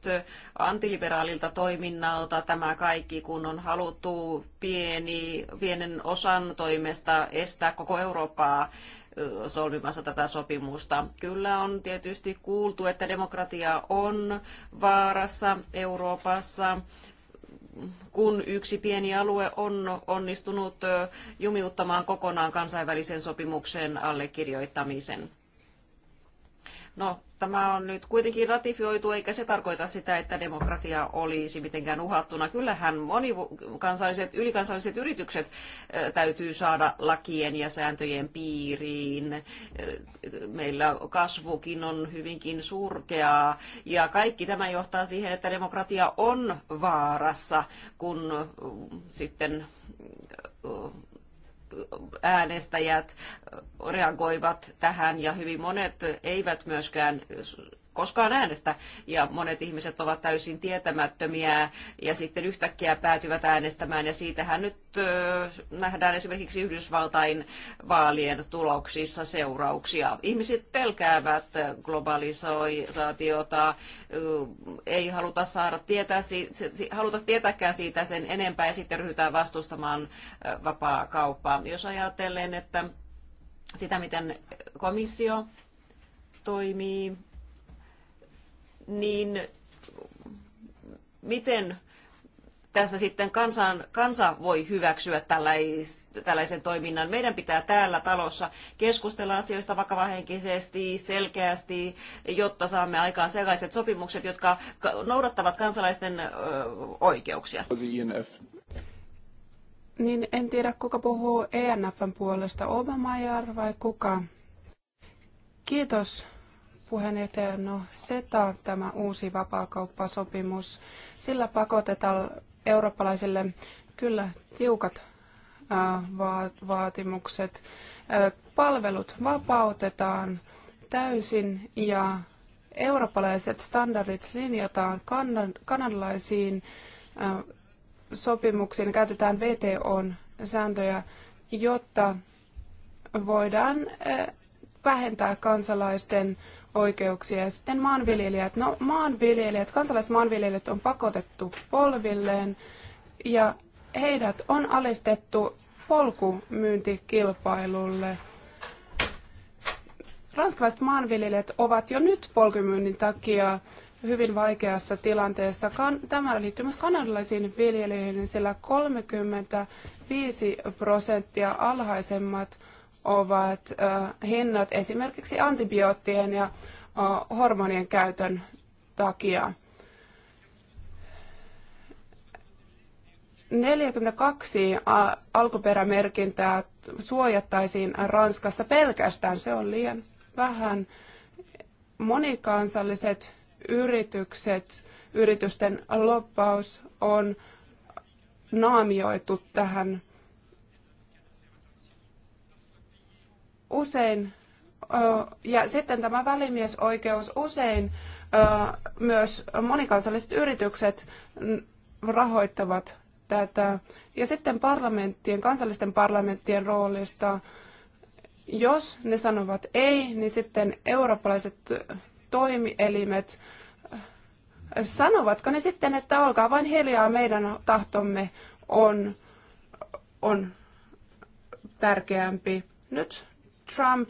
Speaker 4: antiliberaalilta toiminnalta tämä kaikki, kun on haluttu pieni, pienen osan toimesta estää koko Eurooppaa solmimassa tätä sopimusta. Kyllä on tietysti kuultu, että demokratia on vaarassa Euroopassa kun yksi pieni alue on onnistunut jumiuttamaan kokonaan kansainvälisen sopimuksen allekirjoittamisen. No, tämä on nyt kuitenkin ratifioitu, eikä se tarkoita sitä, että demokratia olisi mitenkään uhattuna. Kyllähän monikansalliset, ylikansalliset yritykset täytyy saada lakien ja sääntöjen piiriin. Meillä kasvukin on hyvinkin surkeaa, ja kaikki tämä johtaa siihen, että demokratia on vaarassa, kun sitten äänestäjät reagoivat tähän ja hyvin monet eivät myöskään koskaan äänestä. Ja monet ihmiset ovat täysin tietämättömiä ja sitten yhtäkkiä päätyvät äänestämään. Ja siitähän nyt nähdään esimerkiksi Yhdysvaltain vaalien tuloksissa seurauksia. Ihmiset pelkäävät globalisaatiota, ei haluta saada tietää, haluta tietääkään siitä sen enempää ja sitten ryhdytään vastustamaan vapaa kauppaa. Jos ajatellen, että sitä, miten komissio toimii niin miten tässä sitten kansan, kansa voi hyväksyä tällais, tällaisen toiminnan. Meidän pitää täällä talossa keskustella asioista vakavahenkisesti, selkeästi, jotta saamme aikaan sellaiset sopimukset, jotka noudattavat kansalaisten ö, oikeuksia.
Speaker 2: Niin en tiedä, kuka puhuu ENFn puolesta, Obama vai kuka. Kiitos puheenjohtaja, no SETA, tämä uusi vapaakauppasopimus, sillä pakotetaan eurooppalaisille kyllä tiukat vaatimukset. Palvelut vapautetaan täysin ja eurooppalaiset standardit linjataan kanadalaisiin sopimuksiin. Käytetään VTOn sääntöjä, jotta voidaan vähentää kansalaisten oikeuksia. Ja sitten maanviljelijät. No maanviljelijät, kansalaiset maanviljelijät on pakotettu polvilleen ja heidät on alistettu polkumyyntikilpailulle. Ranskalaiset maanviljelijät ovat jo nyt polkumyynnin takia hyvin vaikeassa tilanteessa. Tämä liittyy myös kanadalaisiin viljelijöihin, sillä 35 prosenttia alhaisemmat ovat hinnat esimerkiksi antibioottien ja hormonien käytön takia. 42 alkuperämerkintää suojattaisiin Ranskassa pelkästään. Se on liian vähän. Monikansalliset yritykset, yritysten loppaus on naamioitu tähän usein, ja sitten tämä välimiesoikeus usein myös monikansalliset yritykset rahoittavat tätä. Ja sitten parlamenttien, kansallisten parlamenttien roolista, jos ne sanovat ei, niin sitten eurooppalaiset toimielimet sanovatko ne sitten, että olkaa vain hiljaa, meidän tahtomme on, on tärkeämpi. Nyt Trump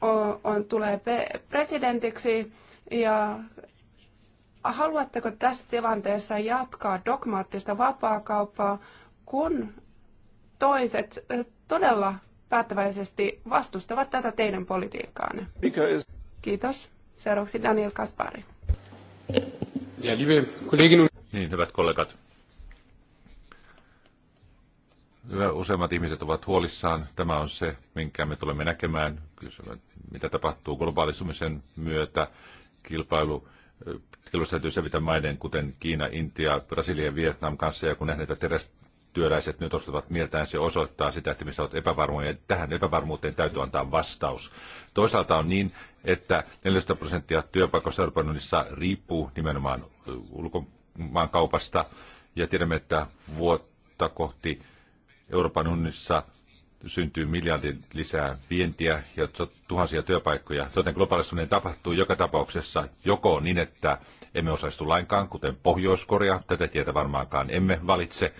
Speaker 2: on, on, tulee presidentiksi ja haluatteko tässä tilanteessa jatkaa dogmaattista vapaakauppaa, kun toiset eh, todella päättäväisesti vastustavat tätä teidän politiikkaanne? Kiitos. Seuraavaksi Daniel Kaspari.
Speaker 1: Ja liebe Kolleginnen. Niin, hyvät kollegat. Yhä ihmiset ovat huolissaan. Tämä on se, minkä me tulemme näkemään, mitä tapahtuu globaalisumisen myötä. Kilpailu, kilpailu täytyy selvitä maiden, kuten Kiina, Intia, Brasilia ja Vietnam kanssa. Ja kun nähdään, että työläiset nyt ostavat mieltään, se osoittaa sitä, että missä olet epävarmoja. Tähän epävarmuuteen täytyy antaa vastaus. Toisaalta on niin, että 14 prosenttia työpaikoista Euroopan unionissa riippuu nimenomaan ulkomaankaupasta. Ja tiedämme, että vuotta kohti Euroopan unionissa syntyy miljardin lisää vientiä ja tuhansia työpaikkoja, joten globaalistuminen tapahtuu joka tapauksessa joko niin, että emme osallistu lainkaan, kuten Pohjois-Korea, tätä tietä varmaankaan emme valitse,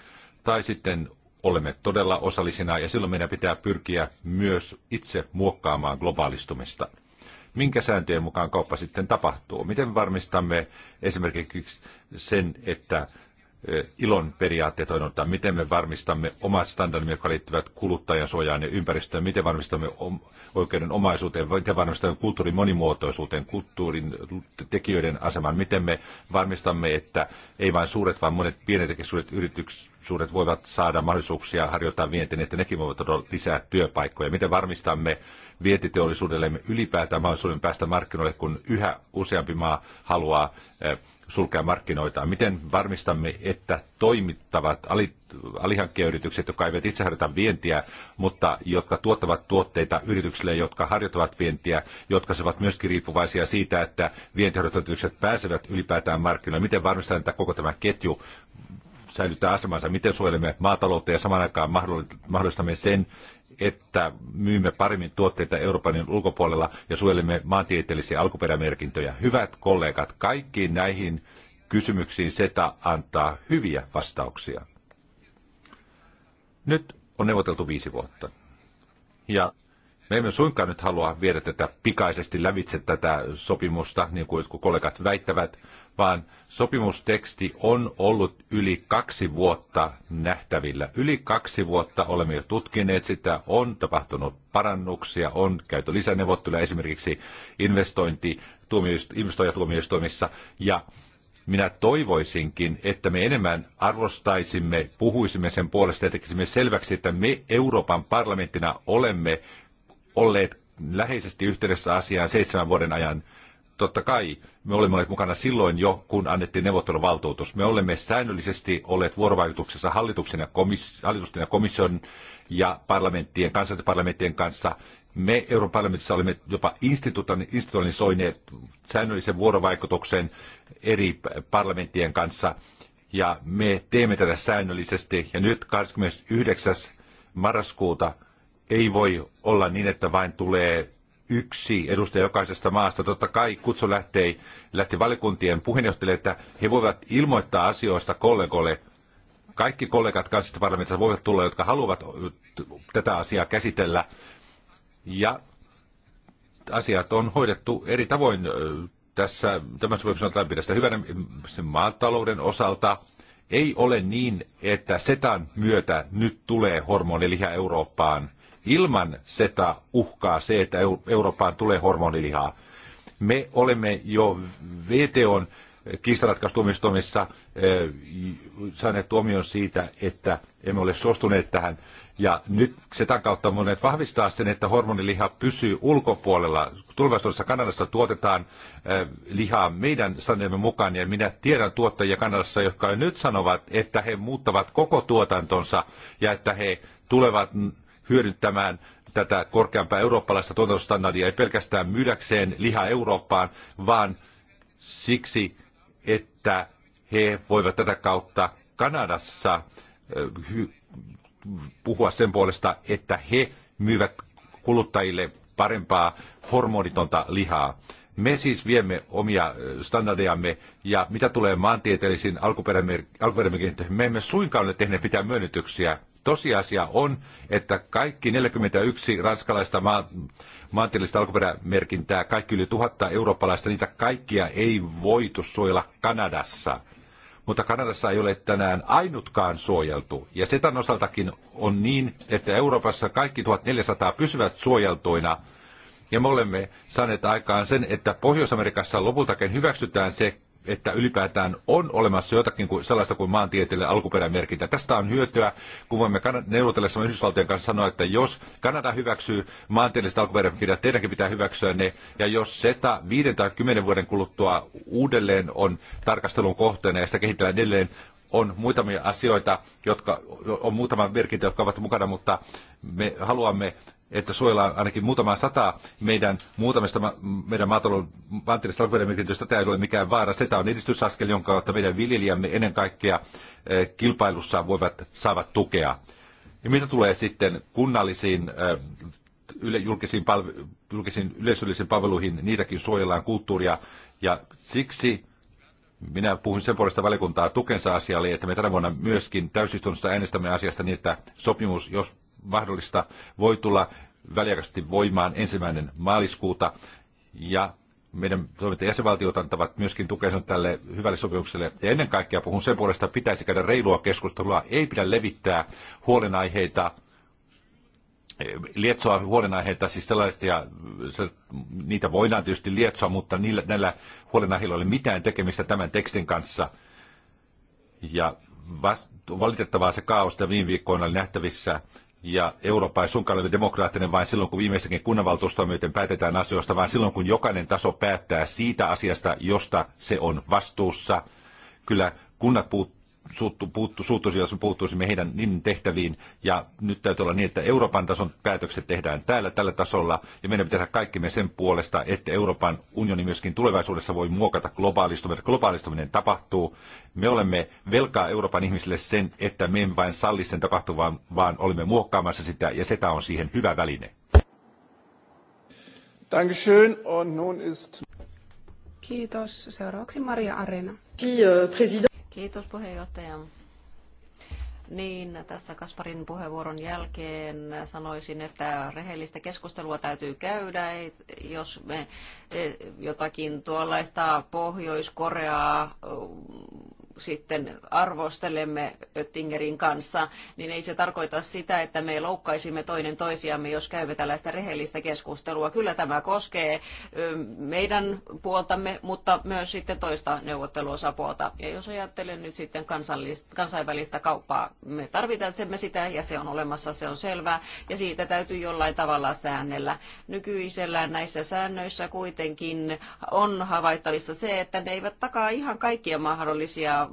Speaker 1: tai sitten olemme todella osallisina ja silloin meidän pitää pyrkiä myös itse muokkaamaan globaalistumista. Minkä sääntöjen mukaan kauppa sitten tapahtuu? Miten varmistamme esimerkiksi sen, että Eh, ilon periaatteet on että miten me varmistamme omat standardimme, jotka liittyvät kuluttajan suojaan ja ympäristöön, miten varmistamme oikeuden omaisuuteen, miten varmistamme kulttuurin monimuotoisuuteen, kulttuurin tekijöiden aseman, miten me varmistamme, että ei vain suuret, vaan monet pienet ja suuret yritykset voivat saada mahdollisuuksia harjoittaa vientiä, niin että nekin voivat olla lisää työpaikkoja. Miten varmistamme vientiteollisuudellemme ylipäätään mahdollisuuden päästä markkinoille, kun yhä useampi maa haluaa eh, sulkea markkinoitaan? Miten varmistamme, että toimittavat ali, alihankkijayritykset, jotka eivät itse harjoita vientiä, mutta jotka tuottavat tuotteita yrityksille, jotka harjoittavat vientiä, jotka ovat myöskin riippuvaisia siitä, että vientiharjoitajat pääsevät ylipäätään markkinoille. Miten varmistetaan, että koko tämä ketju säilyttää asemansa? Miten suojelemme maataloutta ja samaan aikaan mahdollistamme sen, että myymme paremmin tuotteita Euroopan ulkopuolella ja suojelemme maantieteellisiä alkuperämerkintöjä. Hyvät kollegat, kaikkiin näihin kysymyksiin SETA antaa hyviä vastauksia. Nyt on neuvoteltu viisi vuotta. Ja me emme suinkaan nyt halua viedä tätä pikaisesti lävitse tätä sopimusta, niin kuin jotkut kollegat väittävät, vaan sopimusteksti on ollut yli kaksi vuotta nähtävillä. Yli kaksi vuotta olemme jo tutkineet sitä, on tapahtunut parannuksia, on käyty lisäneuvotteluja esimerkiksi investointi, investoijatuomioistuimissa ja minä toivoisinkin, että me enemmän arvostaisimme, puhuisimme sen puolesta ja tekisimme selväksi, että me Euroopan parlamenttina olemme olleet läheisesti yhteydessä asiaan seitsemän vuoden ajan totta kai me olemme olleet mukana silloin jo, kun annettiin neuvotteluvaltuutus. Me olemme säännöllisesti olleet vuorovaikutuksessa hallituksen ja komis- hallitusten ja komission ja parlamenttien, kansallisten parlamenttien kanssa. Me Euroopan parlamentissa olemme jopa institutionalisoineet säännöllisen vuorovaikutuksen eri parlamenttien kanssa. Ja me teemme tätä säännöllisesti. Ja nyt 29. marraskuuta ei voi olla niin, että vain tulee yksi edustaja jokaisesta maasta. Totta kai kutsu lähti, lähti valikuntien puheenjohtajille, että he voivat ilmoittaa asioista kollegoille. Kaikki kollegat kansallisesta parlamentista voivat tulla, jotka haluavat tätä asiaa käsitellä. Ja asiat on hoidettu eri tavoin tässä tämä voi sanoa pidä hyvän maatalouden osalta. Ei ole niin, että setan myötä nyt tulee hormonilihä Eurooppaan – Ilman SETA uhkaa se, että Eurooppaan tulee hormonilihaa. Me olemme jo VTOn kiistaratkaisustuomioistuimissa eh, saaneet tuomion siitä, että emme ole suostuneet tähän. Ja nyt SETAn kautta monet vahvistaa sen, että hormoniliha pysyy ulkopuolella. Tulevaisuudessa Kanadassa tuotetaan eh, lihaa meidän sanemme mukaan, ja minä tiedän tuottajia Kanadassa, jotka nyt sanovat, että he muuttavat koko tuotantonsa ja että he tulevat hyödyntämään tätä korkeampaa eurooppalaista tuotantostandardia ei pelkästään myydäkseen liha Eurooppaan, vaan siksi, että he voivat tätä kautta Kanadassa puhua sen puolesta, että he myyvät kuluttajille parempaa hormonitonta lihaa. Me siis viemme omia standardejamme ja mitä tulee maantieteellisiin alkuperämerkintöihin, me emme suinkaan ole tehneet mitään myönnytyksiä. Tosiasia on, että kaikki 41 ranskalaista maa, maantieteellistä alkuperämerkintää, kaikki yli tuhatta eurooppalaista, niitä kaikkia ei voitu suojella Kanadassa. Mutta Kanadassa ei ole tänään ainutkaan suojeltu. Ja setan osaltakin on niin, että Euroopassa kaikki 1400 pysyvät suojeltuina. Ja me olemme saaneet aikaan sen, että Pohjois-Amerikassa lopultakin hyväksytään se että ylipäätään on olemassa jotakin kuin, sellaista kuin maantieteellinen alkuperämerkintä. Tästä on hyötyä, kun voimme neuvotellessa Yhdysvaltojen kanssa sanoa, että jos Kanada hyväksyy maantieteelliset alkuperämerkinnät, teidänkin pitää hyväksyä ne, ja jos SETA viiden tai kymmenen vuoden kuluttua uudelleen on tarkastelun kohteena ja sitä kehitellään edelleen, on muutamia asioita, jotka on muutama merkintä, jotka ovat mukana, mutta me haluamme että suojellaan ainakin muutama sata meidän muutamista meidän maatalouden mantereista alkuperämerkitystä. Tämä ei ole mikään vaara. Se on edistysaskel, jonka kautta meidän viljelijämme ennen kaikkea eh, kilpailussa voivat, saavat tukea. Ja mitä tulee sitten kunnallisiin eh, yle, julkisiin, palve, julkisiin yleisöllisiin palveluihin, niitäkin suojellaan kulttuuria. Ja siksi minä puhun sen puolesta valiokuntaa tukensa asialle, että me tänä vuonna myöskin täysistunnossa äänestämme asiasta niin, että sopimus, jos mahdollista, voi tulla väliaikaisesti voimaan ensimmäinen maaliskuuta. Ja meidän toiminta jäsenvaltiot antavat myöskin tukensa tälle hyvälle sopimukselle. Ja ennen kaikkea puhun sen puolesta, että pitäisi käydä reilua keskustelua. Ei pidä levittää huolenaiheita, lietsoa huolenaiheita, siis sellaista, ja se, niitä voidaan tietysti lietsoa, mutta niillä, näillä huolenaiheilla ei ole mitään tekemistä tämän tekstin kanssa. Ja vast, valitettavaa se kaaos, viime viikkoina oli nähtävissä, ja Eurooppa ei suinkaan ole demokraattinen vain silloin, kun viimeistäkin kunnanvaltuustoa myöten päätetään asioista, vaan silloin, kun jokainen taso päättää siitä asiasta, josta se on vastuussa. Kyllä kunnat puut, suuttu, puuttu, suuttuisi, jos puuttuisimme heidän niin tehtäviin. Ja nyt täytyy olla niin, että Euroopan tason päätökset tehdään täällä tällä tasolla, ja meidän pitää tehdä me sen puolesta, että Euroopan unioni myöskin tulevaisuudessa voi muokata globaalistuminen. Globaalistuminen tapahtuu. Me olemme velkaa Euroopan ihmisille sen, että me emme vain salli sen tapahtuvan, vaan olemme muokkaamassa sitä, ja sitä on siihen hyvä väline.
Speaker 3: Dankeschön, und nun ist...
Speaker 2: Kiitos. Seuraavaksi Maria Arena. Kiitos,
Speaker 4: Kiitos puheenjohtaja. Niin, tässä Kasparin puheenvuoron jälkeen sanoisin, että rehellistä keskustelua täytyy käydä, jos me eh, jotakin tuollaista Pohjois-Koreaa sitten arvostelemme Öttingerin kanssa, niin ei se tarkoita sitä, että me loukkaisimme toinen toisiamme, jos käymme tällaista rehellistä keskustelua. Kyllä tämä koskee meidän puoltamme, mutta myös sitten toista neuvotteluosapuolta. Ja jos ajattelen nyt sitten kansainvälistä kauppaa, me tarvitsemme sitä ja se on olemassa, se on selvää, ja siitä täytyy jollain tavalla säännellä. Nykyisellä näissä säännöissä kuitenkin on havaittavissa se, että ne eivät takaa ihan kaikkia mahdollisia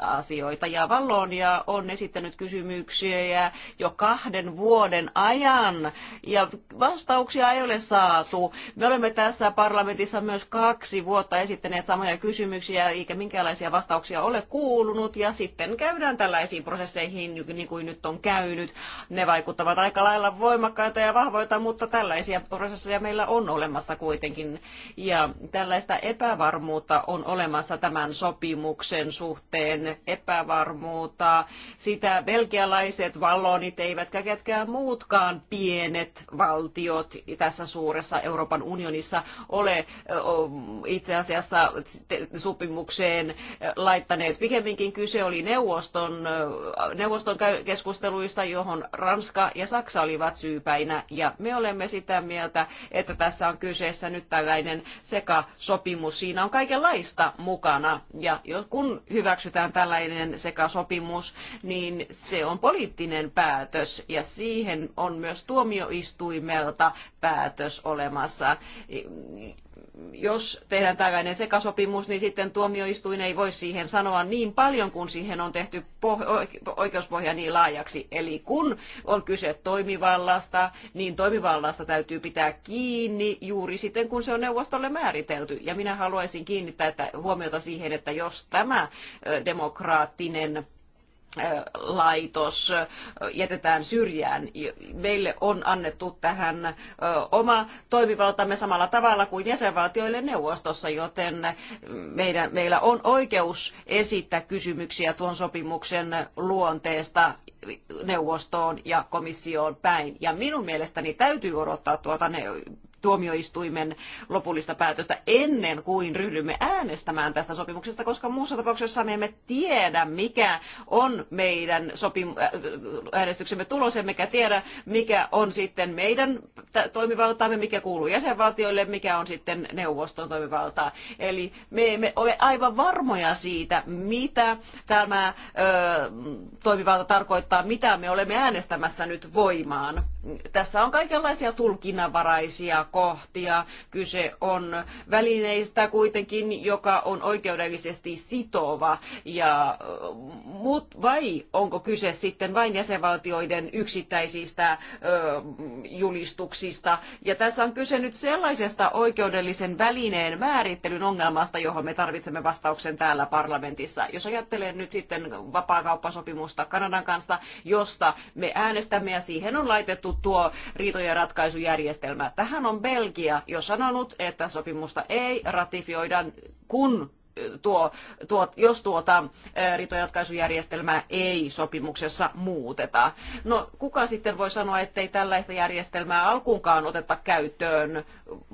Speaker 4: asioita. Ja Vallonia on esittänyt kysymyksiä jo kahden vuoden ajan ja vastauksia ei ole saatu. Me olemme tässä parlamentissa myös kaksi vuotta esittäneet samoja kysymyksiä eikä minkäänlaisia vastauksia ole kuulunut ja sitten käydään tällaisiin prosesseihin niin kuin nyt on käynyt. Ne vaikuttavat aika lailla voimakkaita ja vahvoita, mutta tällaisia prosesseja meillä on olemassa kuitenkin. Ja tällaista epävarmuutta on olemassa tämän sopimuksen suhteen suhteen epävarmuutta. Sitä belgialaiset vallonit eivätkä ketkään muutkaan pienet valtiot tässä suuressa Euroopan unionissa ole itse asiassa sopimukseen laittaneet. Pikemminkin kyse oli neuvoston, neuvoston keskusteluista, johon Ranska ja Saksa olivat syypäinä. Ja me olemme sitä mieltä, että tässä on kyseessä nyt tällainen sekasopimus. Siinä on kaikenlaista mukana. Ja kun hyväksytään tällainen sekasopimus, niin se on poliittinen päätös ja siihen on myös tuomioistuimelta päätös olemassa jos tehdään tällainen sekasopimus, niin sitten tuomioistuin ei voi siihen sanoa niin paljon, kun siihen on tehty oikeuspohja niin laajaksi. Eli kun on kyse toimivallasta, niin toimivallasta täytyy pitää kiinni juuri sitten, kun se on neuvostolle määritelty. Ja minä haluaisin kiinnittää huomiota siihen, että jos tämä demokraattinen laitos jätetään syrjään. Meille on annettu tähän oma toimivaltamme samalla tavalla kuin jäsenvaltioille neuvostossa, joten meidän, meillä on oikeus esittää kysymyksiä tuon sopimuksen luonteesta neuvostoon ja komissioon päin. Ja minun mielestäni täytyy odottaa tuota tuomioistuimen lopullista päätöstä ennen kuin ryhdymme äänestämään tästä sopimuksesta, koska muussa tapauksessa me emme tiedä, mikä on meidän sopim- äh, äänestyksemme tulos, emmekä tiedä, mikä on sitten meidän toimivaltaamme, mikä kuuluu jäsenvaltioille, mikä on sitten neuvoston toimivaltaa. Eli me emme ole aivan varmoja siitä, mitä tämä ö, toimivalta tarkoittaa, mitä me olemme äänestämässä nyt voimaan tässä on kaikenlaisia tulkinnanvaraisia kohtia. Kyse on välineistä kuitenkin, joka on oikeudellisesti sitova. Ja, mut, vai onko kyse sitten vain jäsenvaltioiden yksittäisistä ö, julistuksista? Ja tässä on kyse nyt sellaisesta oikeudellisen välineen määrittelyn ongelmasta, johon me tarvitsemme vastauksen täällä parlamentissa. Jos ajattelee nyt sitten vapaakauppasopimusta Kanadan kanssa, josta me äänestämme ja siihen on laitettu tuo riitojen ratkaisujärjestelmä. Tähän on Belgia jo sanonut, että sopimusta ei ratifioida, kun tuo, tuo, jos tuota riitojenratkaisujärjestelmää ei sopimuksessa muuteta. No kuka sitten voi sanoa, ettei tällaista järjestelmää alkuunkaan oteta käyttöön,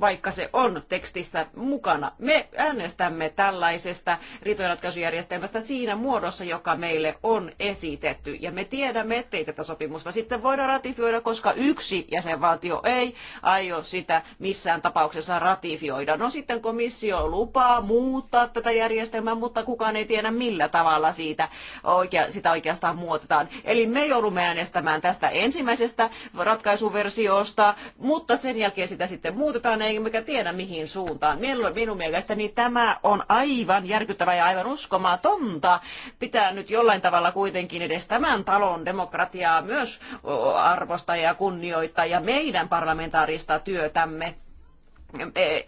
Speaker 4: vaikka se on tekstistä mukana? Me äänestämme tällaisesta riitojenratkaisujärjestelmästä siinä muodossa, joka meille on esitetty. Ja me tiedämme, ettei tätä sopimusta sitten voida ratifioida, koska yksi jäsenvaltio ei aio sitä missään tapauksessa ratifioida. No sitten komissio lupaa muuttaa tätä tätä mutta kukaan ei tiedä millä tavalla siitä oikea, sitä oikeastaan muotetaan. Eli me joudumme äänestämään tästä ensimmäisestä ratkaisuversiosta, mutta sen jälkeen sitä sitten muutetaan, eikä tiedä mihin suuntaan. Minun mielestäni tämä on aivan järkyttävä ja aivan uskomatonta. Pitää nyt jollain tavalla kuitenkin edes tämän talon demokratiaa myös arvostaa ja kunnioittaa ja meidän parlamentaarista työtämme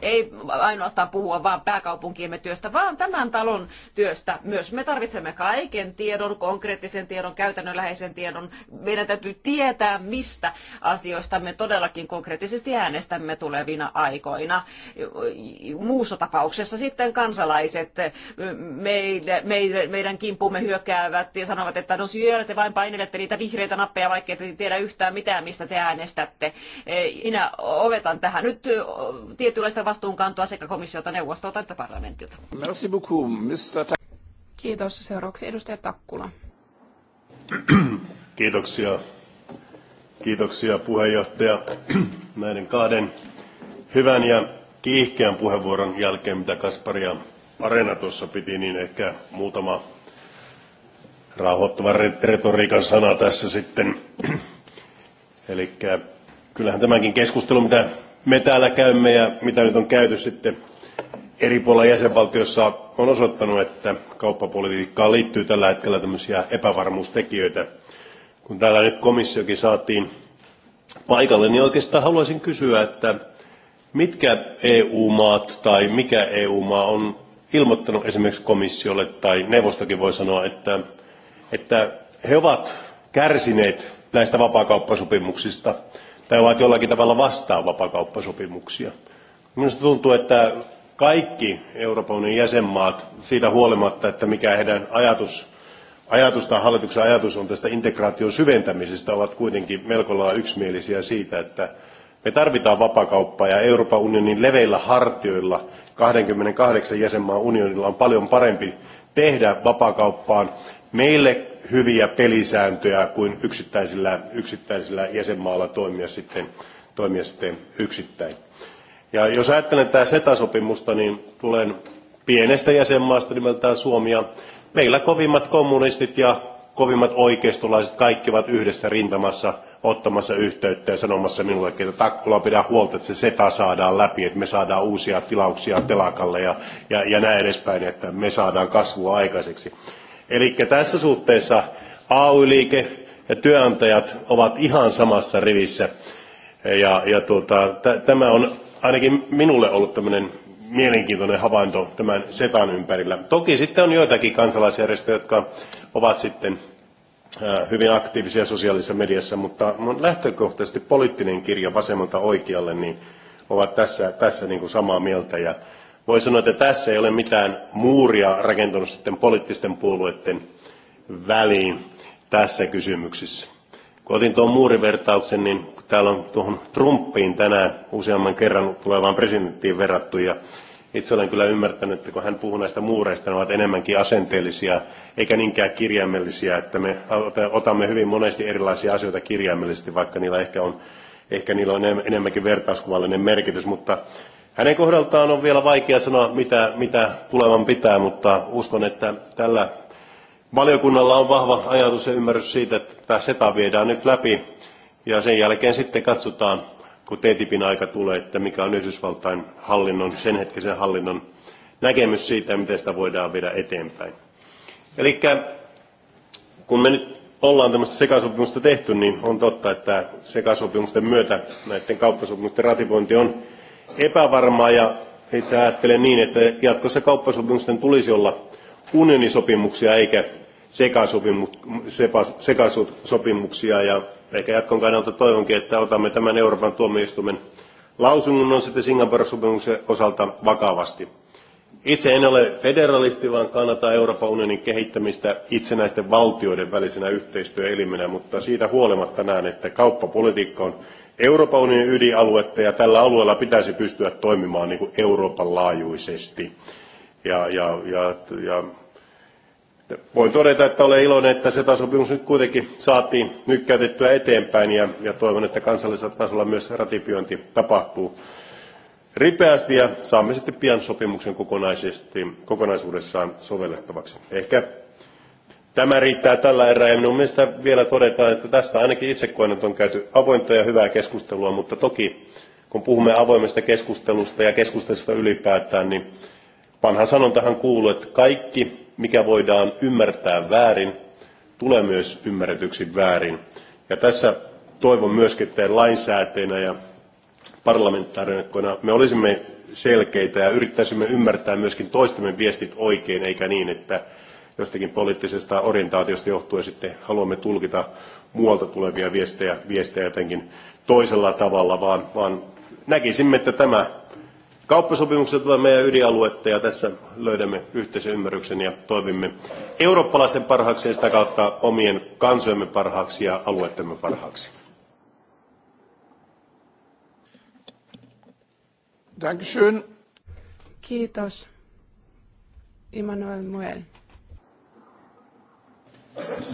Speaker 4: ei ainoastaan puhua vain pääkaupunkiemme työstä, vaan tämän talon työstä myös. Me tarvitsemme kaiken tiedon, konkreettisen tiedon, käytännönläheisen tiedon. Meidän täytyy tietää, mistä asioista me todellakin konkreettisesti äänestämme tulevina aikoina. Muussa tapauksessa sitten kansalaiset meidän, meidän, meidän kimpumme hyökkäävät ja sanovat, että no siellä te vain painelette niitä vihreitä nappeja, vaikka ette tiedä yhtään mitään, mistä te äänestätte. Minä ovetan tähän nyt tietynlaista vastuunkantoa sekä komissiolta, neuvostolta että parlamentilta.
Speaker 2: Merci
Speaker 5: beaucoup, Mr.
Speaker 2: Kiitos. Seuraavaksi edustaja Takkula.
Speaker 5: Kiitoksia. Kiitoksia puheenjohtaja näiden kahden hyvän ja kiihkeän puheenvuoron jälkeen, mitä Kasparia Arena tuossa piti, niin ehkä muutama rauhoittava retoriikan sana tässä sitten. Eli kyllähän tämänkin keskustelun, mitä me täällä käymme ja mitä nyt on käyty sitten eri puolilla jäsenvaltiossa on osoittanut, että kauppapolitiikkaan liittyy tällä hetkellä tämmöisiä epävarmuustekijöitä. Kun täällä nyt komissiokin saatiin paikalle, niin oikeastaan haluaisin kysyä, että mitkä EU-maat tai mikä EU-maa on ilmoittanut esimerkiksi komissiolle tai neuvostokin voi sanoa, että, että he ovat kärsineet näistä vapaakauppasopimuksista – tai ovat jollakin tavalla vastaan vapakauppasopimuksia. Minusta tuntuu, että kaikki Euroopan unionin jäsenmaat, siitä huolimatta, että mikä heidän ajatus, ajatus tai hallituksen ajatus on tästä integraation syventämisestä, ovat kuitenkin melko lailla yksimielisiä siitä, että me tarvitaan vapakauppaa ja Euroopan unionin leveillä hartioilla 28 jäsenmaan unionilla on paljon parempi tehdä vapakauppaan meille hyviä pelisääntöjä kuin yksittäisillä, yksittäisillä jäsenmaalla toimia sitten, toimia sitten yksittäin. Ja jos ajattelen tätä SETA-sopimusta, niin tulen pienestä jäsenmaasta nimeltään Suomi, ja meillä kovimmat kommunistit ja kovimmat oikeistolaiset kaikki ovat yhdessä rintamassa ottamassa yhteyttä ja sanomassa minulle, että Takkula pidä huolta, että se SETA saadaan läpi, että me saadaan uusia tilauksia telakalle ja, ja, ja näin edespäin, että me saadaan kasvua aikaiseksi. Eli tässä suhteessa AY-liike ja työnantajat ovat ihan samassa rivissä. Ja, ja tuota, tämä on ainakin minulle ollut tämmöinen mielenkiintoinen havainto tämän setan ympärillä. Toki sitten on joitakin kansalaisjärjestöjä, jotka ovat sitten hyvin aktiivisia sosiaalisessa mediassa, mutta lähtökohtaisesti poliittinen kirja vasemmalta oikealle niin ovat tässä, tässä niin kuin samaa mieltä. Ja voi sanoa, että tässä ei ole mitään muuria rakentunut sitten poliittisten puolueiden väliin tässä kysymyksessä. Kun otin tuon muurivertauksen, niin täällä on tuohon Trumpiin tänään useamman kerran tulevaan presidenttiin verrattu ja itse olen kyllä ymmärtänyt, että kun hän puhuu näistä muureista, ne ovat enemmänkin asenteellisia eikä niinkään kirjaimellisia, että me otamme hyvin monesti erilaisia asioita kirjaimellisesti, vaikka niillä ehkä on, ehkä niillä on enemmänkin vertauskuvallinen merkitys, mutta hänen kohdaltaan on vielä vaikea sanoa, mitä, mitä tulevan pitää, mutta uskon, että tällä valiokunnalla on vahva ajatus ja ymmärrys siitä, että SETA viedään nyt läpi ja sen jälkeen sitten katsotaan, kun TTIPin aika tulee, että mikä on Yhdysvaltain hallinnon, sen hetkisen hallinnon näkemys siitä, miten sitä voidaan viedä eteenpäin. Eli kun me nyt ollaan tämmöistä sekasopimusta tehty, niin on totta, että sekasopimusten myötä näiden kauppasopimusten ratifointi on epävarmaa ja itse ajattelen niin, että jatkossa kauppasopimusten tulisi olla unionisopimuksia eikä sekasopimuksia ja ehkä jatkon kannalta toivonkin, että otamme tämän Euroopan tuomioistuimen lausunnon on sitten Singapore-sopimuksen osalta vakavasti. Itse en ole federalisti, vaan kannatan Euroopan unionin kehittämistä itsenäisten valtioiden välisenä yhteistyöelimenä, mutta siitä huolimatta näen, että kauppapolitiikka on Euroopan unionin ydinaluetta ja tällä alueella pitäisi pystyä toimimaan niin kuin Euroopan laajuisesti. Ja, ja, ja, ja voin todeta, että olen iloinen, että se sopimus nyt kuitenkin saatiin nykkäytettyä eteenpäin ja, ja toivon, että kansallisella tasolla myös ratifiointi tapahtuu ripeästi ja saamme sitten pian sopimuksen kokonaisesti, kokonaisuudessaan sovellettavaksi. Ehkä Tämä riittää tällä erää ja minun mielestä vielä todetaan, että tästä ainakin itse koen, että on käyty avointa ja hyvää keskustelua, mutta toki kun puhumme avoimesta keskustelusta ja keskustelusta ylipäätään, niin vanha sanontahan kuuluu, että kaikki mikä voidaan ymmärtää väärin, tulee myös ymmärretyksi väärin. Ja tässä toivon myöskin, että lainsääteinä ja parlamentaarikkoina me olisimme selkeitä ja yrittäisimme ymmärtää myöskin toistemme viestit oikein, eikä niin, että jostakin poliittisesta orientaatiosta johtuen sitten haluamme tulkita muualta tulevia viestejä, viestejä jotenkin toisella tavalla, vaan, vaan näkisimme, että tämä kauppasopimukset ovat meidän ydinaluetta ja tässä löydämme yhteisen ymmärryksen ja toimimme eurooppalaisten parhaaksi ja sitä kautta omien kansojemme parhaaksi ja alueettemme parhaaksi.
Speaker 2: Dankeschön. Kiitos.
Speaker 4: Immanuel Muel.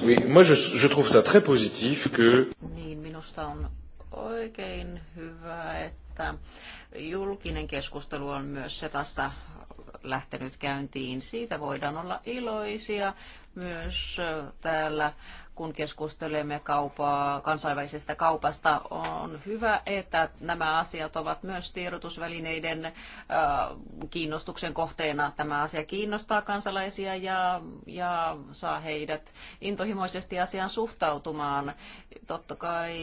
Speaker 2: Oui, moi je, je trouve ça très
Speaker 1: positif que...
Speaker 4: Niin, minusta oikein julkinen keskustelu on myös se tästä lähtenyt käyntiin. Siitä voidaan olla iloisia myös täällä kun keskustelemme kaupaa, kansainvälisestä kaupasta, on hyvä, että nämä asiat ovat myös tiedotusvälineiden äh, kiinnostuksen kohteena. Tämä asia kiinnostaa kansalaisia ja, ja saa heidät intohimoisesti asiaan suhtautumaan. Totta kai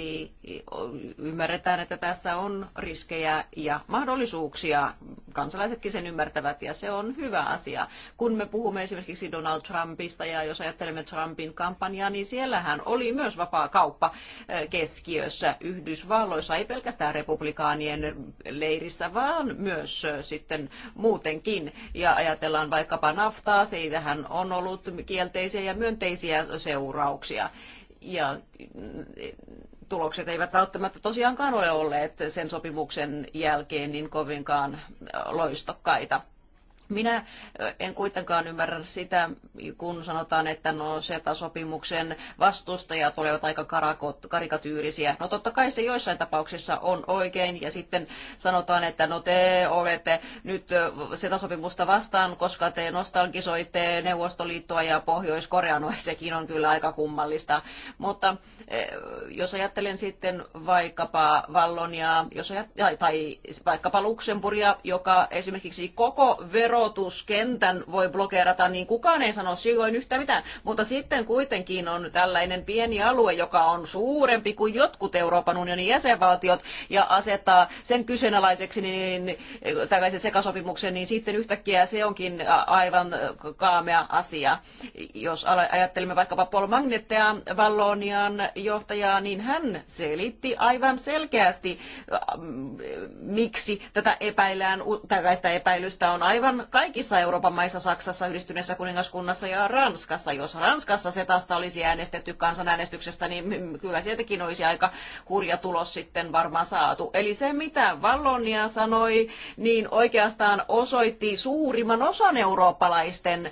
Speaker 4: ymmärretään, että tässä on riskejä ja mahdollisuuksia. Kansalaisetkin sen ymmärtävät ja se on hyvä asia. Kun me puhumme esimerkiksi Donald Trumpista ja jos ajattelemme Trumpin kampanjaa, niin siellä siellähän oli myös vapaa kauppa eh, keskiössä Yhdysvalloissa, ei pelkästään republikaanien leirissä, vaan myös eh, sitten muutenkin. Ja ajatellaan vaikkapa naftaa, siitähän on ollut kielteisiä ja myönteisiä seurauksia. Ja mm, tulokset eivät välttämättä tosiaankaan ole olleet sen sopimuksen jälkeen niin kovinkaan eh, loistokkaita. Minä en kuitenkaan ymmärrä sitä, kun sanotaan, että no ceta sopimuksen vastustajat olivat aika karakot, karikatyyrisiä. No totta kai se joissain tapauksissa on oikein ja sitten sanotaan, että no te olette nyt ceta sopimusta vastaan, koska te nostalgisoitte Neuvostoliittoa ja Pohjois-Korea. No sekin on kyllä aika kummallista. Mutta jos ajattelen sitten vaikkapa Valloniaa jos ajat, tai vaikkapa Luxemburgia, joka esimerkiksi koko vero verotuskentän voi blokeerata, niin kukaan ei sano silloin yhtä mitään. Mutta sitten kuitenkin on tällainen pieni alue, joka on suurempi kuin jotkut Euroopan unionin jäsenvaltiot ja asettaa sen kyseenalaiseksi niin, tällaisen sekasopimuksen, niin sitten yhtäkkiä se onkin aivan kaamea asia. Jos ajattelemme vaikkapa Paul Magnettea, Vallonian johtajaa, niin hän selitti aivan selkeästi, miksi tätä tällaista epäilystä on aivan kaikissa Euroopan maissa, Saksassa, Yhdistyneessä kuningaskunnassa ja Ranskassa. Jos Ranskassa setasta olisi äänestetty kansanäänestyksestä, niin kyllä sieltäkin olisi aika hurja tulos sitten varmaan saatu. Eli se, mitä Vallonia sanoi, niin oikeastaan osoitti suurimman osan eurooppalaisten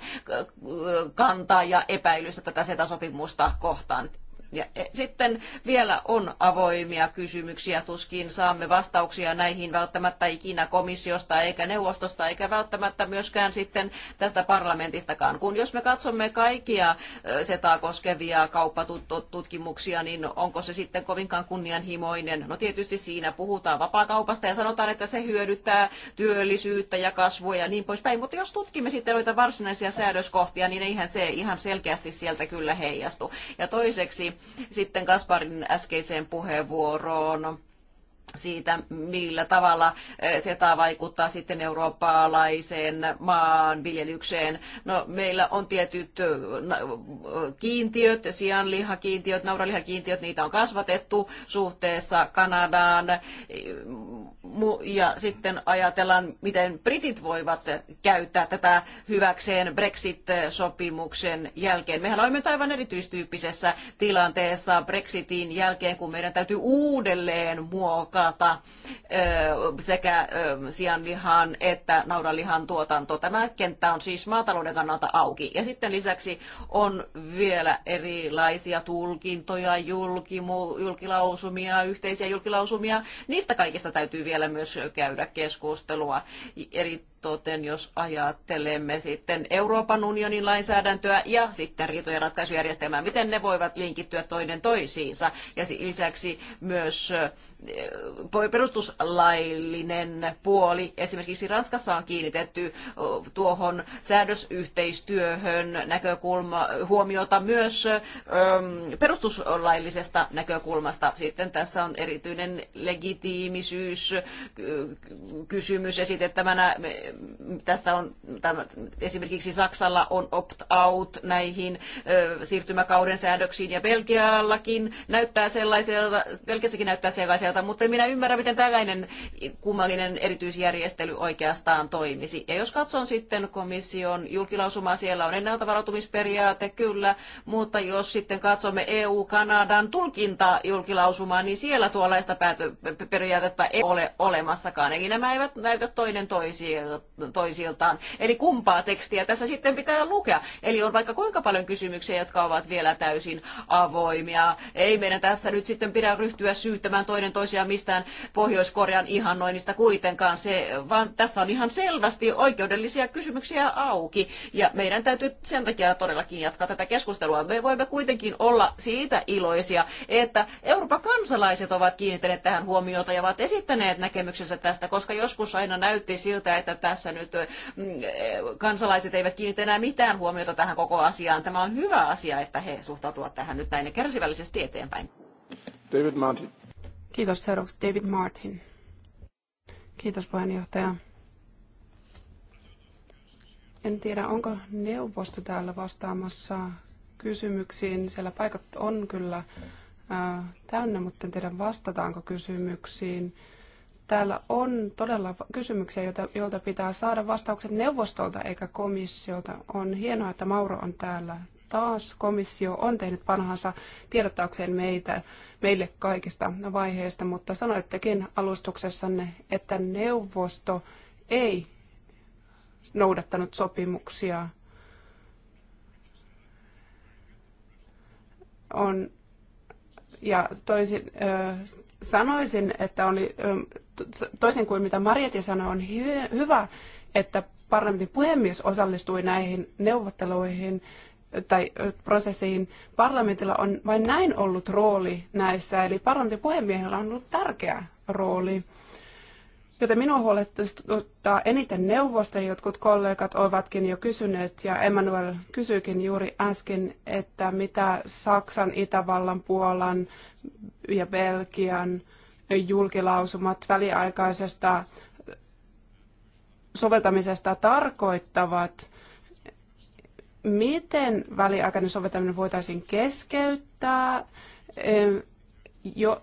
Speaker 4: kantaa ja epäilystä tätä SETA-sopimusta kohtaan. Ja e, sitten vielä on avoimia kysymyksiä, tuskin saamme vastauksia näihin välttämättä ikinä komissiosta eikä neuvostosta eikä välttämättä myöskään sitten tästä parlamentistakaan. Kun jos me katsomme kaikkia e, setaa koskevia kauppatutkimuksia, niin onko se sitten kovinkaan kunnianhimoinen? No tietysti siinä puhutaan vapaakaupasta ja sanotaan, että se hyödyttää työllisyyttä ja kasvua ja niin poispäin, mutta jos tutkimme sitten noita varsinaisia säädöskohtia, niin eihän se ihan selkeästi sieltä kyllä heijastu. Ja toiseksi sitten Kasparin äskeiseen puheenvuoroon siitä, millä tavalla eh, SETA vaikuttaa sitten eurooppalaiseen maanviljelykseen. No, meillä on tietyt eh, eh, kiintiöt, sianlihakiintiöt, nauralihakiintiöt, niitä on kasvatettu suhteessa Kanadaan. Ja sitten ajatellaan, miten britit voivat käyttää tätä hyväkseen Brexit-sopimuksen jälkeen. Mehän olemme aivan erityistyyppisessä tilanteessa Brexitin jälkeen, kun meidän täytyy uudelleen muokata blokata sekä sianlihan että naudanlihan tuotanto. Tämä kenttä on siis maatalouden kannalta auki. Ja sitten lisäksi on vielä erilaisia tulkintoja, julkimu, julkilausumia, yhteisiä julkilausumia. Niistä kaikista täytyy vielä myös käydä keskustelua. Eri Eritoten jos ajattelemme sitten Euroopan unionin lainsäädäntöä ja sitten riitojen ratkaisujärjestelmää, miten ne voivat linkittyä toinen toisiinsa. Ja lisäksi myös eh, perustuslaillinen puoli. Esimerkiksi Ranskassa on kiinnitetty eh, tuohon säädösyhteistyöhön näkökulma, huomiota myös eh, perustuslaillisesta näkökulmasta. Sitten tässä on erityinen legitiimisyys kysymys esitettävänä tästä on, tämä, esimerkiksi Saksalla on opt-out näihin ö, siirtymäkauden säädöksiin ja Belgiallakin näyttää sellaiselta, Belgiassakin näyttää sellaiselta, mutta en minä ymmärrä, miten tällainen kummallinen erityisjärjestely oikeastaan toimisi. Ja jos katson sitten komission julkilausumaa, siellä on ennaltavaroitumisperiaate kyllä, mutta jos sitten katsomme EU-Kanadan tulkinta julkilausumaa, niin siellä tuollaista päätö- periaatetta ei ole olemassakaan. Eli nämä eivät näytä toinen toisiaan toisiltaan. Eli kumpaa tekstiä tässä sitten pitää lukea. Eli on vaikka kuinka paljon kysymyksiä, jotka ovat vielä täysin avoimia. Ei meidän tässä nyt sitten pidä ryhtyä syyttämään toinen toisiaan mistään Pohjois-Korean ihannoinnista kuitenkaan, se, vaan tässä on ihan selvästi oikeudellisia kysymyksiä auki. Ja meidän täytyy sen takia todellakin jatkaa tätä keskustelua. Me voimme kuitenkin olla siitä iloisia, että Euroopan kansalaiset ovat kiinnittäneet tähän huomiota ja ovat esittäneet näkemyksensä tästä, koska joskus aina näytti siltä, että tämä tässä nyt mm, kansalaiset eivät kiinnitä enää mitään huomiota tähän koko asiaan. Tämä on hyvä asia, että he suhtautuvat tähän nyt näin kärsivällisesti eteenpäin.
Speaker 1: David Martin.
Speaker 2: Kiitos seuraavaksi David Martin. Kiitos puheenjohtaja. En tiedä, onko neuvosto täällä vastaamassa kysymyksiin. Siellä paikat on kyllä äh, täynnä, mutta en tiedä vastataanko kysymyksiin. Täällä on todella kysymyksiä, joita, joilta pitää saada vastaukset neuvostolta eikä komissiolta. On hienoa, että Mauro on täällä taas. Komissio on tehnyt parhaansa tiedottaakseen meitä, meille kaikista vaiheista, mutta sanoittekin alustuksessanne, että neuvosto ei noudattanut sopimuksia. On, ja toisin, sanoisin, että oli toisin kuin mitä Marjetti sanoi, on hy- hyvä, että parlamentin puhemies osallistui näihin neuvotteluihin tai prosessiin. Parlamentilla on vain näin ollut rooli näissä, eli parlamentin puhemiehellä on ollut tärkeä rooli. Joten minua huolestuttaa eniten neuvosta. Jotkut kollegat ovatkin jo kysyneet, ja Emmanuel kysyikin juuri äsken, että mitä Saksan, Itävallan, Puolan ja Belgian julkilausumat väliaikaisesta soveltamisesta tarkoittavat, miten väliaikainen soveltaminen voitaisiin keskeyttää, eh, jo,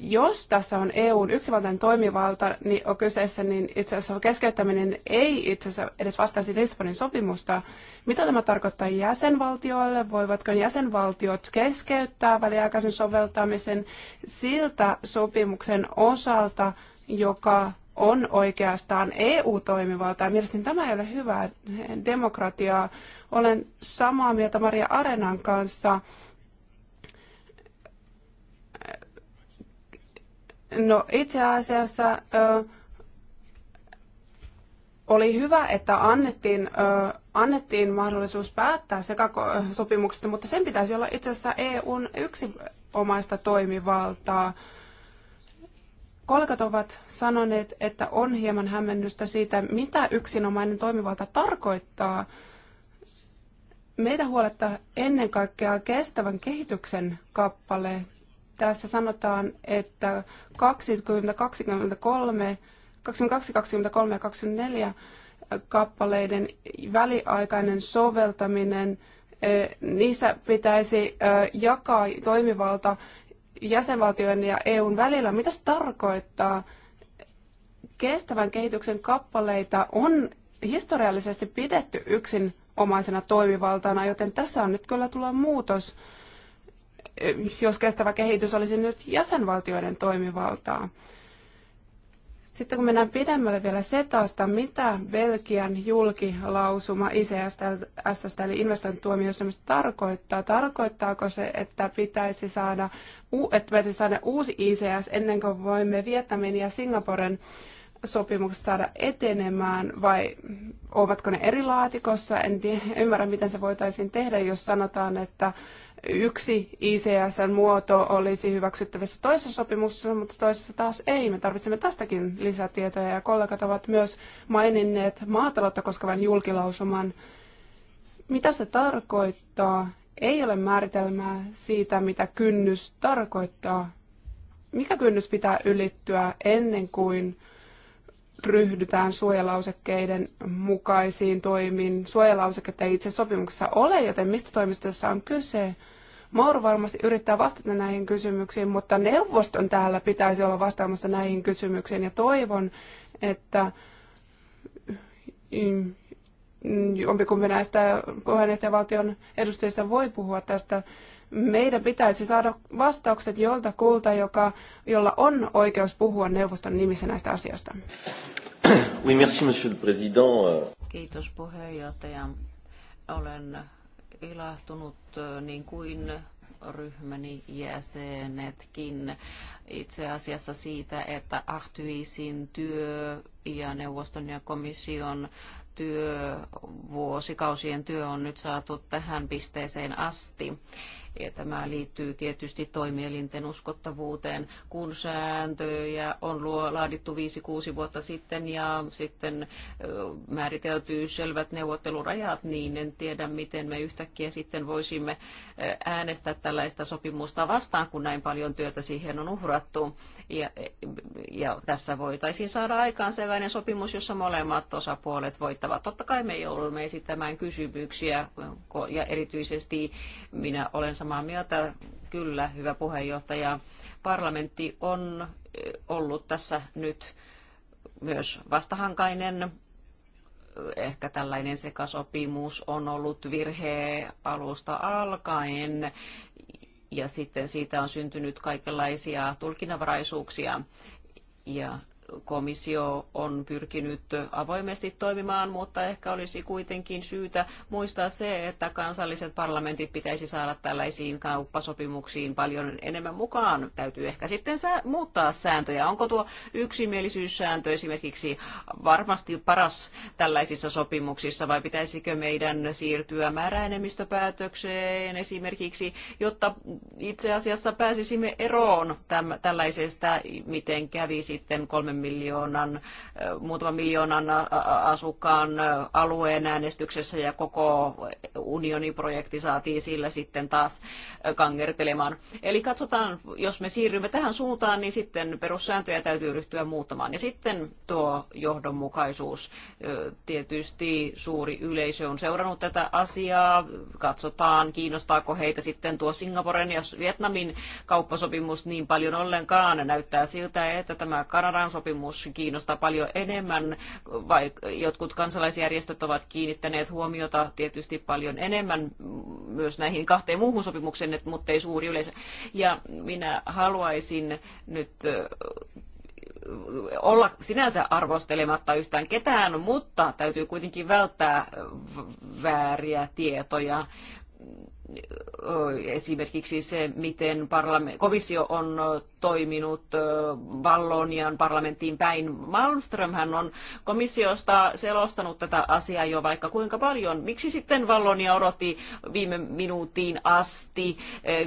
Speaker 2: jos tässä on EUn yksivaltainen toimivalta niin on kyseessä, niin itse asiassa keskeyttäminen ei itse asiassa edes vastaisi Lissabonin sopimusta. Mitä tämä tarkoittaa jäsenvaltioille? Voivatko jäsenvaltiot keskeyttää väliaikaisen soveltamisen siltä sopimuksen osalta, joka on oikeastaan EU-toimivaltaa. Mielestäni tämä ei ole hyvää demokratiaa. Olen samaa mieltä Maria Arenan kanssa No itse asiassa ö, oli hyvä, että annettiin, ö, annettiin mahdollisuus päättää sekä sopimuksesta, mutta sen pitäisi olla itse asiassa EUn yksi omaista toimivaltaa. Kolkat ovat sanoneet, että on hieman hämmennystä siitä, mitä yksinomainen toimivalta tarkoittaa. Meitä huolettaa ennen kaikkea kestävän kehityksen kappale. Tässä sanotaan, että 20, 23, 22, 23 ja 24 kappaleiden väliaikainen soveltaminen, eh, niissä pitäisi eh, jakaa toimivalta jäsenvaltioiden ja EUn välillä. Mitä se tarkoittaa? Kestävän kehityksen kappaleita on historiallisesti pidetty yksin omaisena toimivaltana, joten tässä on nyt kyllä tullut muutos jos kestävä kehitys olisi nyt jäsenvaltioiden toimivaltaa. Sitten kun mennään pidemmälle vielä setasta, mitä Belgian julkilausuma ICSS eli investointituomioistuimesta tarkoittaa? Tarkoittaako se, että pitäisi saada, että pitäisi saada uusi ICS ennen kuin voimme Vietnamin ja Singaporen sopimukset saada etenemään vai ovatko ne eri laatikossa? En tiedä, ymmärrä, miten se voitaisiin tehdä, jos sanotaan, että yksi ICSn muoto olisi hyväksyttävissä toisessa sopimuksessa, mutta toisessa taas ei. Me tarvitsemme tästäkin lisätietoja ja kollegat ovat myös maininneet maataloutta koskevan julkilausuman. Mitä se tarkoittaa? Ei ole määritelmää siitä, mitä kynnys tarkoittaa. Mikä kynnys pitää ylittyä ennen kuin ryhdytään suojalausekkeiden mukaisiin toimiin. Suojalauseketta ei itse sopimuksessa ole, joten mistä toimista tässä on kyse? Mauro varmasti yrittää vastata näihin kysymyksiin, mutta neuvoston täällä pitäisi olla vastaamassa näihin kysymyksiin ja toivon, että mm, jompikumpi näistä puheenjohtajavaltion edustajista voi puhua tästä. Meidän pitäisi saada vastaukset jolta kulta, joka, jolla on oikeus puhua neuvoston nimissä näistä asioista.
Speaker 5: Oui, merci, monsieur le président.
Speaker 4: Kiitos puheenjohtaja. Olen ilahtunut niin kuin ryhmäni jäsenetkin itse asiassa siitä, että Ahtyisin työ ja neuvoston ja komission työ, vuosikausien työ on nyt saatu tähän pisteeseen asti. Ja tämä liittyy tietysti toimielinten uskottavuuteen, kun sääntöjä on luo, laadittu 5-6 vuotta sitten ja sitten määritelty selvät neuvottelurajat, niin en tiedä, miten me yhtäkkiä sitten voisimme äänestää tällaista sopimusta vastaan, kun näin paljon työtä siihen on uhrattu. Ja, e, ja tässä voitaisiin saada aikaan sellainen sopimus, jossa molemmat osapuolet voittavat. Totta kai me joudumme esittämään kysymyksiä, ja erityisesti minä olen samaa mieltä. Kyllä, hyvä puheenjohtaja. Parlamentti on eh, ollut tässä nyt myös vastahankainen. Ehkä tällainen sekasopimus on ollut virhe alusta alkaen ja sitten siitä on syntynyt kaikenlaisia tulkinnanvaraisuuksia ja komissio on pyrkinyt avoimesti toimimaan, mutta ehkä olisi kuitenkin syytä muistaa se, että kansalliset parlamentit pitäisi saada tällaisiin kauppasopimuksiin paljon enemmän mukaan. Täytyy ehkä sitten muuttaa sääntöjä. Onko tuo yksimielisyyssääntö esimerkiksi varmasti paras tällaisissa sopimuksissa vai pitäisikö meidän siirtyä määräenemmistöpäätökseen esimerkiksi, jotta itse asiassa pääsisimme eroon täm- tällaisesta, miten kävi sitten kolmen miljoonan, muutaman miljoonan asukkaan alueen äänestyksessä ja koko unioniprojekti saatiin sillä sitten taas kangertelemaan. Eli katsotaan, jos me siirrymme tähän suuntaan, niin sitten perussääntöjä täytyy ryhtyä muuttamaan. Ja sitten tuo johdonmukaisuus. Tietysti suuri yleisö on seurannut tätä asiaa. Katsotaan, kiinnostaako heitä sitten tuo Singaporen ja Vietnamin kauppasopimus niin paljon ollenkaan. Näyttää siltä, että tämä Kanadan sopimus sopimus kiinnostaa paljon enemmän. Vaik- jotkut kansalaisjärjestöt ovat kiinnittäneet huomiota tietysti paljon enemmän myös näihin kahteen muuhun sopimukseen, mutta ei suuri yleisö. Ja minä haluaisin nyt olla sinänsä arvostelematta yhtään ketään, mutta täytyy kuitenkin välttää vääriä tietoja esimerkiksi se, miten komissio on toiminut Vallonian parlamenttiin päin. Malmströmhän on komissiosta selostanut tätä asiaa jo vaikka kuinka paljon. Miksi sitten Vallonia odotti viime minuuttiin asti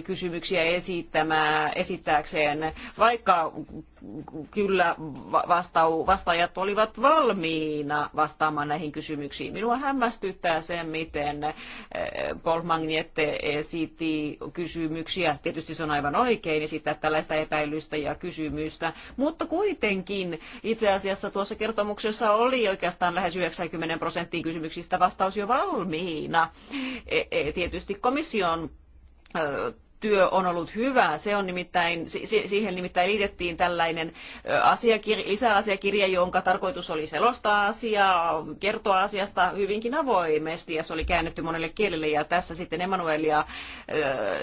Speaker 4: kysymyksiä esittämään, esittääkseen, vaikka kyllä vastaajat olivat valmiina vastaamaan näihin kysymyksiin. Minua hämmästyttää se, miten Paul Magnette esitti kysymyksiä. Tietysti se on aivan oikein esittää tällaista epäilystä ja kysymystä, mutta kuitenkin itse asiassa tuossa kertomuksessa oli oikeastaan lähes 90 prosenttia kysymyksistä vastaus jo valmiina. E, e, tietysti komission työ on ollut hyvää. Se on nimittäin, siihen nimittäin liitettiin tällainen asiakirja, lisäasiakirja, jonka tarkoitus oli selostaa asiaa, kertoa asiasta hyvinkin avoimesti ja se oli käännetty monelle kielelle ja tässä sitten Emanuelia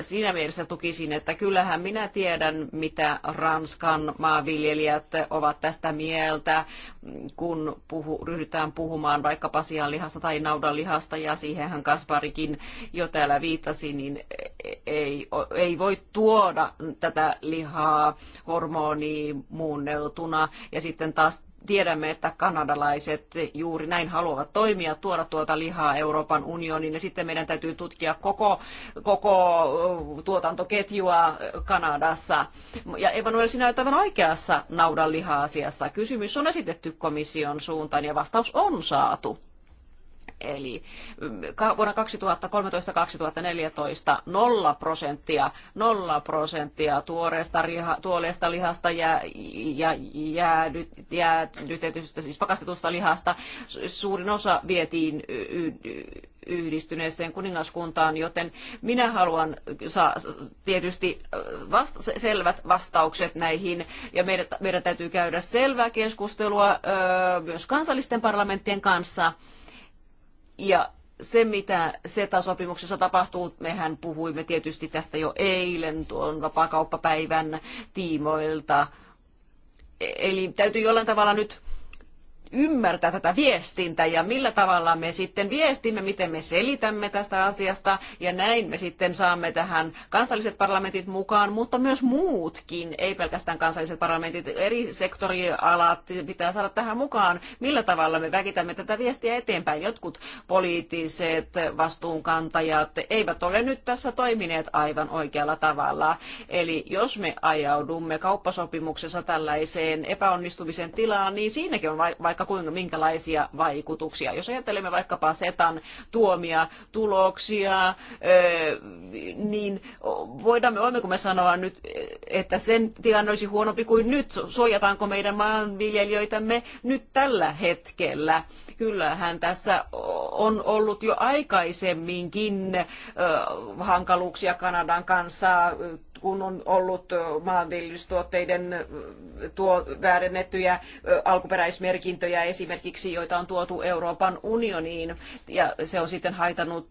Speaker 4: siinä mielessä tukisin, että kyllähän minä tiedän, mitä Ranskan maanviljelijät ovat tästä mieltä, kun puhu, ryhdytään puhumaan vaikkapa sianlihasta tai naudanlihasta ja siihenhän Kasparikin jo täällä viittasi, niin e, e, ei ei voi tuoda tätä lihaa hormonimuunneltuna. Ja sitten taas tiedämme, että kanadalaiset juuri näin haluavat toimia, tuoda tuota lihaa Euroopan unioniin. Ja sitten meidän täytyy tutkia koko, koko tuotantoketjua Kanadassa. Ja Emanuel, sinä olet aivan oikeassa naudanliha-asiassa. Kysymys on esitetty komission suuntaan ja vastaus on saatu eli mm, vuonna 2013-2014 nolla prosenttia, nolla prosenttia tuoreesta liha, tuoleesta lihasta ja, ja, jäädytetystä, siis pakastetusta lihasta suurin osa vietiin yhdistyneeseen kuningaskuntaan, joten minä haluan saa tietysti vasta- selvät vastaukset näihin, ja meidän, meidän täytyy käydä selvää keskustelua ö, myös kansallisten parlamenttien kanssa, ja se, mitä ceta sopimuksessa tapahtuu, mehän puhuimme tietysti tästä jo eilen tuon vapaakauppapäivän tiimoilta. E- eli täytyy jollain tavalla nyt ymmärtää tätä viestintää ja millä tavalla me sitten viestimme, miten me selitämme tästä asiasta ja näin me sitten saamme tähän kansalliset parlamentit mukaan, mutta myös muutkin, ei pelkästään kansalliset parlamentit, eri sektorialat pitää saada tähän mukaan, millä tavalla me väkitämme tätä viestiä eteenpäin. Jotkut poliittiset vastuunkantajat eivät ole nyt tässä toimineet aivan oikealla tavalla. Eli jos me ajaudumme kauppasopimuksessa tällaiseen epäonnistumisen tilaan, niin siinäkin on vaikka vaikka kuinka minkälaisia vaikutuksia. Jos ajattelemme vaikkapa SETAn tuomia tuloksia, niin voidamme, voimmeko me sanoa nyt, että sen tilanne olisi huonompi kuin nyt? Suojataanko meidän maanviljelijöitämme nyt tällä hetkellä? Kyllähän tässä on ollut jo aikaisemminkin hankaluuksia Kanadan kanssa kun on ollut maanviljelystuotteiden tuo väärennettyjä alkuperäismerkintöjä esimerkiksi, joita on tuotu Euroopan unioniin. Ja se on sitten haitannut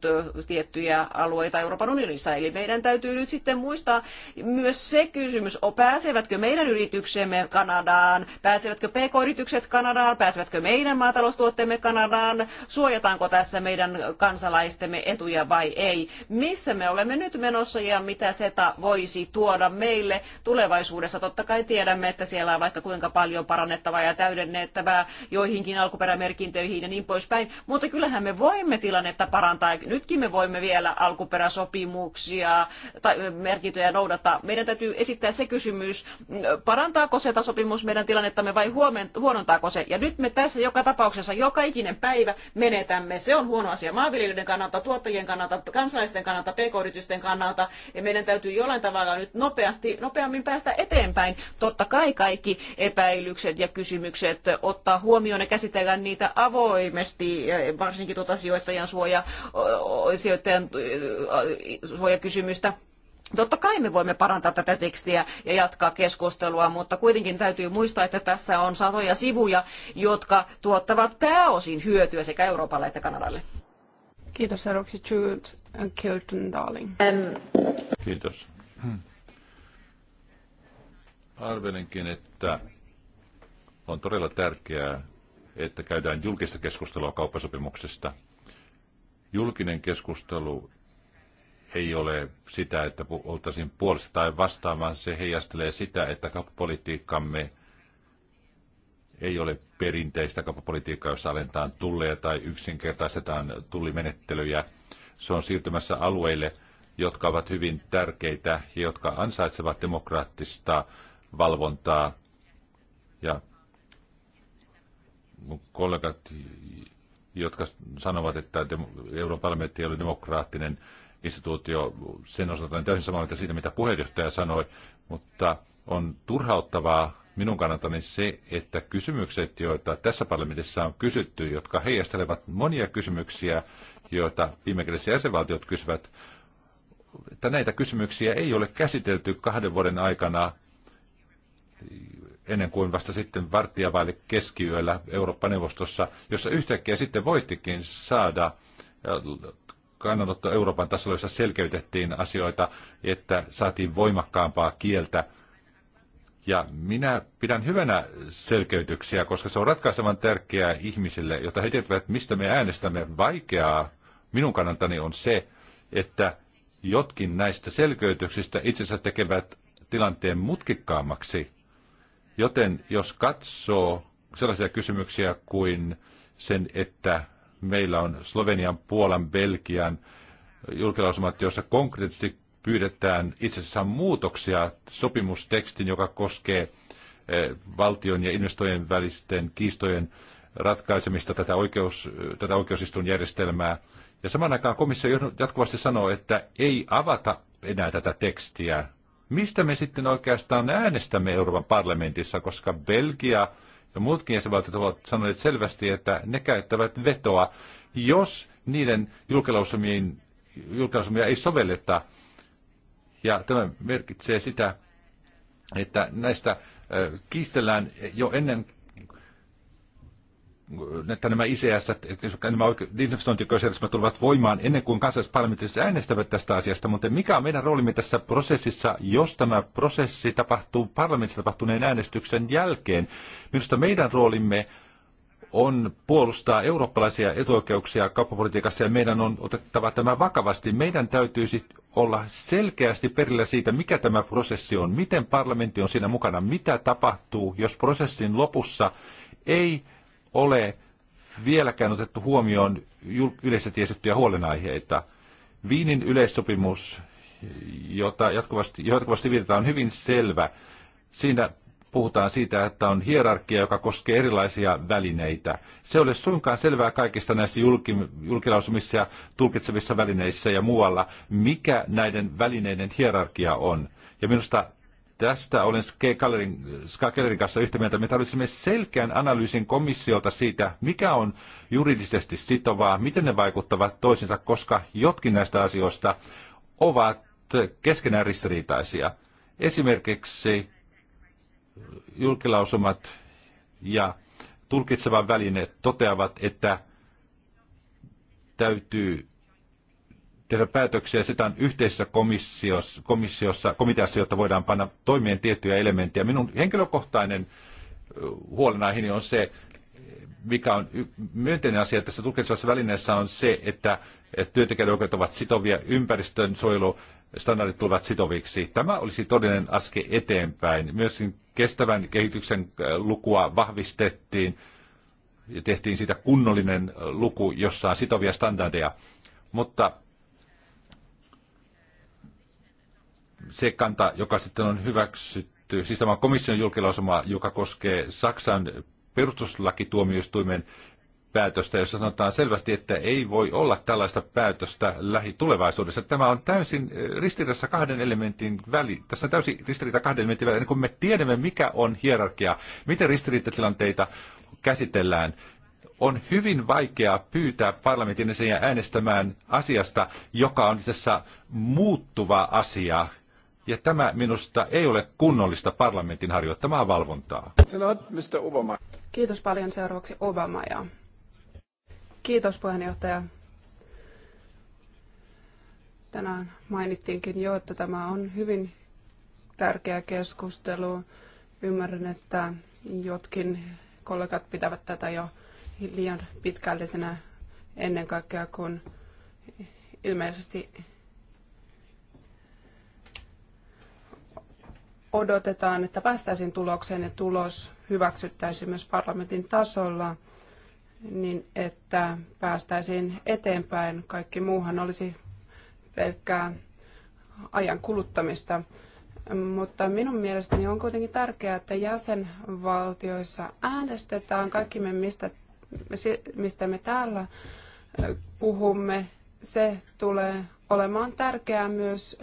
Speaker 4: tiettyjä alueita Euroopan unionissa. Eli meidän täytyy nyt sitten muistaa myös se kysymys, pääsevätkö meidän yrityksemme Kanadaan, pääsevätkö pk-yritykset Kanadaan, pääsevätkö meidän maataloustuotteemme Kanadaan, suojataanko tässä meidän kansalaistemme etuja vai ei. Missä me olemme nyt menossa ja mitä SETA voisi voisi tuoda meille tulevaisuudessa. Totta kai tiedämme, että siellä on vaikka kuinka paljon parannettavaa ja täydennettävää joihinkin alkuperämerkintöihin ja niin poispäin, mutta kyllähän me voimme tilannetta parantaa. Nytkin me voimme vielä alkuperäsopimuksia tai merkintöjä noudattaa. Meidän täytyy esittää se kysymys, parantaako se sopimus meidän tilannettamme vai huonontaako se. Ja nyt me tässä joka tapauksessa joka ikinen päivä menetämme. Se on huono asia maanviljelijöiden kannalta, tuottajien kannalta, kansalaisten kannalta, pk-yritysten kannalta. Ja meidän täytyy jollain tavalla todella nyt nopeasti, nopeammin päästä eteenpäin. Totta kai kaikki epäilykset ja kysymykset ottaa huomioon ja käsitellä niitä avoimesti, eh, varsinkin tuota sijoittajan suoja, eh, sijoittajan eh, suojakysymystä. Totta kai me voimme parantaa tätä tekstiä ja jatkaa keskustelua, mutta kuitenkin täytyy muistaa, että tässä on satoja sivuja, jotka tuottavat pääosin hyötyä sekä Euroopalle että Kanadalle.
Speaker 2: Kiitos seuraavaksi Jude Kilton Darling.
Speaker 1: Kiitos. Hmm. Arvelenkin, että on todella tärkeää, että käydään julkista keskustelua kauppasopimuksesta. Julkinen keskustelu ei ole sitä, että oltaisiin puolesta tai vastaan, vaan se heijastelee sitä, että kauppapolitiikkamme ei ole perinteistä kauppapolitiikkaa, jossa alentaan tulleja tai yksinkertaistetaan tullimenettelyjä. Se on siirtymässä alueille, jotka ovat hyvin tärkeitä ja jotka ansaitsevat demokraattista valvontaa. Ja mun kollegat, jotka sanovat, että Euroopan parlamentti ei ole demokraattinen instituutio, sen osalta on täysin samaa mieltä siitä, mitä puheenjohtaja sanoi, mutta on turhauttavaa minun kannaltani se, että kysymykset, joita tässä parlamentissa on kysytty, jotka heijastelevat monia kysymyksiä, joita viime kädessä jäsenvaltiot kysyvät, että näitä kysymyksiä ei ole käsitelty kahden vuoden aikana ennen kuin vasta sitten varttia keskiyöllä Eurooppa-neuvostossa, jossa yhtäkkiä sitten voittikin saada kannanotto Euroopan tasolla, jossa selkeytettiin asioita, että saatiin voimakkaampaa kieltä. Ja minä pidän hyvänä selkeytyksiä, koska se on ratkaisevan tärkeää ihmisille, jotta he tietävät, mistä me äänestämme. Vaikeaa minun kannantani on se, että Jotkin näistä selkeytyksistä itsensä tekevät tilanteen mutkikkaammaksi, joten jos katsoo sellaisia kysymyksiä kuin sen, että meillä on Slovenian, Puolan, Belgian julkilausumat, joissa konkreettisesti pyydetään itse asiassa muutoksia sopimustekstin, joka koskee eh, valtion ja investoijien välisten kiistojen ratkaisemista tätä, oikeus, eh, tätä järjestelmää, ja saman aikaan komissio jatkuvasti sanoo, että ei avata enää tätä tekstiä. Mistä me sitten oikeastaan äänestämme Euroopan parlamentissa, koska Belgia ja muutkin jäsenvaltiot ovat sanoneet selvästi, että ne käyttävät vetoa, jos niiden julkilausumia ei sovelleta. Ja tämä merkitsee sitä, että näistä kiistellään jo ennen että nämä ICS, nämä investointikoisjärjestelmät tulevat voimaan ennen kuin kansalliset parlamentit äänestävät tästä asiasta, mutta mikä on meidän roolimme tässä prosessissa, jos tämä prosessi tapahtuu parlamentissa tapahtuneen äänestyksen jälkeen? Minusta meidän roolimme on puolustaa eurooppalaisia etuoikeuksia kauppapolitiikassa ja meidän on otettava tämä vakavasti. Meidän täytyisi olla selkeästi perillä siitä, mikä tämä prosessi on, miten parlamentti on siinä mukana, mitä tapahtuu, jos prosessin lopussa ei ole vieläkään otettu huomioon yleisesti esitettyjä huolenaiheita. Viinin yleissopimus, jota jatkuvasti, jatkuvasti viitataan, on hyvin selvä. Siinä puhutaan siitä, että on hierarkia, joka koskee erilaisia välineitä. Se ei ole suinkaan selvää kaikista näissä julki, julkilausumissa ja tulkitsevissa välineissä ja muualla, mikä näiden välineiden hierarkia on. Ja minusta Tästä olen Skakellerin kanssa yhtä mieltä. Me tarvitsemme selkeän analyysin komissiolta siitä, mikä on juridisesti sitovaa, miten ne vaikuttavat toisiinsa, koska jotkin näistä asioista ovat keskenään ristiriitaisia. Esimerkiksi julkilausumat ja tulkitsevan väline toteavat, että täytyy tehdä päätöksiä sitä on yhteisessä komissiossa, komissiossa, komiteassa, jotta voidaan panna toimeen tiettyjä elementtejä. Minun henkilökohtainen huolenaiheeni on se, mikä on myönteinen asia tässä tulkitsevassa välineessä on se, että työntekijäoikeudet ovat sitovia, ympäristön suojelu, tulevat sitoviksi. Tämä olisi todellinen aske eteenpäin. Myöskin kestävän kehityksen lukua vahvistettiin ja tehtiin siitä kunnollinen luku, jossa on sitovia standardeja. Mutta se kanta, joka sitten on hyväksytty, siis tämä komission julkilausuma, joka koskee Saksan perustuslakituomioistuimen päätöstä, jossa sanotaan selvästi, että ei voi olla tällaista päätöstä lähitulevaisuudessa. Tämä on täysin eh, ristiriidassa kahden elementin väli. Tässä on täysin ristiriita kahden elementin väli. Niin kun me tiedämme, mikä on hierarkia, miten ristiriitatilanteita käsitellään, on hyvin vaikea pyytää parlamentin jäseniä äänestämään asiasta, joka on itse asiassa muuttuva asia, ja tämä minusta ei ole kunnollista parlamentin harjoittamaa valvontaa.
Speaker 2: Kiitos paljon seuraavaksi Obama. Ja... Kiitos puheenjohtaja. Tänään mainittiinkin jo, että tämä on hyvin tärkeä keskustelu. Ymmärrän, että jotkin kollegat pitävät tätä jo liian pitkällisenä ennen kaikkea, kun ilmeisesti odotetaan, että päästäisiin tulokseen ja tulos hyväksyttäisiin myös parlamentin tasolla, niin että päästäisiin eteenpäin. Kaikki muuhan olisi pelkkää ajan kuluttamista. Mutta minun mielestäni on kuitenkin tärkeää, että jäsenvaltioissa äänestetään kaikki me, mistä, mistä me täällä puhumme. Se tulee olemaan tärkeää myös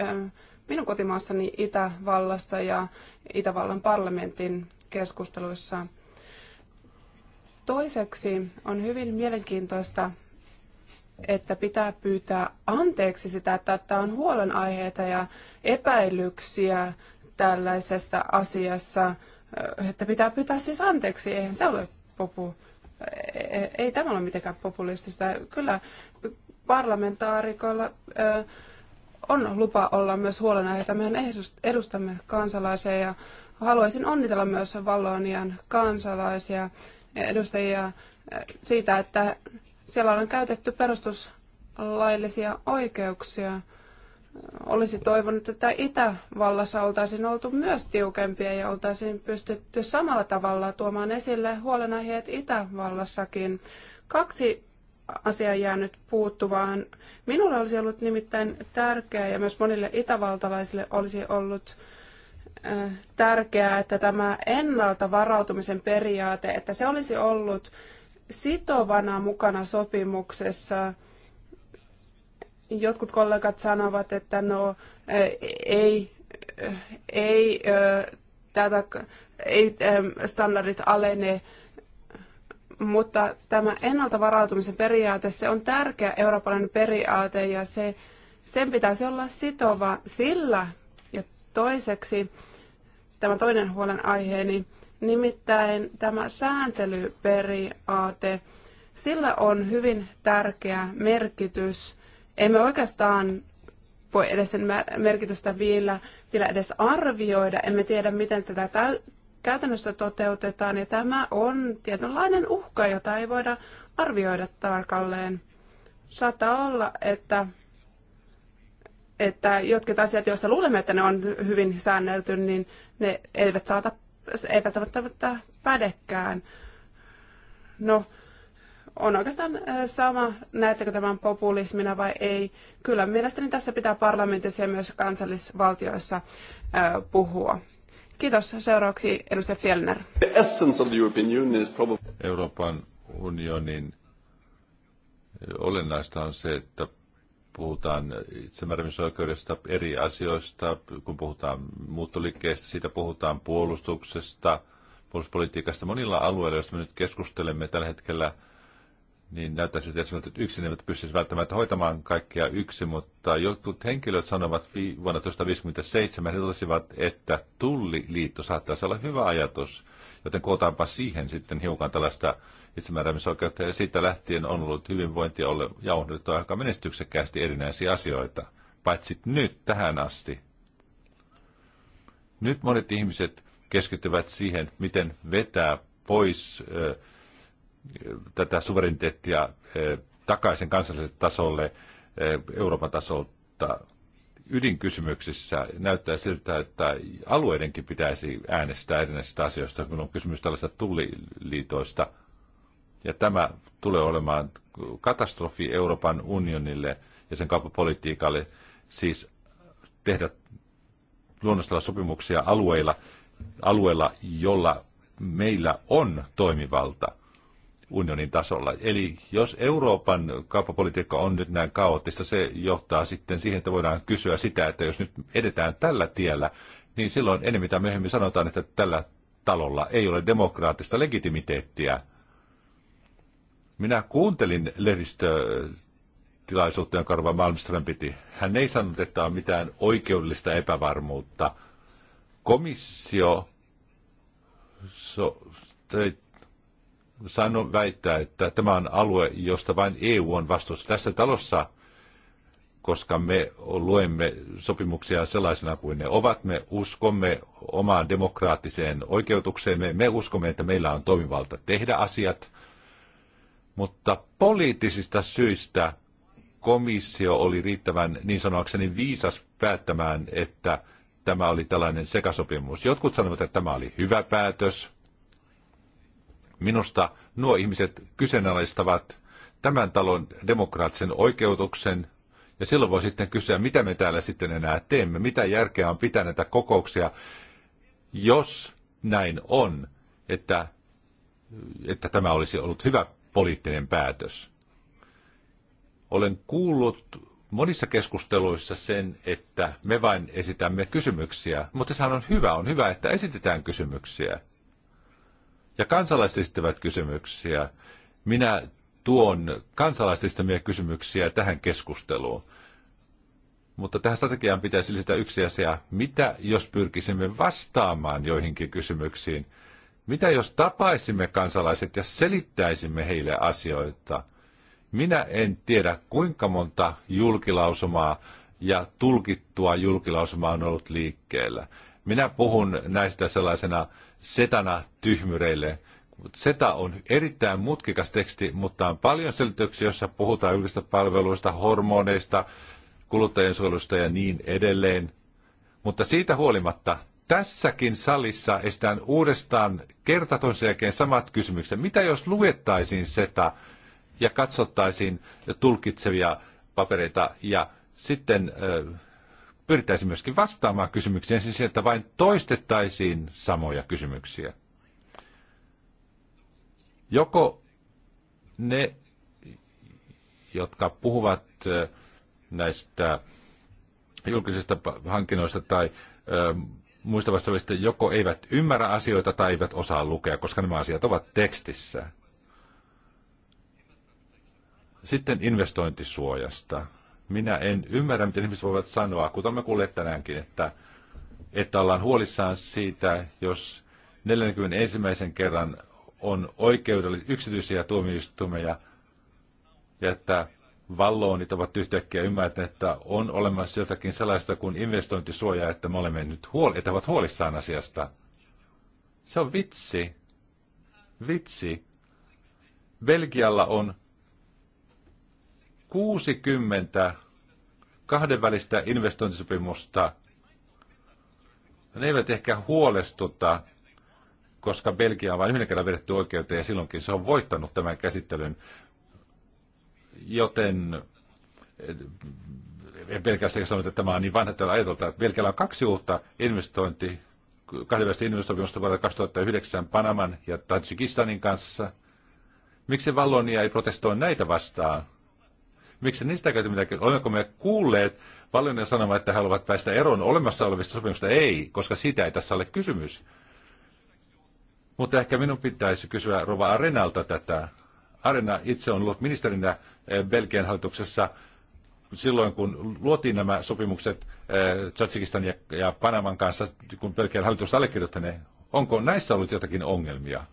Speaker 2: minun kotimaassani Itävallassa ja Itävallan parlamentin keskusteluissa. Toiseksi on hyvin mielenkiintoista, että pitää pyytää anteeksi sitä, että, tämä on huolenaiheita ja epäilyksiä tällaisessa asiassa, että pitää pyytää siis anteeksi, eihän se ole popu. Ei, e- ei tämä ole mitenkään populistista. Kyllä parlamentaarikoilla on lupa olla myös huolenaiheita. meidän edustamme kansalaisia ja haluaisin onnitella myös Vallonian kansalaisia ja edustajia äh, siitä, että siellä on käytetty perustuslaillisia oikeuksia. Olisi toivonut, että Itävallassa oltaisiin oltu myös tiukempia ja oltaisiin pystytty samalla tavalla tuomaan esille huolenaiheet Itävallassakin. Kaksi asia jäänyt puuttuvaan. Minulle olisi ollut nimittäin tärkeää ja myös monille itävaltalaisille olisi ollut tärkeää, että tämä ennalta varautumisen periaate, että se olisi ollut sitovana mukana sopimuksessa. Jotkut kollegat sanovat, että no ei, ei, tätä, ei standardit alene mutta tämä ennalta varautumisen periaate, se on tärkeä eurooppalainen periaate ja se, sen pitäisi olla sitova sillä. Ja toiseksi tämä toinen huolenaiheeni, nimittäin tämä sääntelyperiaate, sillä on hyvin tärkeä merkitys. Emme oikeastaan voi edes sen merkitystä vielä, vielä edes arvioida. Emme tiedä, miten tätä käytännössä toteutetaan, ja tämä on tietynlainen uhka, jota ei voida arvioida tarkalleen. Saattaa olla, että, että jotkut asiat, joista luulemme, että ne on hyvin säännelty, niin ne eivät saata eivät välttämättä pädekään. No, on oikeastaan äh, sama, näettekö tämän populismina vai ei. Kyllä mielestäni tässä pitää parlamentissa ja myös kansallisvaltioissa äh, puhua. Kiitos. Seuraavaksi edustaja Fjellner.
Speaker 1: Euroopan unionin olennaista on se, että puhutaan itsemääräämisoikeudesta, eri asioista, kun puhutaan muuttoliikkeestä, siitä puhutaan puolustuksesta, puolustuspolitiikasta. Monilla alueilla, joista me nyt keskustelemme tällä hetkellä – niin näyttäisi että että yksin eivät pystyisi välttämättä hoitamaan kaikkea yksin, mutta jotkut henkilöt sanovat vuonna 1957, he totesivat, että tulliliitto saattaisi olla hyvä ajatus, joten kootaanpa siihen sitten hiukan tällaista itsemääräämisoikeutta, ja siitä lähtien on ollut hyvinvointia olla jauhdettu aika menestyksekkäästi erinäisiä asioita, paitsi nyt tähän asti. Nyt monet ihmiset keskittyvät siihen, miten vetää pois äh, tätä suvereniteettia eh, takaisin kansalliselle tasolle, eh, Euroopan tasolta ydinkysymyksissä näyttää siltä, että alueidenkin pitäisi äänestää erinäisistä asioista, kun on kysymys tällaisista tulliliitoista. Ja tämä tulee olemaan katastrofi Euroopan unionille ja sen kauppapolitiikalle, siis tehdä luonnostella sopimuksia alueilla, alueilla, jolla meillä on toimivalta – unionin tasolla. Eli jos Euroopan kauppapolitiikka on nyt näin kaoottista, se johtaa sitten siihen, että voidaan kysyä sitä, että jos nyt edetään tällä tiellä, niin silloin enemmän tai myöhemmin sanotaan, että tällä talolla ei ole demokraattista legitimiteettiä. Minä kuuntelin lehdistötilaisuutta, jonka Arva Malmström piti. Hän ei sanonut, että on mitään oikeudellista epävarmuutta. Komissio so, sano väittää, että tämä on alue, josta vain EU on vastuussa tässä talossa, koska me luemme sopimuksia sellaisena kuin ne ovat. Me uskomme omaan demokraattiseen oikeutukseemme. Me uskomme, että meillä on toimivalta tehdä asiat. Mutta poliittisista syistä komissio oli riittävän niin sanoakseni viisas päättämään, että tämä oli tällainen sekasopimus. Jotkut sanovat, että tämä oli hyvä päätös, Minusta nuo ihmiset kyseenalaistavat tämän talon demokraattisen oikeutuksen, ja silloin voi sitten kysyä, mitä me täällä sitten enää teemme, mitä järkeä on pitää näitä kokouksia, jos näin on, että, että tämä olisi ollut hyvä poliittinen päätös. Olen kuullut monissa keskusteluissa sen, että me vain esitämme kysymyksiä, mutta sehän on hyvä, on hyvä, että esitetään kysymyksiä. Ja kansalaiset esittävät kysymyksiä. Minä tuon kansalaististamia kysymyksiä tähän keskusteluun. Mutta tähän strategiaan pitäisi lisätä yksi asia. Mitä jos pyrkisimme vastaamaan joihinkin kysymyksiin? Mitä jos tapaisimme kansalaiset ja selittäisimme heille asioita? Minä en tiedä, kuinka monta julkilausumaa ja tulkittua julkilausumaa on ollut liikkeellä. Minä puhun näistä sellaisena setana tyhmyreille. Seta on erittäin mutkikas teksti, mutta on paljon selityksiä, jossa puhutaan julkisista palveluista, hormoneista, kuluttajansuojelusta ja niin edelleen. Mutta siitä huolimatta tässäkin salissa estään uudestaan kertaton jälkeen samat kysymykset. Mitä jos luettaisiin seta ja katsottaisiin tulkitsevia papereita ja sitten äh, Pyritäisi myöskin vastaamaan kysymyksiin siis että vain toistettaisiin samoja kysymyksiä. Joko ne, jotka puhuvat näistä julkisista hankinnoista tai muista vastaavista, joko eivät ymmärrä asioita tai eivät osaa lukea, koska nämä asiat ovat tekstissä. Sitten investointisuojasta. Minä en ymmärrä, miten ihmiset voivat sanoa, kuten me kuulet tänäänkin, että, että ollaan huolissaan siitä, jos 41. kerran on oikeudellisia yksityisiä tuomioistuimeja ja että valloonit ovat yhtäkkiä ymmärtäneet, että on olemassa jotakin sellaista kuin investointisuoja, että me olemme nyt huoli, että ovat huolissaan asiasta. Se on vitsi. Vitsi. Belgialla on 60 kahdenvälistä investointisopimusta. Ne eivät ehkä huolestuta, koska Belgia on vain yhden kerran vedetty oikeuteen ja silloinkin se on voittanut tämän käsittelyn. Joten en pelkästään sanoa, että tämä on niin vanha tällä ajatolta. Belgialla on kaksi uutta investointi, kahdenvälistä investointisopimusta vuodelta 2009 Panaman ja Tajikistanin kanssa. Miksi Vallonia ei protestoi näitä vastaan? Miksi niistä käyty mitään? Olemmeko me kuulleet paljon sanomaan, että he haluavat päästä eroon olemassa olevista sopimuksista? Ei, koska siitä ei tässä ole kysymys. Mutta ehkä minun pitäisi kysyä Rova Arenalta tätä. Arena itse on ollut ministerinä eh, Belgian hallituksessa silloin, kun luotiin nämä sopimukset eh, Tsatsikistan ja Panaman kanssa, kun Belgian hallitus allekirjoittaneet. Onko näissä ollut jotakin ongelmia?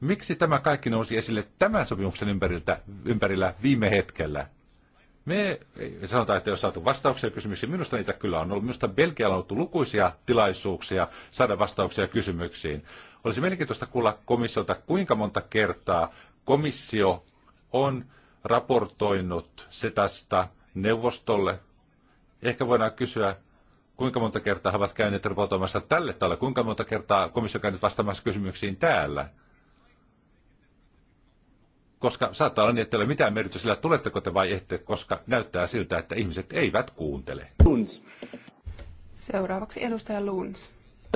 Speaker 1: Miksi tämä kaikki nousi esille tämän sopimuksen ympäriltä, ympärillä viime hetkellä? Me sanotaan, että ei ole saatu vastauksia kysymyksiin. Minusta niitä kyllä on ollut. Minusta Belgialla on ollut lukuisia tilaisuuksia saada vastauksia kysymyksiin. Olisi mielenkiintoista kuulla komissiolta, kuinka monta kertaa komissio on raportoinut setasta neuvostolle. Ehkä voidaan kysyä, kuinka monta kertaa he ovat käyneet raportoimassa tälle talle, kuinka monta kertaa komissio on käynyt vastaamassa kysymyksiin täällä koska saattaa olla niin, että ei ole mitään merkitystä sillä, tuletteko te vai ette, koska näyttää siltä, että ihmiset eivät kuuntele. Luns.
Speaker 2: Seuraavaksi edustaja
Speaker 1: Luns.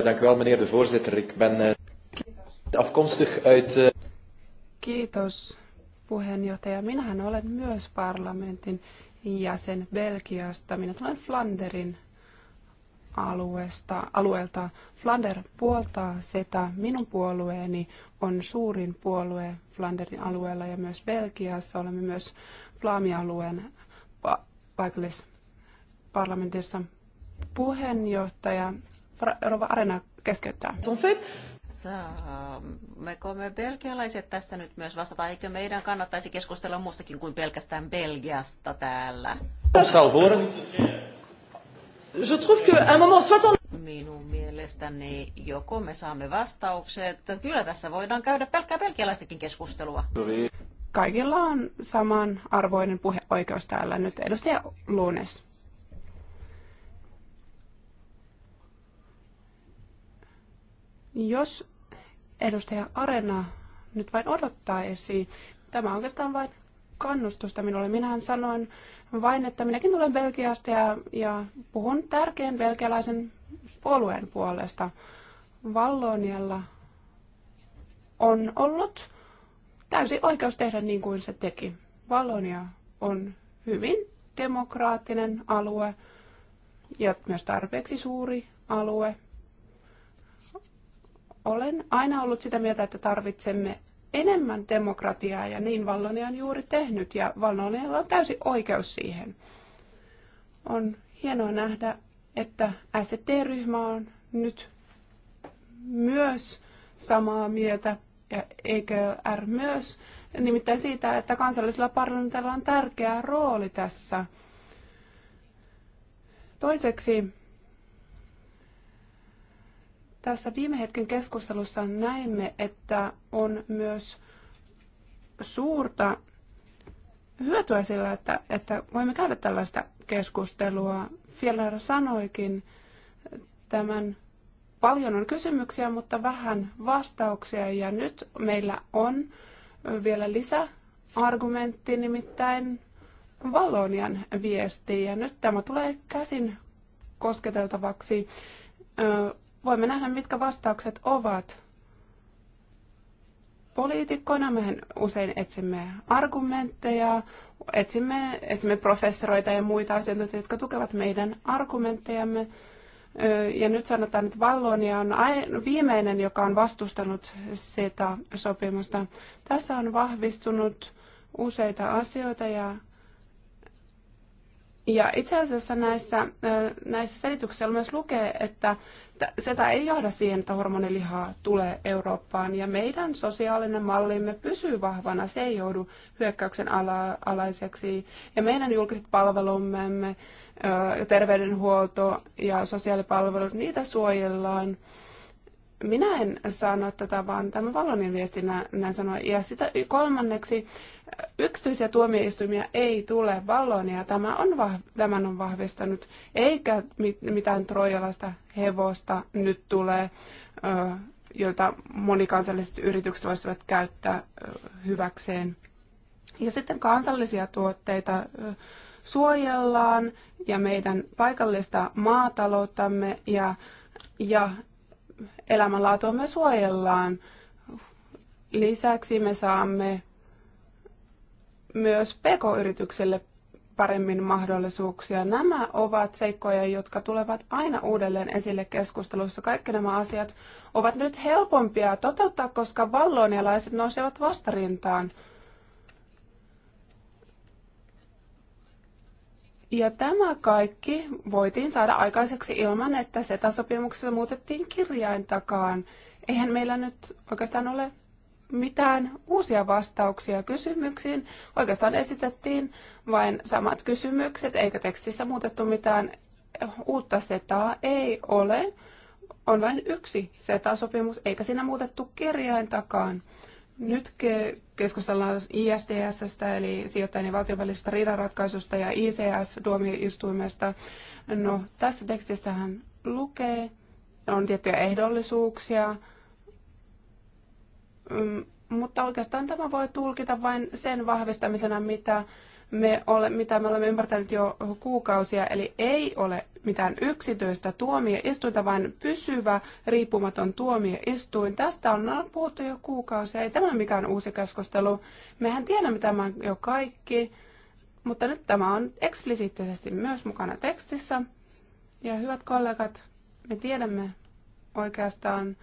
Speaker 1: Dank u wel, meneer de voorzitter. Ik ben eh, afkomstig uit... Eh,
Speaker 2: Kiitos, puheenjohtaja. Minähän olen myös parlamentin jäsen Belgiasta. Minä tulen Flanderin alueesta, alueelta. Flander puoltaa sitä. Minun puolueeni on suurin puolue Flanderin alueella ja myös Belgiassa. Olemme myös Flaamialueen alueen paikallisparlamentissa puheenjohtaja. Rova Arena keskeyttää.
Speaker 4: Me me belgialaiset tässä nyt myös vastata, eikö meidän kannattaisi keskustella muustakin kuin pelkästään Belgiasta täällä?
Speaker 3: Salvoren
Speaker 4: je trouve qu'à un moment, soit on... Minun mielestäni joko me saamme vastaukset. Kyllä tässä voidaan käydä pelkkää pelkialaistakin keskustelua.
Speaker 2: Kaikilla on arvoinen puheoikeus täällä nyt. Edustaja Lunes. Jos edustaja Arena nyt vain odottaisi, tämä on oikeastaan vain kannustusta minulle. Minähän sanoin vain, että minäkin tulen Belgiasta ja, ja puhun tärkeän belgialaisen puolueen puolesta. Vallonialla on ollut täysi oikeus tehdä niin kuin se teki. Vallonia on hyvin demokraattinen alue ja myös tarpeeksi suuri alue. Olen aina ollut sitä mieltä, että tarvitsemme enemmän demokratiaa ja niin Vallonia on juuri tehnyt ja Vallonialla on täysi oikeus siihen. On hienoa nähdä, että ST-ryhmä on nyt myös samaa mieltä ja EKR myös, nimittäin siitä, että kansallisella parlamentilla on tärkeä rooli tässä. Toiseksi tässä viime hetken keskustelussa näimme, että on myös suurta hyötyä sillä, että, että voimme käydä tällaista keskustelua. Fjellner sanoikin tämän, paljon on kysymyksiä, mutta vähän vastauksia ja nyt meillä on vielä lisä argumentti, nimittäin Vallonian viesti ja nyt tämä tulee käsin kosketeltavaksi voimme nähdä, mitkä vastaukset ovat. Poliitikkoina me usein etsimme argumentteja, etsimme, etsimme professoroita ja muita asiantuntijoita, jotka tukevat meidän argumenttejamme. Ja nyt sanotaan, että Vallonia on viimeinen, joka on vastustanut sitä sopimusta. Tässä on vahvistunut useita asioita ja, ja itse asiassa näissä, näissä selityksissä myös lukee, että sitä ei johda siihen, että hormonilihaa tulee Eurooppaan ja meidän sosiaalinen mallimme pysyy vahvana, se ei joudu hyökkäyksen ala- alaiseksi ja meidän julkiset palvelumme, terveydenhuolto ja sosiaalipalvelut, niitä suojellaan. Minä en sano tätä, vaan tämä Valonin viestinä näin sanoa. Ja sitä kolmanneksi yksityisiä tuomioistuimia ei tule valloon ja tämä on vah, tämän on vahvistanut, eikä mitään trojalasta hevosta nyt tule, jota monikansalliset yritykset voisivat käyttää hyväkseen. Ja sitten kansallisia tuotteita suojellaan ja meidän paikallista maatalouttamme ja, ja elämänlaatuamme suojellaan. Lisäksi me saamme myös pk-yrityksille paremmin mahdollisuuksia. Nämä ovat seikkoja, jotka tulevat aina uudelleen esille keskustelussa. Kaikki nämä asiat ovat nyt helpompia toteuttaa, koska vallonialaiset nousevat vastarintaan. Ja tämä kaikki voitiin saada aikaiseksi ilman, että SETA-sopimuksessa muutettiin kirjaintakaan. Eihän meillä nyt oikeastaan ole mitään uusia vastauksia kysymyksiin. Oikeastaan esitettiin vain samat kysymykset, eikä tekstissä muutettu mitään uutta setaa ei ole. On vain yksi SETA-sopimus, eikä siinä muutettu kirjaintakaan. Nyt ke- keskustellaan ISDS, eli sijoittajien ja valtion välisestä riidanratkaisusta ja ics duomioistuimesta No, tässä tekstissähän lukee, on tiettyjä ehdollisuuksia, Mm, mutta oikeastaan tämä voi tulkita vain sen vahvistamisena, mitä me, ole, mitä me olemme ymmärtäneet jo kuukausia, eli ei ole mitään yksityistä tuomioistuinta, vaan pysyvä riippumaton tuomioistuin. Tästä on puhuttu jo kuukausia, ei tämä ole mikään uusi keskustelu. Mehän tiedämme tämän jo kaikki, mutta nyt tämä on eksplisiittisesti myös mukana tekstissä. Ja hyvät kollegat, me tiedämme oikeastaan,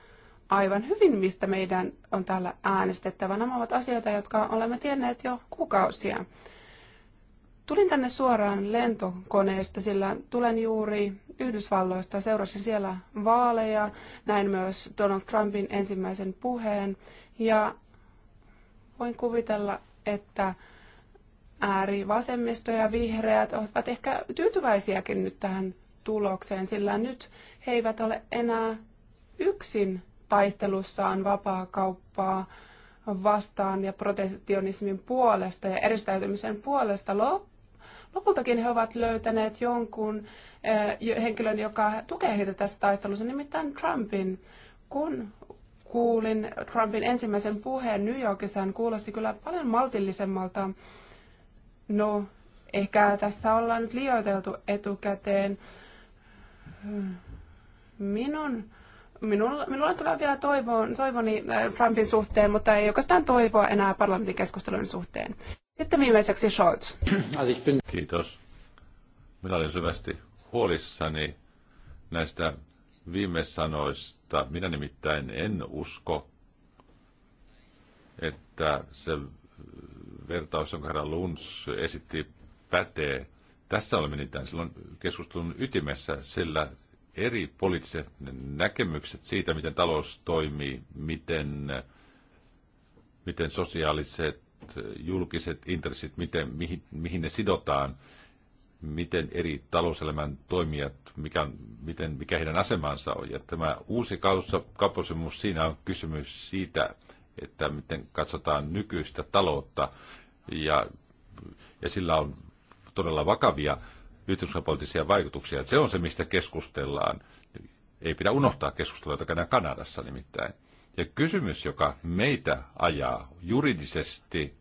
Speaker 2: aivan hyvin, mistä meidän on täällä äänestettävä. Nämä ovat asioita, jotka olemme tienneet jo kuukausia. Tulin tänne suoraan lentokoneesta, sillä tulen juuri Yhdysvalloista. Seurasin siellä vaaleja, näin myös Donald Trumpin ensimmäisen puheen. Ja voin kuvitella, että äärivasemmisto ja vihreät ovat ehkä tyytyväisiäkin nyt tähän tulokseen, sillä nyt he eivät ole enää yksin taistelussaan vapaa kauppaa vastaan ja protektionismin puolesta ja eristäytymisen puolesta lopultakin he ovat löytäneet jonkun eh, henkilön, joka tukee heitä tässä taistelussa, nimittäin Trumpin. Kun kuulin Trumpin ensimmäisen puheen New Yorkissa, hän kuulosti kyllä paljon maltillisemmalta. No, ehkä tässä ollaan nyt liioiteltu etukäteen. Minun Minulla, minulla tulee vielä toivon, toivoni äh, Trumpin suhteen, mutta ei oikeastaan toivoa enää parlamentin keskustelun suhteen. Sitten viimeiseksi Scholz.
Speaker 1: Kiitos. Minä olen syvästi huolissani näistä viime sanoista. Minä nimittäin en usko, että se vertaus, jonka herra Luns esitti, pätee. Tässä olemme niitä silloin keskustelun ytimessä, sillä eri poliittiset näkemykset siitä, miten talous toimii, miten, miten sosiaaliset, julkiset intressit, miten, mihin, mihin ne sidotaan, miten eri talouselämän toimijat, mikä, miten, mikä heidän asemansa on. Ja tämä uusi kauppasopimus, siinä on kysymys siitä, että miten katsotaan nykyistä taloutta ja, ja sillä on todella vakavia yhteiskunnallisia vaikutuksia. Se on se, mistä keskustellaan. Ei pidä unohtaa keskustelua, jota käydään Kanadassa nimittäin. Ja kysymys, joka meitä ajaa juridisesti,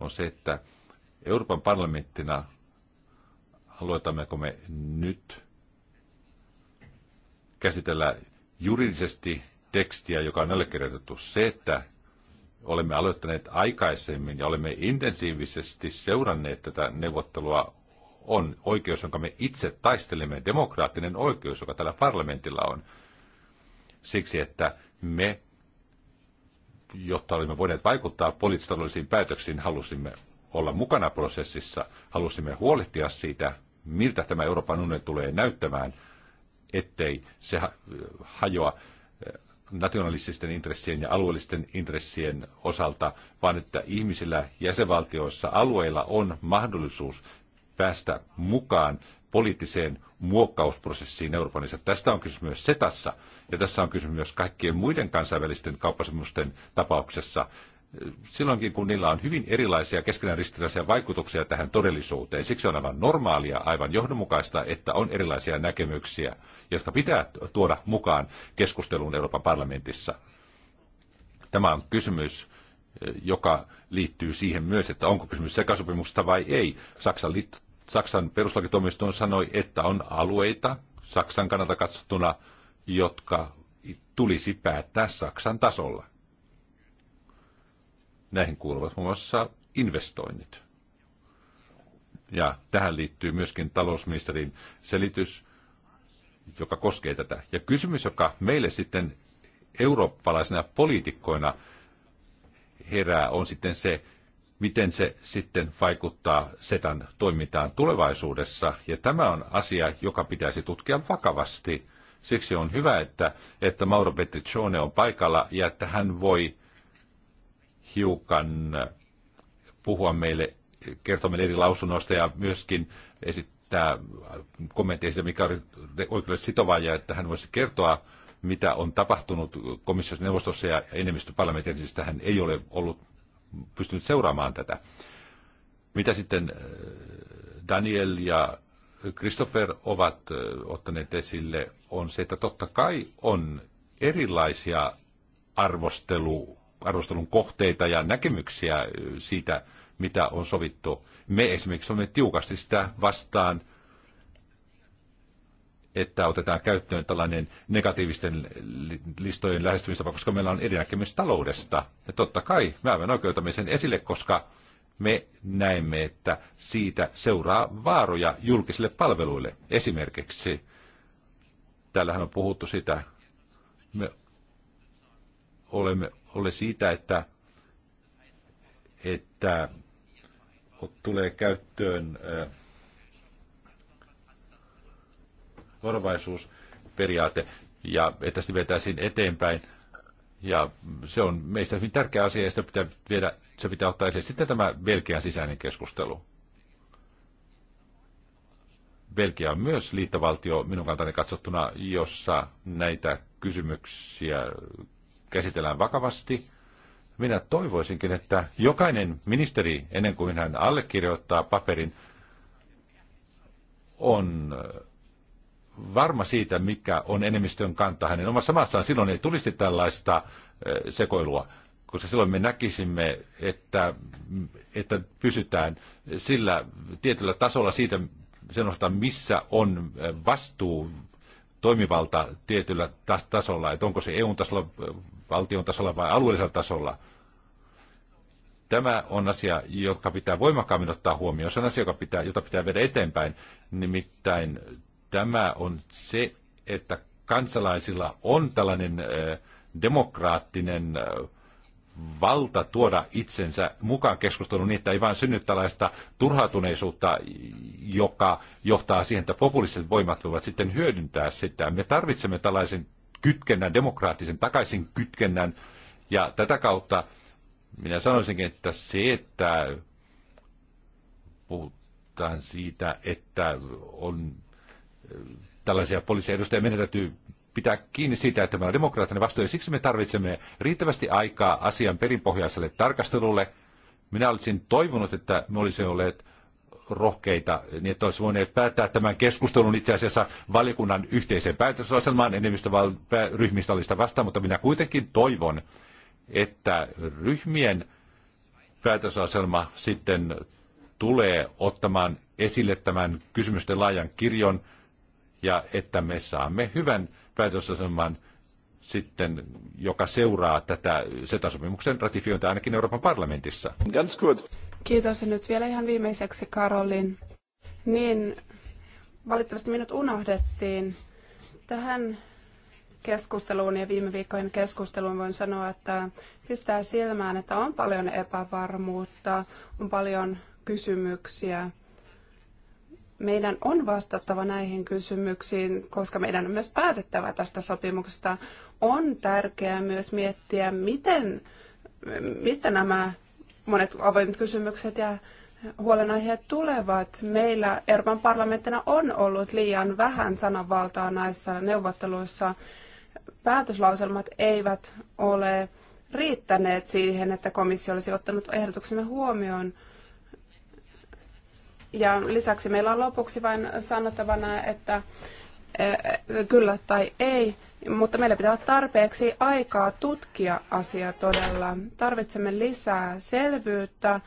Speaker 1: on se, että Euroopan parlamenttina aloitammeko me nyt käsitellä juridisesti tekstiä, joka on allekirjoitettu. Se, että olemme aloittaneet aikaisemmin ja olemme intensiivisesti seuranneet tätä neuvottelua, on oikeus, jonka me itse taistelemme, demokraattinen oikeus, joka tällä parlamentilla on. Siksi, että me, jotta olimme voineet vaikuttaa poliittisiin päätöksiin, halusimme olla mukana prosessissa, halusimme huolehtia siitä, miltä tämä Euroopan unioni tulee näyttämään, ettei se hajoa eh, nationalististen intressien ja alueellisten intressien osalta, vaan että ihmisillä jäsenvaltioissa alueilla on mahdollisuus päästä mukaan poliittiseen muokkausprosessiin Euroopanissa. Tästä on kysymys myös SETassa ja tässä on kysymys myös kaikkien muiden kansainvälisten kauppasopimusten tapauksessa. Silloinkin, kun niillä on hyvin erilaisia keskenään ristiriitaisia vaikutuksia tähän todellisuuteen, siksi on aivan normaalia, aivan johdonmukaista, että on erilaisia näkemyksiä, jotka pitää tuoda mukaan keskusteluun Euroopan parlamentissa. Tämä on kysymys, joka liittyy siihen myös, että onko kysymys sekasopimuksesta vai ei. Saksan liitto Saksan perustuslakituomioistuin sanoi, että on alueita Saksan kannalta katsottuna, jotka tulisi päättää Saksan tasolla. Näihin kuuluvat muun muassa investoinnit. Ja tähän liittyy myöskin talousministerin selitys, joka koskee tätä. Ja kysymys, joka meille sitten eurooppalaisena poliitikkoina herää, on sitten se, miten se sitten vaikuttaa SETAn toimintaan tulevaisuudessa. Ja tämä on asia, joka pitäisi tutkia vakavasti. Siksi on hyvä, että, että Mauro Petticcione on paikalla ja että hän voi hiukan puhua meille, kertoa meille eri lausunnoista ja myöskin esittää kommentteja mikä on oikeudellisesti sitovaa ja että hän voisi kertoa, mitä on tapahtunut komissiossa neuvostossa ja enemmistöparlamentissa. hän ei ole ollut pystynyt seuraamaan tätä. Mitä sitten äh, Daniel ja Christopher ovat äh, ottaneet esille, on se, että totta kai on erilaisia arvostelu, arvostelun kohteita ja näkemyksiä äh, siitä, mitä on sovittu. Me esimerkiksi olemme tiukasti sitä vastaan – että otetaan käyttöön tällainen negatiivisten listojen lähestymistapa, koska meillä on eri taloudesta. Ja totta kai me aivan oikeutamme sen esille, koska me näemme, että siitä seuraa vaaroja julkisille palveluille. Esimerkiksi, täällähän on puhuttu sitä, me olemme ole siitä, että, että tulee käyttöön äh, varovaisuusperiaate ja että sitä vetäisiin eteenpäin. Ja se on meistä hyvin tärkeä asia ja sitä pitää viedä, se pitää ottaa esille. Sitten tämä Belgian sisäinen keskustelu. Belgia on myös liittovaltio minun kantani katsottuna, jossa näitä kysymyksiä käsitellään vakavasti. Minä toivoisinkin, että jokainen ministeri, ennen kuin hän allekirjoittaa paperin, on varma siitä, mikä on enemmistön kanta hänen omassa maassaan. Silloin ei tulisi tällaista eh, sekoilua, koska silloin me näkisimme, että, että pysytään sillä tietyllä tasolla siitä, sen osalta, missä on eh, vastuu toimivalta tietyllä tasolla, että onko se EU-tasolla, eh, valtion tasolla vai alueellisella tasolla. Tämä on asia, joka pitää voimakkaammin ottaa huomioon. Se on asia, joka pitää, jota pitää viedä eteenpäin. Nimittäin tämä on se, että kansalaisilla on tällainen äh, demokraattinen äh, valta tuoda itsensä mukaan keskusteluun niin, että ei vain synny tällaista turhautuneisuutta, joka johtaa siihen, että populistiset voimat voivat sitten hyödyntää sitä. Me tarvitsemme tällaisen kytkennän, demokraattisen takaisin kytkennän, ja tätä kautta minä sanoisinkin, että se, että puhutaan siitä, että on tällaisia poliisiedustajia. Meidän täytyy pitää kiinni siitä, että meillä on demokraattinen vastuu ja siksi me tarvitsemme riittävästi aikaa asian perinpohjaiselle tarkastelulle. Minä olisin toivonut, että me olisimme olleet rohkeita, niin että olisi voineet päättää tämän keskustelun itse asiassa valiokunnan yhteiseen päätösasemaan enemmistö ryhmistä oli sitä vastaan, mutta minä kuitenkin toivon, että ryhmien päätösasema sitten tulee ottamaan esille tämän kysymysten laajan kirjon, ja että me saamme hyvän päätösaseman sitten, joka seuraa tätä SETA-sopimuksen ratifiointia ainakin Euroopan parlamentissa. Ganz gut.
Speaker 2: Kiitos. Ja nyt vielä ihan viimeiseksi Karolin. Niin, valitettavasti minut unohdettiin tähän keskusteluun ja viime viikkojen keskusteluun voin sanoa, että pistää silmään, että on paljon epävarmuutta, on paljon kysymyksiä meidän on vastattava näihin kysymyksiin, koska meidän on myös päätettävä tästä sopimuksesta. On tärkeää myös miettiä, miten, mistä nämä monet avoimet kysymykset ja huolenaiheet tulevat. Meillä Euroopan parlamenttina on ollut liian vähän sananvaltaa näissä neuvotteluissa. Päätöslauselmat eivät ole riittäneet siihen, että komissio olisi ottanut ehdotuksemme huomioon. Ja lisäksi meillä on lopuksi vain sanottavana, että eh, eh, kyllä tai ei, mutta meillä pitää olla tarpeeksi aikaa tutkia asia todella. Tarvitsemme lisää selvyyttä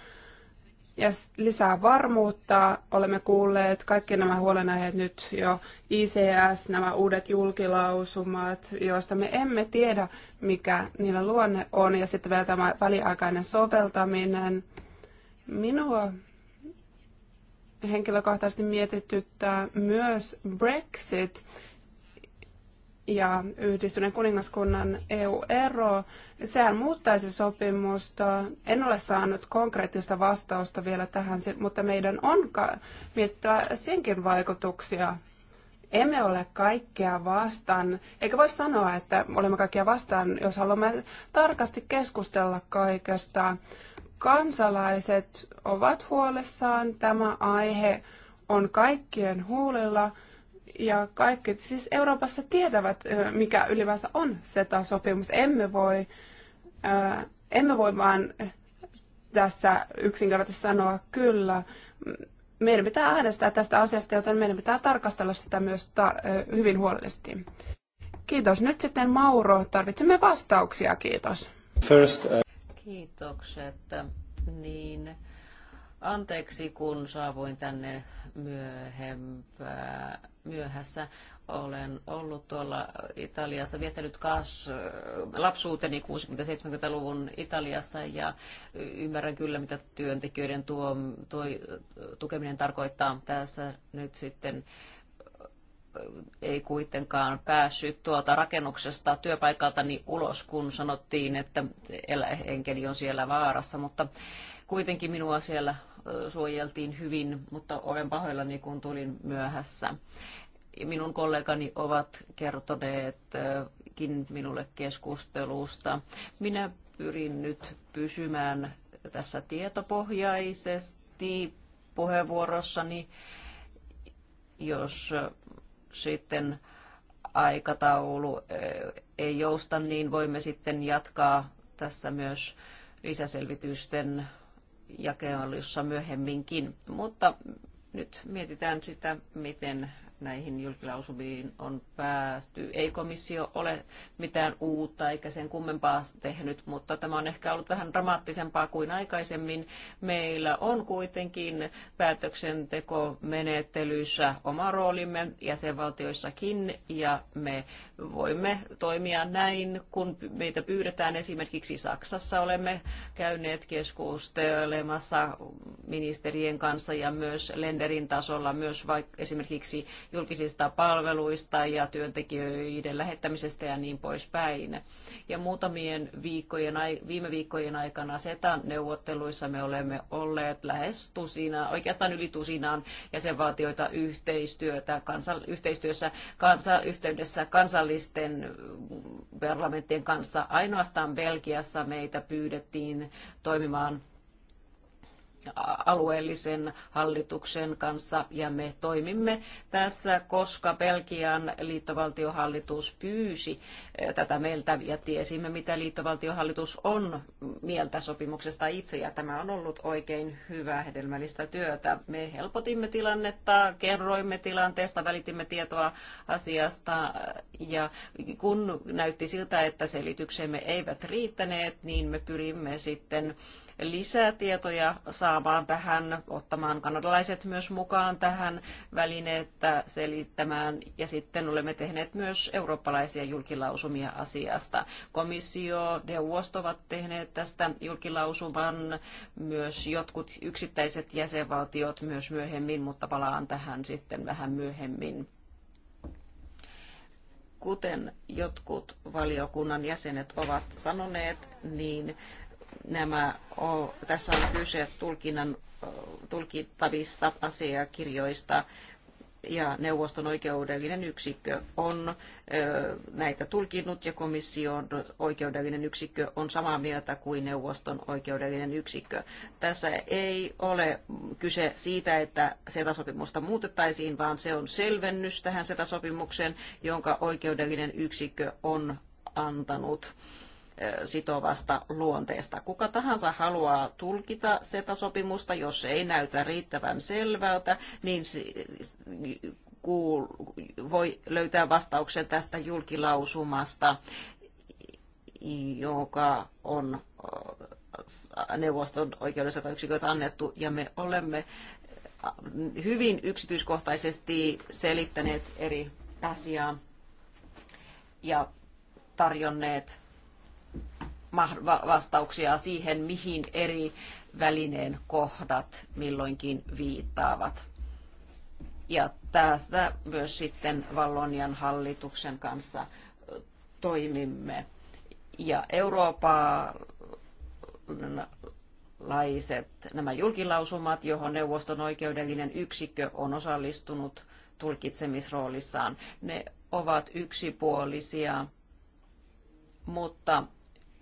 Speaker 2: ja lisää varmuutta. Olemme kuulleet kaikki nämä huolenaiheet nyt jo, ICS, nämä uudet julkilausumat, joista me emme tiedä, mikä niillä luonne on, ja sitten vielä tämä väliaikainen soveltaminen. Minua henkilökohtaisesti mietityttää myös Brexit ja yhdistyneen kuningaskunnan EU-ero. Sehän muuttaisi sopimusta. En ole saanut konkreettista vastausta vielä tähän, mutta meidän on mietittävä senkin vaikutuksia. Emme ole kaikkea vastaan, eikä voi sanoa, että olemme kaikkia vastaan, jos haluamme tarkasti keskustella kaikesta kansalaiset ovat huolessaan. Tämä aihe on kaikkien huulilla ja kaikki siis Euroopassa tietävät, mikä ylipäänsä on SETA-sopimus. Emme voi, äh, emme voi vaan tässä yksinkertaisesti sanoa kyllä. Meidän pitää äänestää tästä asiasta, joten meidän pitää tarkastella sitä myös ta- hyvin huolellisesti. Kiitos. Nyt sitten Mauro, tarvitsemme vastauksia. Kiitos.
Speaker 4: First, uh... Kiitokset. Niin, anteeksi kun saavuin tänne myöhässä. Olen ollut tuolla Italiassa, viettänyt kas, lapsuuteni 60-70-luvun Italiassa ja ymmärrän kyllä, mitä työntekijöiden tuo, tuo, tukeminen tarkoittaa. Tässä nyt sitten ei kuitenkaan päässyt tuota rakennuksesta niin ulos, kun sanottiin, että enkeli on siellä vaarassa, mutta kuitenkin minua siellä suojeltiin hyvin, mutta olen pahoillani, kun tulin myöhässä. Minun kollegani ovat kertoneetkin minulle keskustelusta. Minä pyrin nyt pysymään tässä tietopohjaisesti puheenvuorossani, jos sitten aikataulu ei jousta, niin voimme sitten jatkaa tässä myös lisäselvitysten jakelussa myöhemminkin. Mutta nyt mietitään sitä, miten näihin julkilausumiin on päästy. Ei komissio ole mitään uutta eikä sen kummempaa tehnyt, mutta tämä on ehkä ollut vähän dramaattisempaa kuin aikaisemmin. Meillä on kuitenkin päätöksentekomenettelyssä oma roolimme jäsenvaltioissakin ja me voimme toimia näin, kun meitä pyydetään. Esimerkiksi Saksassa olemme käyneet keskustelemassa ministerien kanssa ja myös Lenderin tasolla, myös vaikka esimerkiksi julkisista palveluista ja työntekijöiden lähettämisestä ja niin poispäin. Ja muutamien viikkojen, viime viikkojen aikana SETA-neuvotteluissa me olemme olleet lähes tusinaan, oikeastaan yli tusinaan jäsenvaltioita yhteistyötä, kansa, yhteistyössä kansa, yhteydessä kansallisten parlamenttien kanssa. Ainoastaan Belgiassa meitä pyydettiin toimimaan alueellisen hallituksen kanssa ja me toimimme tässä, koska Belgian liittovaltiohallitus pyysi eh, tätä meiltä ja tiesimme, mitä liittovaltiohallitus on mieltä sopimuksesta itse ja tämä on ollut oikein hyvää hedelmällistä työtä. Me helpotimme tilannetta, kerroimme tilanteesta, välitimme tietoa asiasta ja kun näytti siltä, että selityksemme eivät riittäneet, niin me pyrimme sitten lisätietoja saamaan tähän, ottamaan kanadalaiset myös mukaan tähän välineettä selittämään. Ja sitten olemme tehneet myös eurooppalaisia julkilausumia asiasta. Komissio, neuvosto ovat tehneet tästä julkilausuman, myös jotkut yksittäiset jäsenvaltiot myös myöhemmin, mutta palaan tähän sitten vähän myöhemmin kuten jotkut valiokunnan jäsenet ovat sanoneet, niin nämä on, tässä on kyse tulkinnan, tulkittavista asiakirjoista ja neuvoston oikeudellinen yksikkö on näitä tulkinnut ja komission oikeudellinen yksikkö on samaa mieltä kuin neuvoston oikeudellinen yksikkö. Tässä ei ole kyse siitä, että SETA-sopimusta muutettaisiin, vaan se on selvennys tähän SETA-sopimukseen, jonka oikeudellinen yksikkö on antanut sitovasta luonteesta. Kuka tahansa haluaa tulkita SETA-sopimusta, jos ei näytä riittävän selvältä, niin voi löytää vastauksen tästä julkilausumasta, joka on äh, neuvoston oikeudelliselta yksiköltä annettu, ja me olemme äh, hyvin yksityiskohtaisesti selittäneet eri asiaa ja tarjonneet vastauksia siihen, mihin eri välineen kohdat milloinkin viittaavat. Ja tässä myös sitten Vallonian hallituksen kanssa toimimme. Ja eurooppalaiset nämä julkilausumat, johon neuvoston oikeudellinen yksikkö on osallistunut tulkitsemisroolissaan, ne ovat yksipuolisia, mutta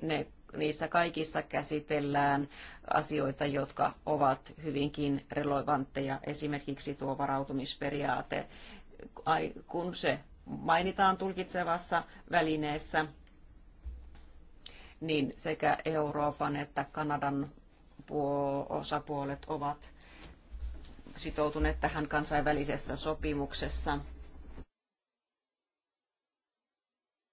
Speaker 4: ne, niissä kaikissa käsitellään asioita, jotka ovat hyvinkin relevantteja, esimerkiksi tuo varautumisperiaate, kun se mainitaan tulkitsevassa välineessä, niin sekä Euroopan että Kanadan osapuolet ovat sitoutuneet tähän kansainvälisessä sopimuksessa –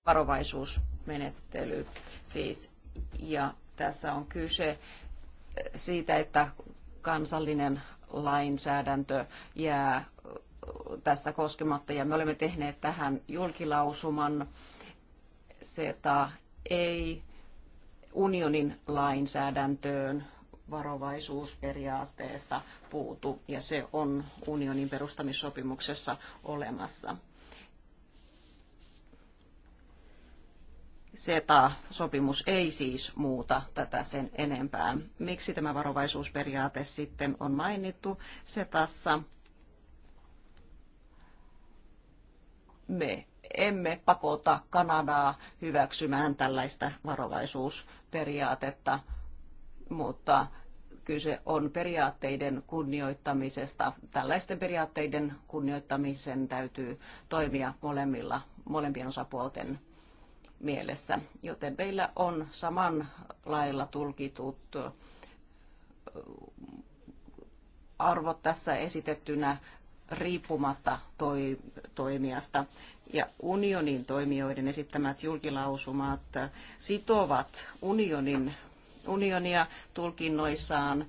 Speaker 4: varovaisuusmenettely. Siis, ja tässä on kyse siitä, että kansallinen lainsäädäntö jää tässä koskematta. Ja me olemme tehneet tähän julkilausuman. SETA ei unionin lainsäädäntöön varovaisuusperiaatteesta puutu, ja se on unionin perustamissopimuksessa olemassa. ceta sopimus ei siis muuta tätä sen enempää. Miksi tämä varovaisuusperiaate sitten on mainittu CETAssa? Me emme pakota Kanadaa hyväksymään tällaista varovaisuusperiaatetta, mutta kyse on periaatteiden kunnioittamisesta. Tällaisten periaatteiden kunnioittamisen täytyy toimia molemmilla, molempien osapuolten mielessä. Joten meillä on saman lailla tulkitut arvot tässä esitettynä riippumatta toi, toimijasta. Ja unionin toimijoiden esittämät julkilausumat sitovat unionin, unionia tulkinnoissaan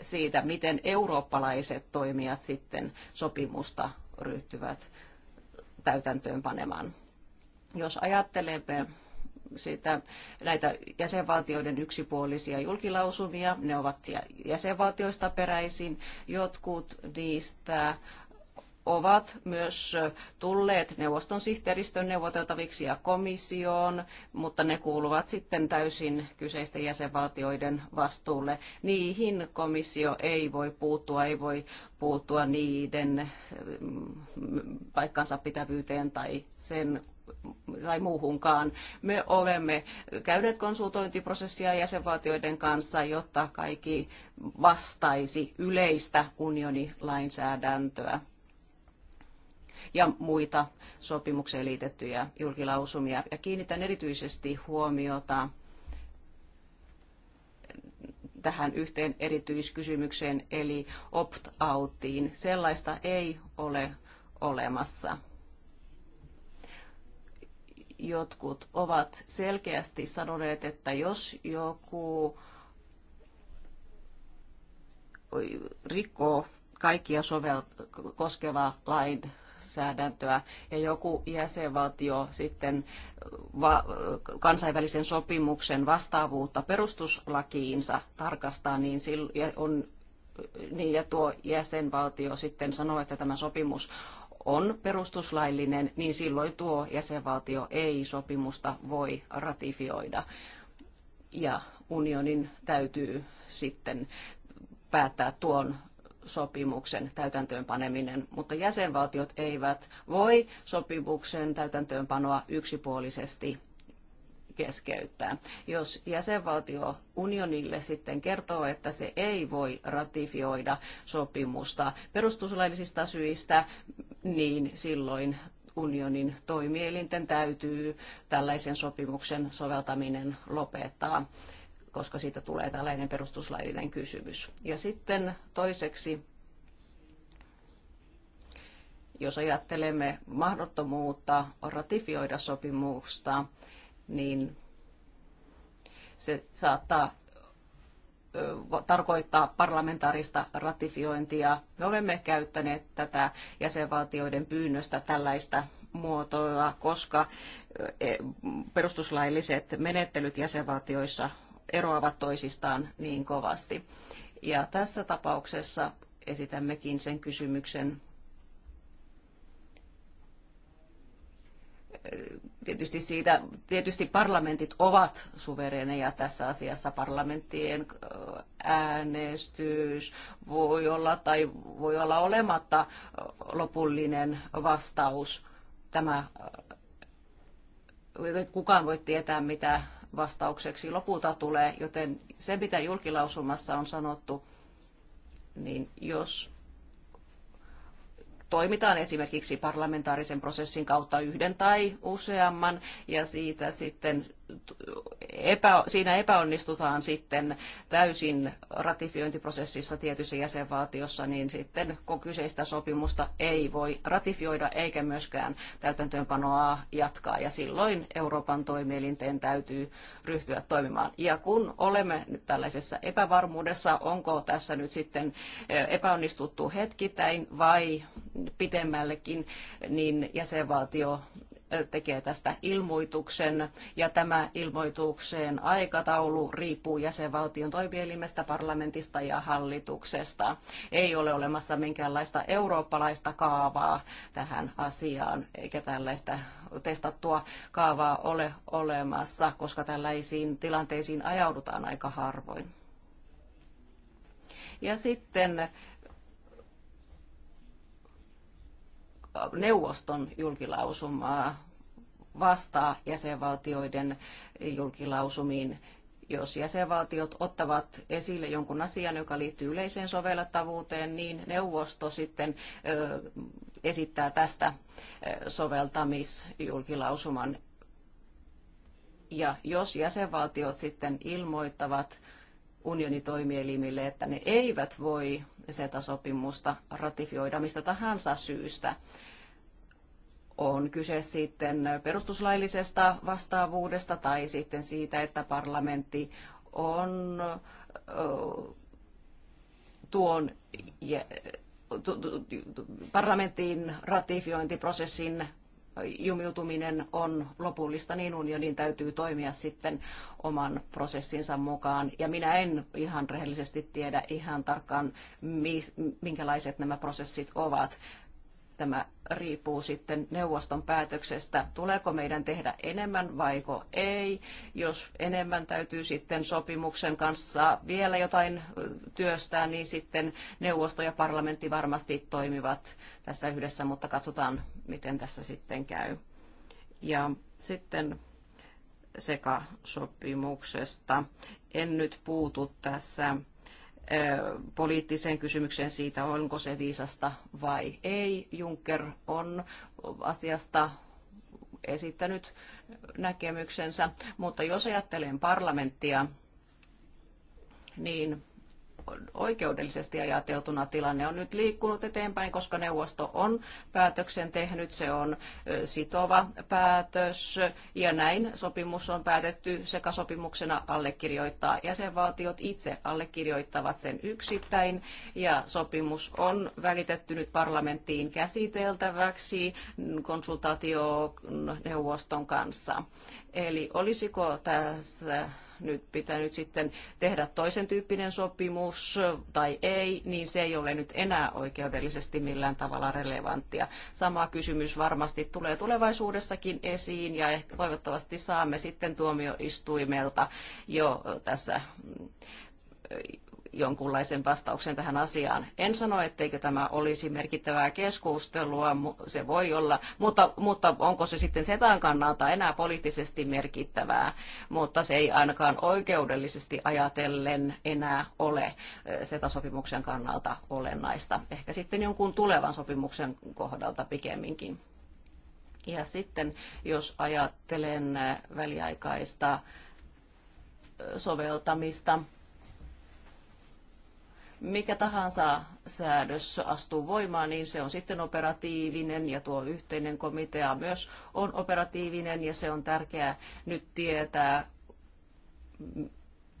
Speaker 4: siitä, miten eurooppalaiset toimijat sitten sopimusta ryhtyvät täytäntöön panemaan. Jos ajattelemme sitä, näitä jäsenvaltioiden yksipuolisia julkilausumia, ne ovat jäsenvaltioista peräisin, jotkut niistä ovat myös tulleet neuvoston sihteeristön neuvoteltaviksi ja komissioon, mutta ne kuuluvat sitten täysin kyseisten jäsenvaltioiden vastuulle. Niihin komissio ei voi puuttua, ei voi puuttua niiden mm, paikkansa pitävyyteen tai sen tai muuhunkaan. Me olemme käyneet konsultointiprosessia jäsenvaltioiden kanssa, jotta kaikki vastaisi yleistä unionilainsäädäntöä ja muita sopimukseen liitettyjä julkilausumia. Ja kiinnitän erityisesti huomiota tähän yhteen erityiskysymykseen, eli opt-outiin. Sellaista ei ole olemassa jotkut ovat selkeästi sanoneet, että jos joku rikkoo kaikkia sovel- koskevaa lainsäädäntöä ja joku jäsenvaltio sitten va- kansainvälisen sopimuksen vastaavuutta perustuslakiinsa tarkastaa, niin on niin ja tuo jäsenvaltio sitten sanoo, että tämä sopimus on perustuslaillinen, niin silloin tuo jäsenvaltio ei sopimusta voi ratifioida. Ja unionin täytyy sitten päättää tuon sopimuksen täytäntöönpaneminen, mutta jäsenvaltiot eivät voi sopimuksen täytäntöönpanoa yksipuolisesti keskeyttää. Jos jäsenvaltio unionille sitten kertoo, että se ei voi ratifioida sopimusta perustuslaillisista syistä, niin silloin unionin toimielinten täytyy tällaisen sopimuksen soveltaminen lopettaa, koska siitä tulee tällainen perustuslaillinen kysymys. Ja sitten toiseksi, jos ajattelemme mahdottomuutta ratifioida sopimusta, niin se saattaa tarkoittaa parlamentaarista ratifiointia. Me olemme käyttäneet tätä jäsenvaltioiden pyynnöstä tällaista muotoa, koska e, perustuslailliset menettelyt jäsenvaltioissa eroavat toisistaan niin kovasti. Ja tässä tapauksessa esitämmekin sen kysymyksen, tietysti siitä, tietysti parlamentit ovat suvereneja tässä asiassa. Parlamenttien äh, äänestys voi olla tai voi olla olematta lopullinen vastaus. Tämä, äh, kukaan voi tietää, mitä vastaukseksi lopulta tulee, joten se, mitä julkilausumassa on sanottu, niin jos toimitaan esimerkiksi parlamentaarisen prosessin kautta yhden tai useamman ja siitä sitten epä, siinä epäonnistutaan sitten täysin ratifiointiprosessissa tietyssä jäsenvaltiossa, niin sitten kun kyseistä sopimusta ei voi ratifioida eikä myöskään täytäntöönpanoa jatkaa. Ja silloin Euroopan toimielinten täytyy ryhtyä toimimaan. Ja kun olemme nyt tällaisessa epävarmuudessa, onko tässä nyt sitten epäonnistuttu hetkittäin vai pitemmällekin, niin jäsenvaltio tekee tästä ilmoituksen ja tämä ilmoitukseen aikataulu riippuu jäsenvaltion toimielimestä, parlamentista ja hallituksesta. Ei ole olemassa minkäänlaista eurooppalaista kaavaa tähän asiaan eikä tällaista testattua kaavaa ole olemassa, koska tällaisiin tilanteisiin ajaudutaan aika harvoin. Ja sitten neuvoston julkilausumaa vastaa jäsenvaltioiden julkilausumiin jos jäsenvaltiot ottavat esille jonkun asian, joka liittyy yleiseen sovellettavuuteen, niin neuvosto sitten esittää tästä soveltamisjulkilausuman. Ja jos jäsenvaltiot sitten ilmoittavat unionitoimielimille, että ne eivät voi SETA-sopimusta ratifioida mistä tahansa syystä. On kyse sitten perustuslaillisesta vastaavuudesta tai sitten siitä, että parlamentti on tuon parlamentin ratifiointiprosessin jumiutuminen on lopullista, niin unionin täytyy toimia sitten oman prosessinsa mukaan. Ja minä en ihan rehellisesti tiedä ihan tarkkaan, minkälaiset nämä prosessit ovat. Tämä riippuu sitten neuvoston päätöksestä, tuleeko meidän tehdä enemmän vaiko ei. Jos enemmän täytyy sitten sopimuksen kanssa vielä jotain työstää, niin sitten neuvosto ja parlamentti varmasti toimivat tässä yhdessä, mutta katsotaan, miten tässä sitten käy. Ja sitten sekasopimuksesta. En nyt puutu tässä poliittiseen kysymykseen siitä, onko se viisasta vai ei. Juncker on asiasta esittänyt näkemyksensä, mutta jos ajattelen parlamenttia, niin oikeudellisesti ajateltuna tilanne on nyt liikkunut eteenpäin, koska neuvosto on päätöksen tehnyt, se on sitova päätös ja näin sopimus on päätetty sekä sopimuksena allekirjoittaa. Jäsenvaltiot itse allekirjoittavat sen yksittäin ja sopimus on välitetty nyt parlamenttiin käsiteltäväksi konsultaationeuvoston kanssa. Eli olisiko tässä nyt pitää nyt sitten tehdä toisen tyyppinen sopimus tai ei, niin se ei ole nyt enää oikeudellisesti millään tavalla relevanttia. Sama kysymys varmasti tulee tulevaisuudessakin esiin ja ehkä toivottavasti saamme sitten tuomioistuimelta jo tässä jonkunlaisen vastauksen tähän asiaan. En sano, etteikö tämä olisi merkittävää keskustelua, se voi olla, mutta, mutta onko se sitten setan kannalta enää poliittisesti merkittävää, mutta se ei ainakaan oikeudellisesti ajatellen enää ole eh, setasopimuksen kannalta olennaista. Ehkä sitten jonkun tulevan sopimuksen kohdalta pikemminkin. Ja sitten jos ajattelen eh, väliaikaista eh, soveltamista, mikä tahansa säädös astuu voimaan, niin se on sitten operatiivinen ja tuo yhteinen komitea myös on operatiivinen ja se on tärkeää nyt tietää,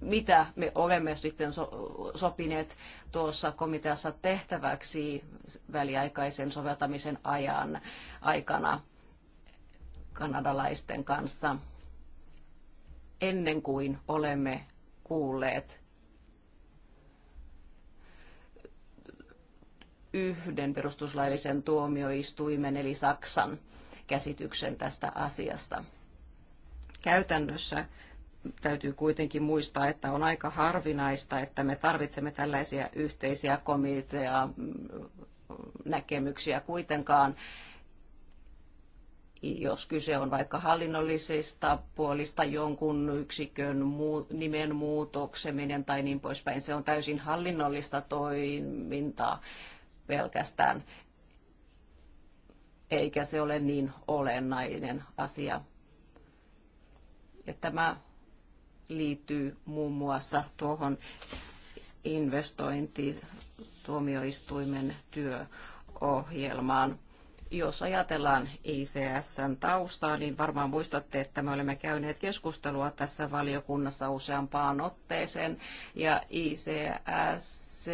Speaker 4: mitä me olemme sitten so- sopineet tuossa komiteassa tehtäväksi väliaikaisen soveltamisen ajan aikana kanadalaisten kanssa ennen kuin olemme kuulleet yhden perustuslaillisen tuomioistuimen eli Saksan käsityksen tästä asiasta. Käytännössä täytyy kuitenkin muistaa, että on aika harvinaista, että me tarvitsemme tällaisia yhteisiä komitea mm, näkemyksiä kuitenkaan jos kyse on vaikka hallinnollisista puolista jonkun yksikön muu, nimen muutokseminen tai niin poispäin, se on täysin hallinnollista toimintaa pelkästään, eikä se ole niin olennainen asia. Ja tämä liittyy muun muassa tuohon investointituomioistuimen työohjelmaan. Jos ajatellaan ICSn taustaa, niin varmaan muistatte, että me olemme käyneet keskustelua tässä valiokunnassa useampaan otteeseen, ja ICS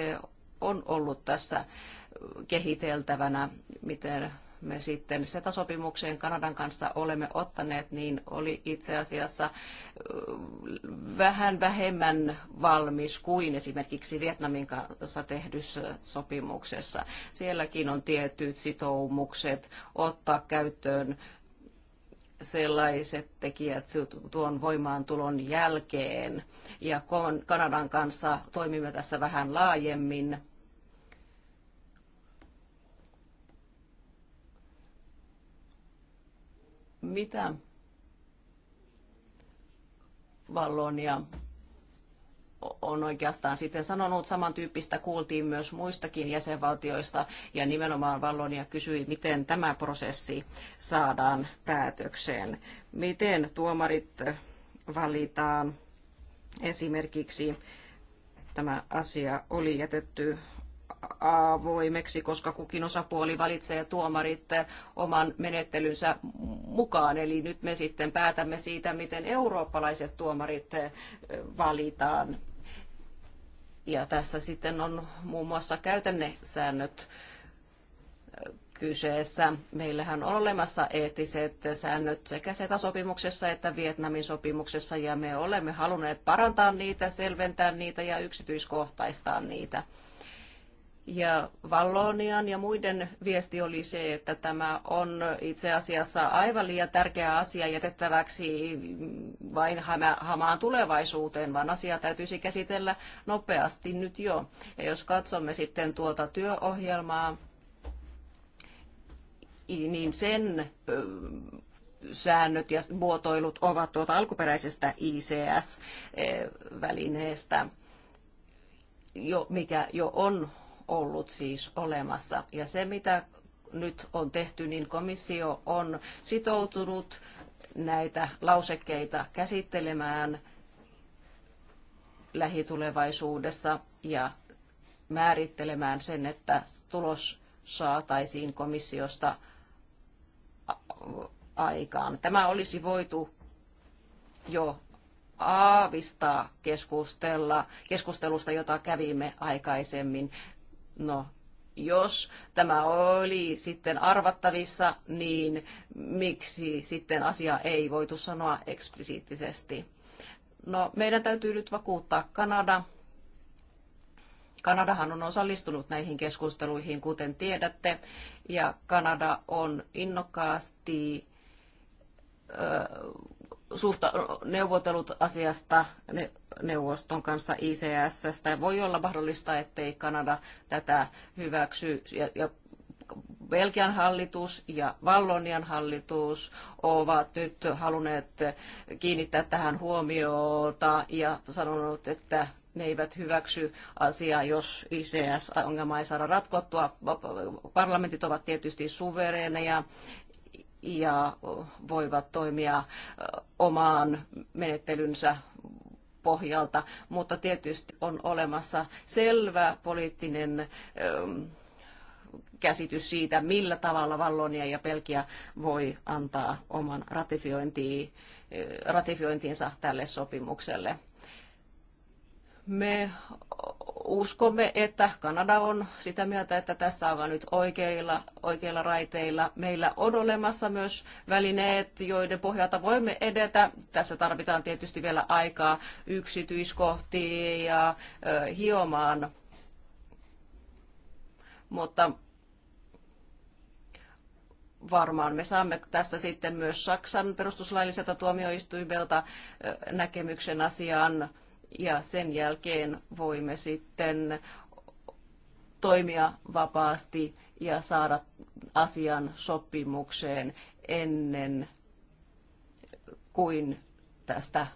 Speaker 4: on ollut tässä kehiteltävänä, miten me sitten SETA-sopimukseen Kanadan kanssa olemme ottaneet, niin oli itse asiassa vähän vähemmän valmis kuin esimerkiksi Vietnamin kanssa tehdyssä sopimuksessa. Sielläkin on tietyt sitoumukset ottaa käyttöön sellaiset tekijät tuon voimaantulon jälkeen. Ja Kanadan kanssa toimimme tässä vähän laajemmin Mitä Vallonia on oikeastaan sitten sanonut. Samantyyppistä kuultiin myös muistakin jäsenvaltioista ja nimenomaan Vallonia kysyi, miten tämä prosessi saadaan päätökseen. Miten tuomarit valitaan? Esimerkiksi tämä asia oli jätetty avoimeksi, koska kukin osapuoli valitsee tuomarit oman menettelynsä mukaan. Eli nyt me sitten päätämme siitä, miten eurooppalaiset tuomarit valitaan. Ja tässä sitten on muun muassa käytännesäännöt kyseessä. Meillähän on olemassa eettiset säännöt sekä SETA-sopimuksessa että Vietnamin sopimuksessa, ja me olemme halunneet parantaa niitä, selventää niitä ja yksityiskohtaistaa niitä. Ja Vallonian ja muiden viesti oli se, että tämä on itse asiassa aivan liian tärkeä asia jätettäväksi vain hamaan tulevaisuuteen, vaan asia täytyisi käsitellä nopeasti nyt jo. Ja jos katsomme sitten tuota työohjelmaa, niin sen säännöt ja muotoilut ovat tuota alkuperäisestä ICS-välineestä, jo, mikä jo on ollut siis olemassa. Ja se, mitä nyt on tehty, niin komissio on sitoutunut näitä lausekkeita käsittelemään lähitulevaisuudessa ja määrittelemään sen, että tulos saataisiin komissiosta aikaan. Tämä olisi voitu jo aavistaa keskustella, keskustelusta, jota kävimme aikaisemmin No, jos tämä oli sitten arvattavissa, niin miksi sitten asia ei voitu sanoa eksplisiittisesti? No, meidän täytyy nyt vakuuttaa Kanada. Kanadahan on osallistunut näihin keskusteluihin, kuten tiedätte, ja Kanada on innokkaasti suhta, neuvotellut asiasta neuvoston kanssa ICS. -stä. Voi olla mahdollista, ettei Kanada tätä hyväksy ja, ja Belgian hallitus ja Vallonian hallitus ovat nyt halunneet kiinnittää tähän huomiota ja sanonut, että ne eivät hyväksy asiaa, jos ICS-ongelma ei saada ratkottua. Parlamentit ovat tietysti suvereeneja ja voivat toimia omaan menettelynsä pohjalta, mutta tietysti on olemassa selvä poliittinen käsitys siitä, millä tavalla Vallonia ja Pelkiä voi antaa oman ratifiointiinsa tälle sopimukselle. Me uskomme, että Kanada on sitä mieltä, että tässä ollaan nyt oikeilla, oikeilla raiteilla. Meillä on olemassa myös välineet, joiden pohjalta voimme edetä. Tässä tarvitaan tietysti vielä aikaa yksityiskohtiin ja ö, hiomaan. Mutta varmaan me saamme tässä sitten myös Saksan perustuslailliselta tuomioistuimelta näkemyksen asiaan ja sen jälkeen voimme sitten toimia vapaasti ja saada asian sopimukseen ennen kuin tästä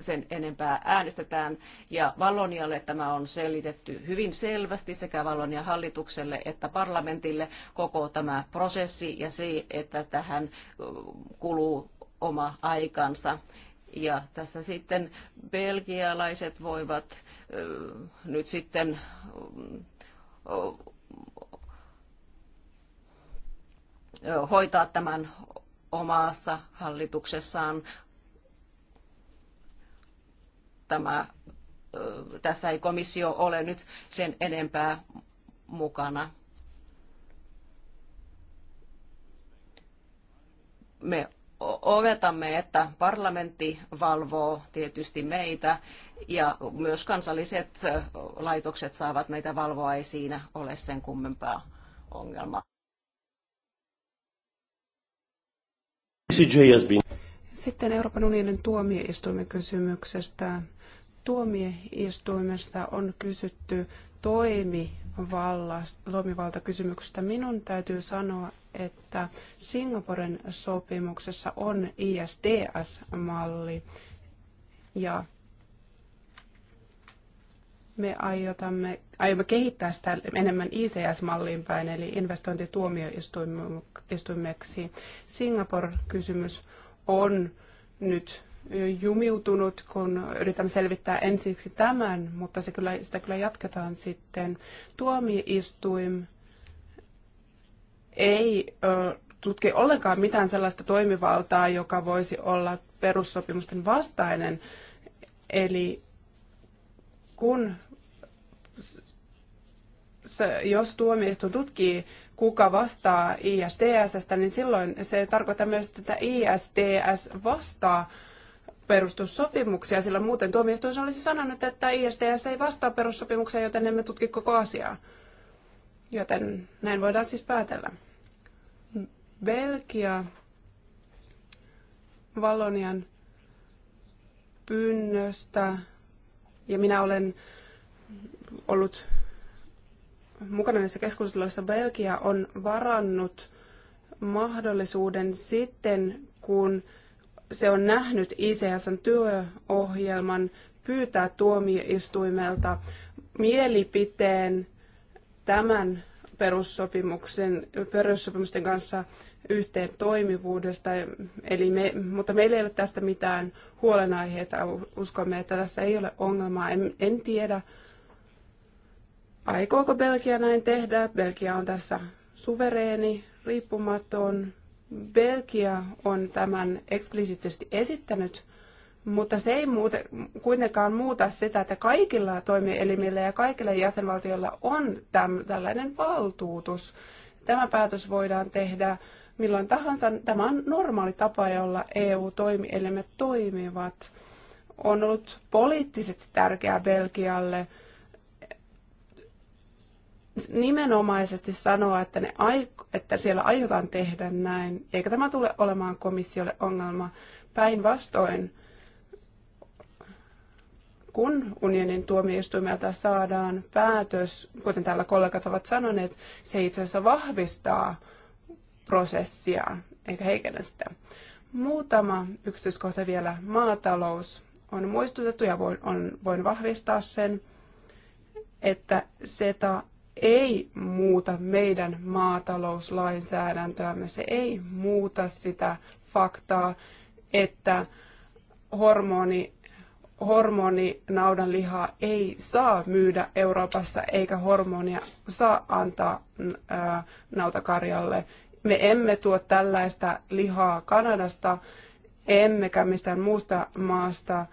Speaker 4: sen enempää äänestetään. Ja Vallonialle tämä on selitetty hyvin selvästi sekä Vallonia hallitukselle että parlamentille koko tämä prosessi ja se, että tähän kuluu oma aikansa. Ja tässä sitten belgialaiset voivat nyt sitten hoitaa tämän omassa hallituksessaan. Tämä, tässä ei komissio ole nyt sen enempää mukana. Me ovetamme, että parlamentti valvoo tietysti meitä ja myös kansalliset laitokset saavat meitä valvoa, ei siinä ole sen kummempaa
Speaker 5: ongelmaa.
Speaker 2: Sitten Euroopan unionin tuomioistuimen kysymyksestä. Tuomioistuimesta on kysytty toimivalta toimivaltakysymyksestä. Minun täytyy sanoa, että Singaporen sopimuksessa on ISDS-malli ja me aiotamme, aiomme kehittää sitä enemmän ICS-malliin päin, eli investointituomioistuimeksi. Singapore-kysymys on nyt jumiutunut, kun yritämme selvittää ensiksi tämän, mutta se kyllä, sitä kyllä jatketaan sitten. Tuomioistuin ei tutki ollenkaan mitään sellaista toimivaltaa, joka voisi olla perussopimusten vastainen. Eli kun se, jos tuomioistuin tutkii, kuka vastaa ISTSstä, niin silloin se tarkoittaa myös, että ISTS vastaa perustussopimuksia, sillä muuten tuomioistuin olisi sanonut, että ISTS ei vastaa perussopimuksia, joten emme tutki koko asiaa. Joten näin voidaan siis päätellä. Belgia Valonian pyynnöstä ja minä olen ollut mukana näissä keskusteluissa. Belgia on varannut mahdollisuuden sitten, kun se on nähnyt ICSn työohjelman pyytää tuomioistuimelta mielipiteen tämän perussopimuksen, perussopimusten kanssa yhteen toimivuudesta, eli me, mutta meillä ei ole tästä mitään huolenaiheita. Uskomme, että tässä ei ole ongelmaa. En, en tiedä, aikooko Belgia näin tehdä. Belgia on tässä suvereeni, riippumaton. Belgia on tämän eksplisiittisesti esittänyt mutta se ei muute, kuitenkaan muuta sitä, että kaikilla toimielimillä ja kaikilla jäsenvaltioilla on täm, tällainen valtuutus. Tämä päätös voidaan tehdä milloin tahansa. Tämä on normaali tapa, jolla EU-toimielimet toimivat. On ollut poliittisesti tärkeää Belgialle nimenomaisesti sanoa, että, ne, että siellä aiotaan tehdä näin, eikä tämä tule olemaan komissiolle ongelma. Päinvastoin kun unionin tuomioistuimelta saadaan päätös, kuten täällä kollegat ovat sanoneet, se itse asiassa vahvistaa prosessia eikä heikennä sitä. Muutama yksityiskohta vielä. Maatalous on muistutettu ja voin, on, voin vahvistaa sen, että SETA ei muuta meidän maatalouslainsäädäntöämme. Se ei muuta sitä faktaa, että hormoni lihaa ei saa myydä Euroopassa eikä hormonia saa antaa nautakarjalle. Me emme tuo tällaista lihaa Kanadasta emmekä mistään muusta maasta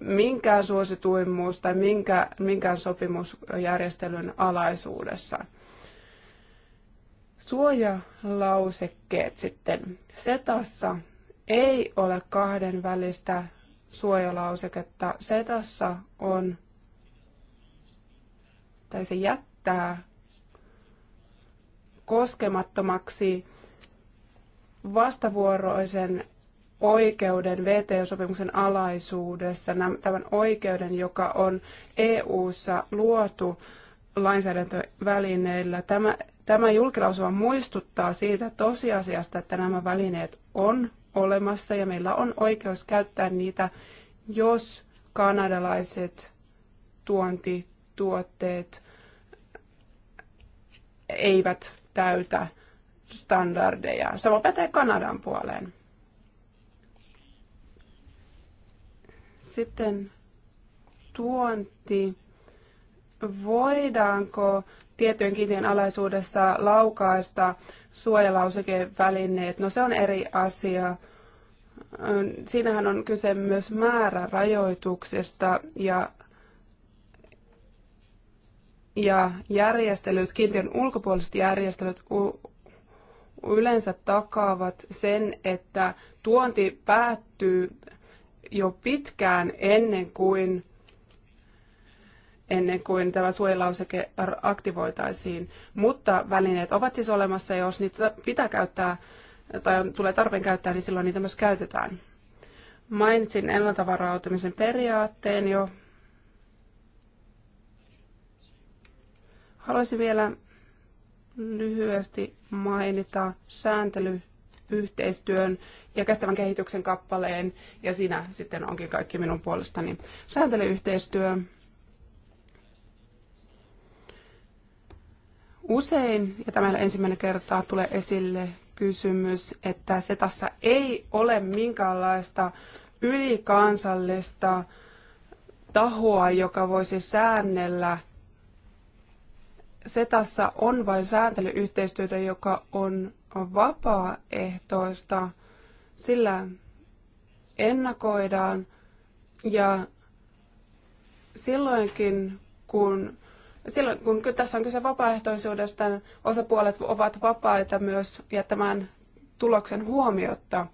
Speaker 2: minkään suosituimmuus tai minkä, minkään sopimusjärjestelyn alaisuudessa. Suojalausekkeet sitten. Setassa ei ole kahden välistä suojalauseketta. Se tässä on, tai se jättää koskemattomaksi vastavuoroisen oikeuden VTO-sopimuksen alaisuudessa, tämän oikeuden, joka on EU-ssa luotu lainsäädäntövälineillä. Tämä, tämä julkilausuma muistuttaa siitä tosiasiasta, että nämä välineet on olemassa ja meillä on oikeus käyttää niitä, jos kanadalaiset tuontituotteet eivät täytä standardeja. Sama pätee Kanadan puoleen. Sitten tuonti voidaanko tiettyjen kiintiön alaisuudessa laukaista suojalausekevälineet? No se on eri asia. Siinähän on kyse myös määrärajoituksista ja, ja järjestelyt, kiintiön ulkopuoliset järjestelyt yleensä takaavat sen, että tuonti päättyy jo pitkään ennen kuin ennen kuin tämä suojelauseke aktivoitaisiin. Mutta välineet ovat siis olemassa, ja jos niitä pitää käyttää tai tulee tarpeen käyttää, niin silloin niitä myös käytetään. Mainitsin ennaltavarautumisen periaatteen jo. Haluaisin vielä lyhyesti mainita sääntelyyhteistyön ja kestävän kehityksen kappaleen, ja siinä sitten onkin kaikki minun puolestani. Sääntelyyhteistyö Usein, ja tämä ensimmäinen kertaa tulee esille kysymys, että setassa ei ole minkäänlaista ylikansallista tahoa, joka voisi säännellä. Setassa on vain sääntelyyhteistyötä, joka on vapaaehtoista. Sillä ennakoidaan ja silloinkin, kun silloin kun tässä on kyse vapaaehtoisuudesta, osapuolet ovat vapaita myös jättämään tuloksen huomiota.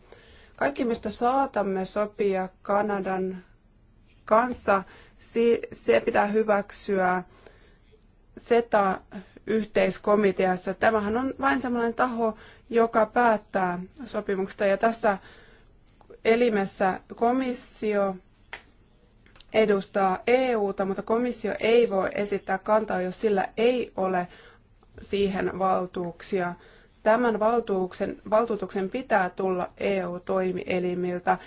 Speaker 2: Kaikki, mistä saatamme sopia Kanadan kanssa, se pitää hyväksyä CETA-yhteiskomiteassa. Tämähän on vain sellainen taho, joka päättää sopimuksesta. Ja tässä elimessä komissio edustaa EUta, mutta komissio ei voi esittää kantaa, jos sillä ei ole siihen valtuuksia. Tämän valtuuksen, valtuutuksen pitää tulla EU-toimielimiltä.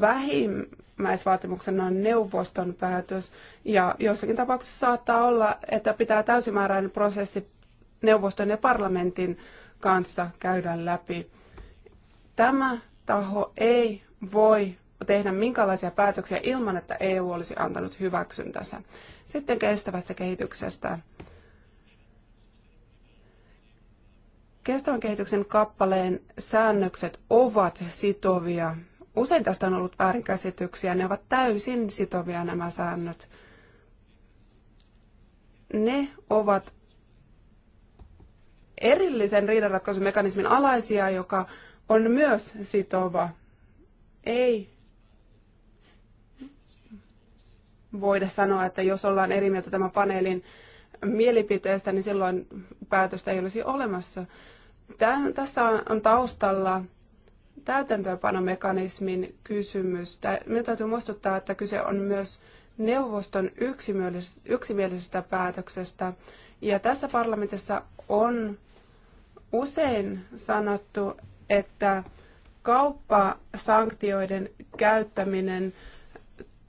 Speaker 2: Vähimmäisvaatimuksena on neuvoston päätös, ja jossakin tapauksessa saattaa olla, että pitää täysimääräinen prosessi neuvoston ja parlamentin kanssa käydä läpi. Tämä taho ei voi tehdä minkälaisia päätöksiä ilman, että EU olisi antanut hyväksyntänsä. Sitten kestävästä kehityksestä. Kestävän kehityksen kappaleen säännökset ovat sitovia. Usein tästä on ollut väärinkäsityksiä. Ne ovat täysin sitovia nämä säännöt. Ne ovat erillisen riidanratkaisumekanismin alaisia, joka on myös sitova. Ei voida sanoa, että jos ollaan eri mieltä tämän paneelin mielipiteestä, niin silloin päätöstä ei olisi olemassa. Tän, tässä on taustalla täytäntöönpanomekanismin kysymys. Minun täytyy muistuttaa, että kyse on myös neuvoston yksimielisestä, yksimielisestä päätöksestä. Ja tässä parlamentissa on usein sanottu, että kauppasanktioiden käyttäminen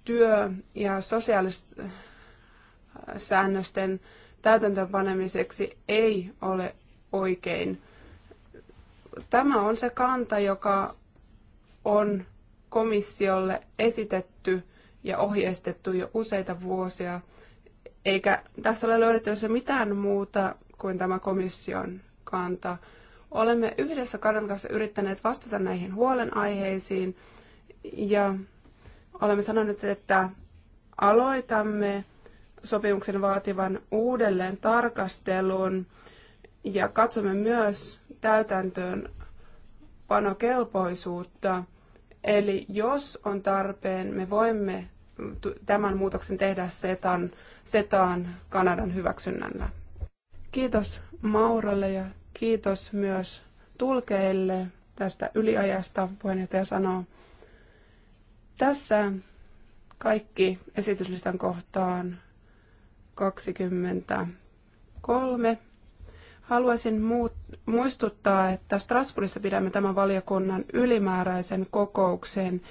Speaker 2: työ- ja sosiaalisäännösten täytäntöönpanemiseksi ei ole oikein. Tämä on se kanta, joka on komissiolle esitetty ja ohjeistettu jo useita vuosia, eikä tässä ole löydettävissä mitään muuta kuin tämä komission kanta. Olemme yhdessä Kadon kanssa yrittäneet vastata näihin huolenaiheisiin ja Olemme sanoneet, että aloitamme sopimuksen vaativan uudelleen tarkastelun ja katsomme myös täytäntöön panokelpoisuutta. Eli jos on tarpeen, me voimme tämän muutoksen tehdä setan, setaan Kanadan hyväksynnällä. Kiitos Mauralle ja kiitos myös tulkeille tästä yliajasta, puheenjohtaja sanoo. Tässä kaikki esityslistan kohtaan 23. Haluaisin muut, muistuttaa, että Strasbourgissa pidämme tämän valiokunnan ylimääräisen kokouksen.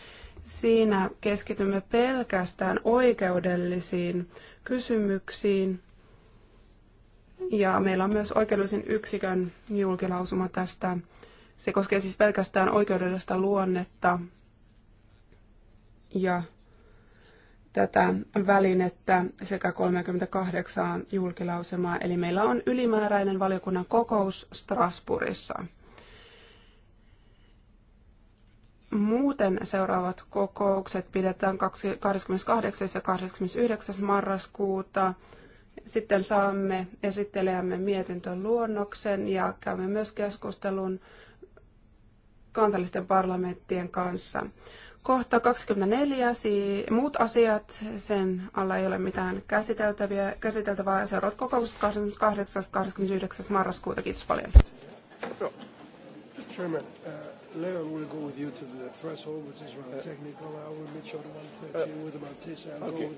Speaker 2: Siinä keskitymme pelkästään oikeudellisiin kysymyksiin. Ja meillä on myös oikeudellisen yksikön julkilausuma tästä. Se koskee siis pelkästään oikeudellista luonnetta ja tätä välinettä sekä 38 julkilausemaa. Eli meillä on ylimääräinen valiokunnan kokous Strasbourgissa. Muuten seuraavat kokoukset pidetään 28. ja 29. marraskuuta. Sitten saamme esittelijämme mietintöluonnoksen ja käymme myös keskustelun kansallisten parlamenttien kanssa. Kohta 24, muut asiat, sen alla ei ole mitään käsiteltäviä, käsiteltävää. Seuraavat kokoukset 28. 29. marraskuuta. Kiitos paljon.
Speaker 3: Uh, Leon will go with you to the threshold, which is rather uh, technical. I will meet uh, you at 1.30 uh, with Matisse. I'll okay. go with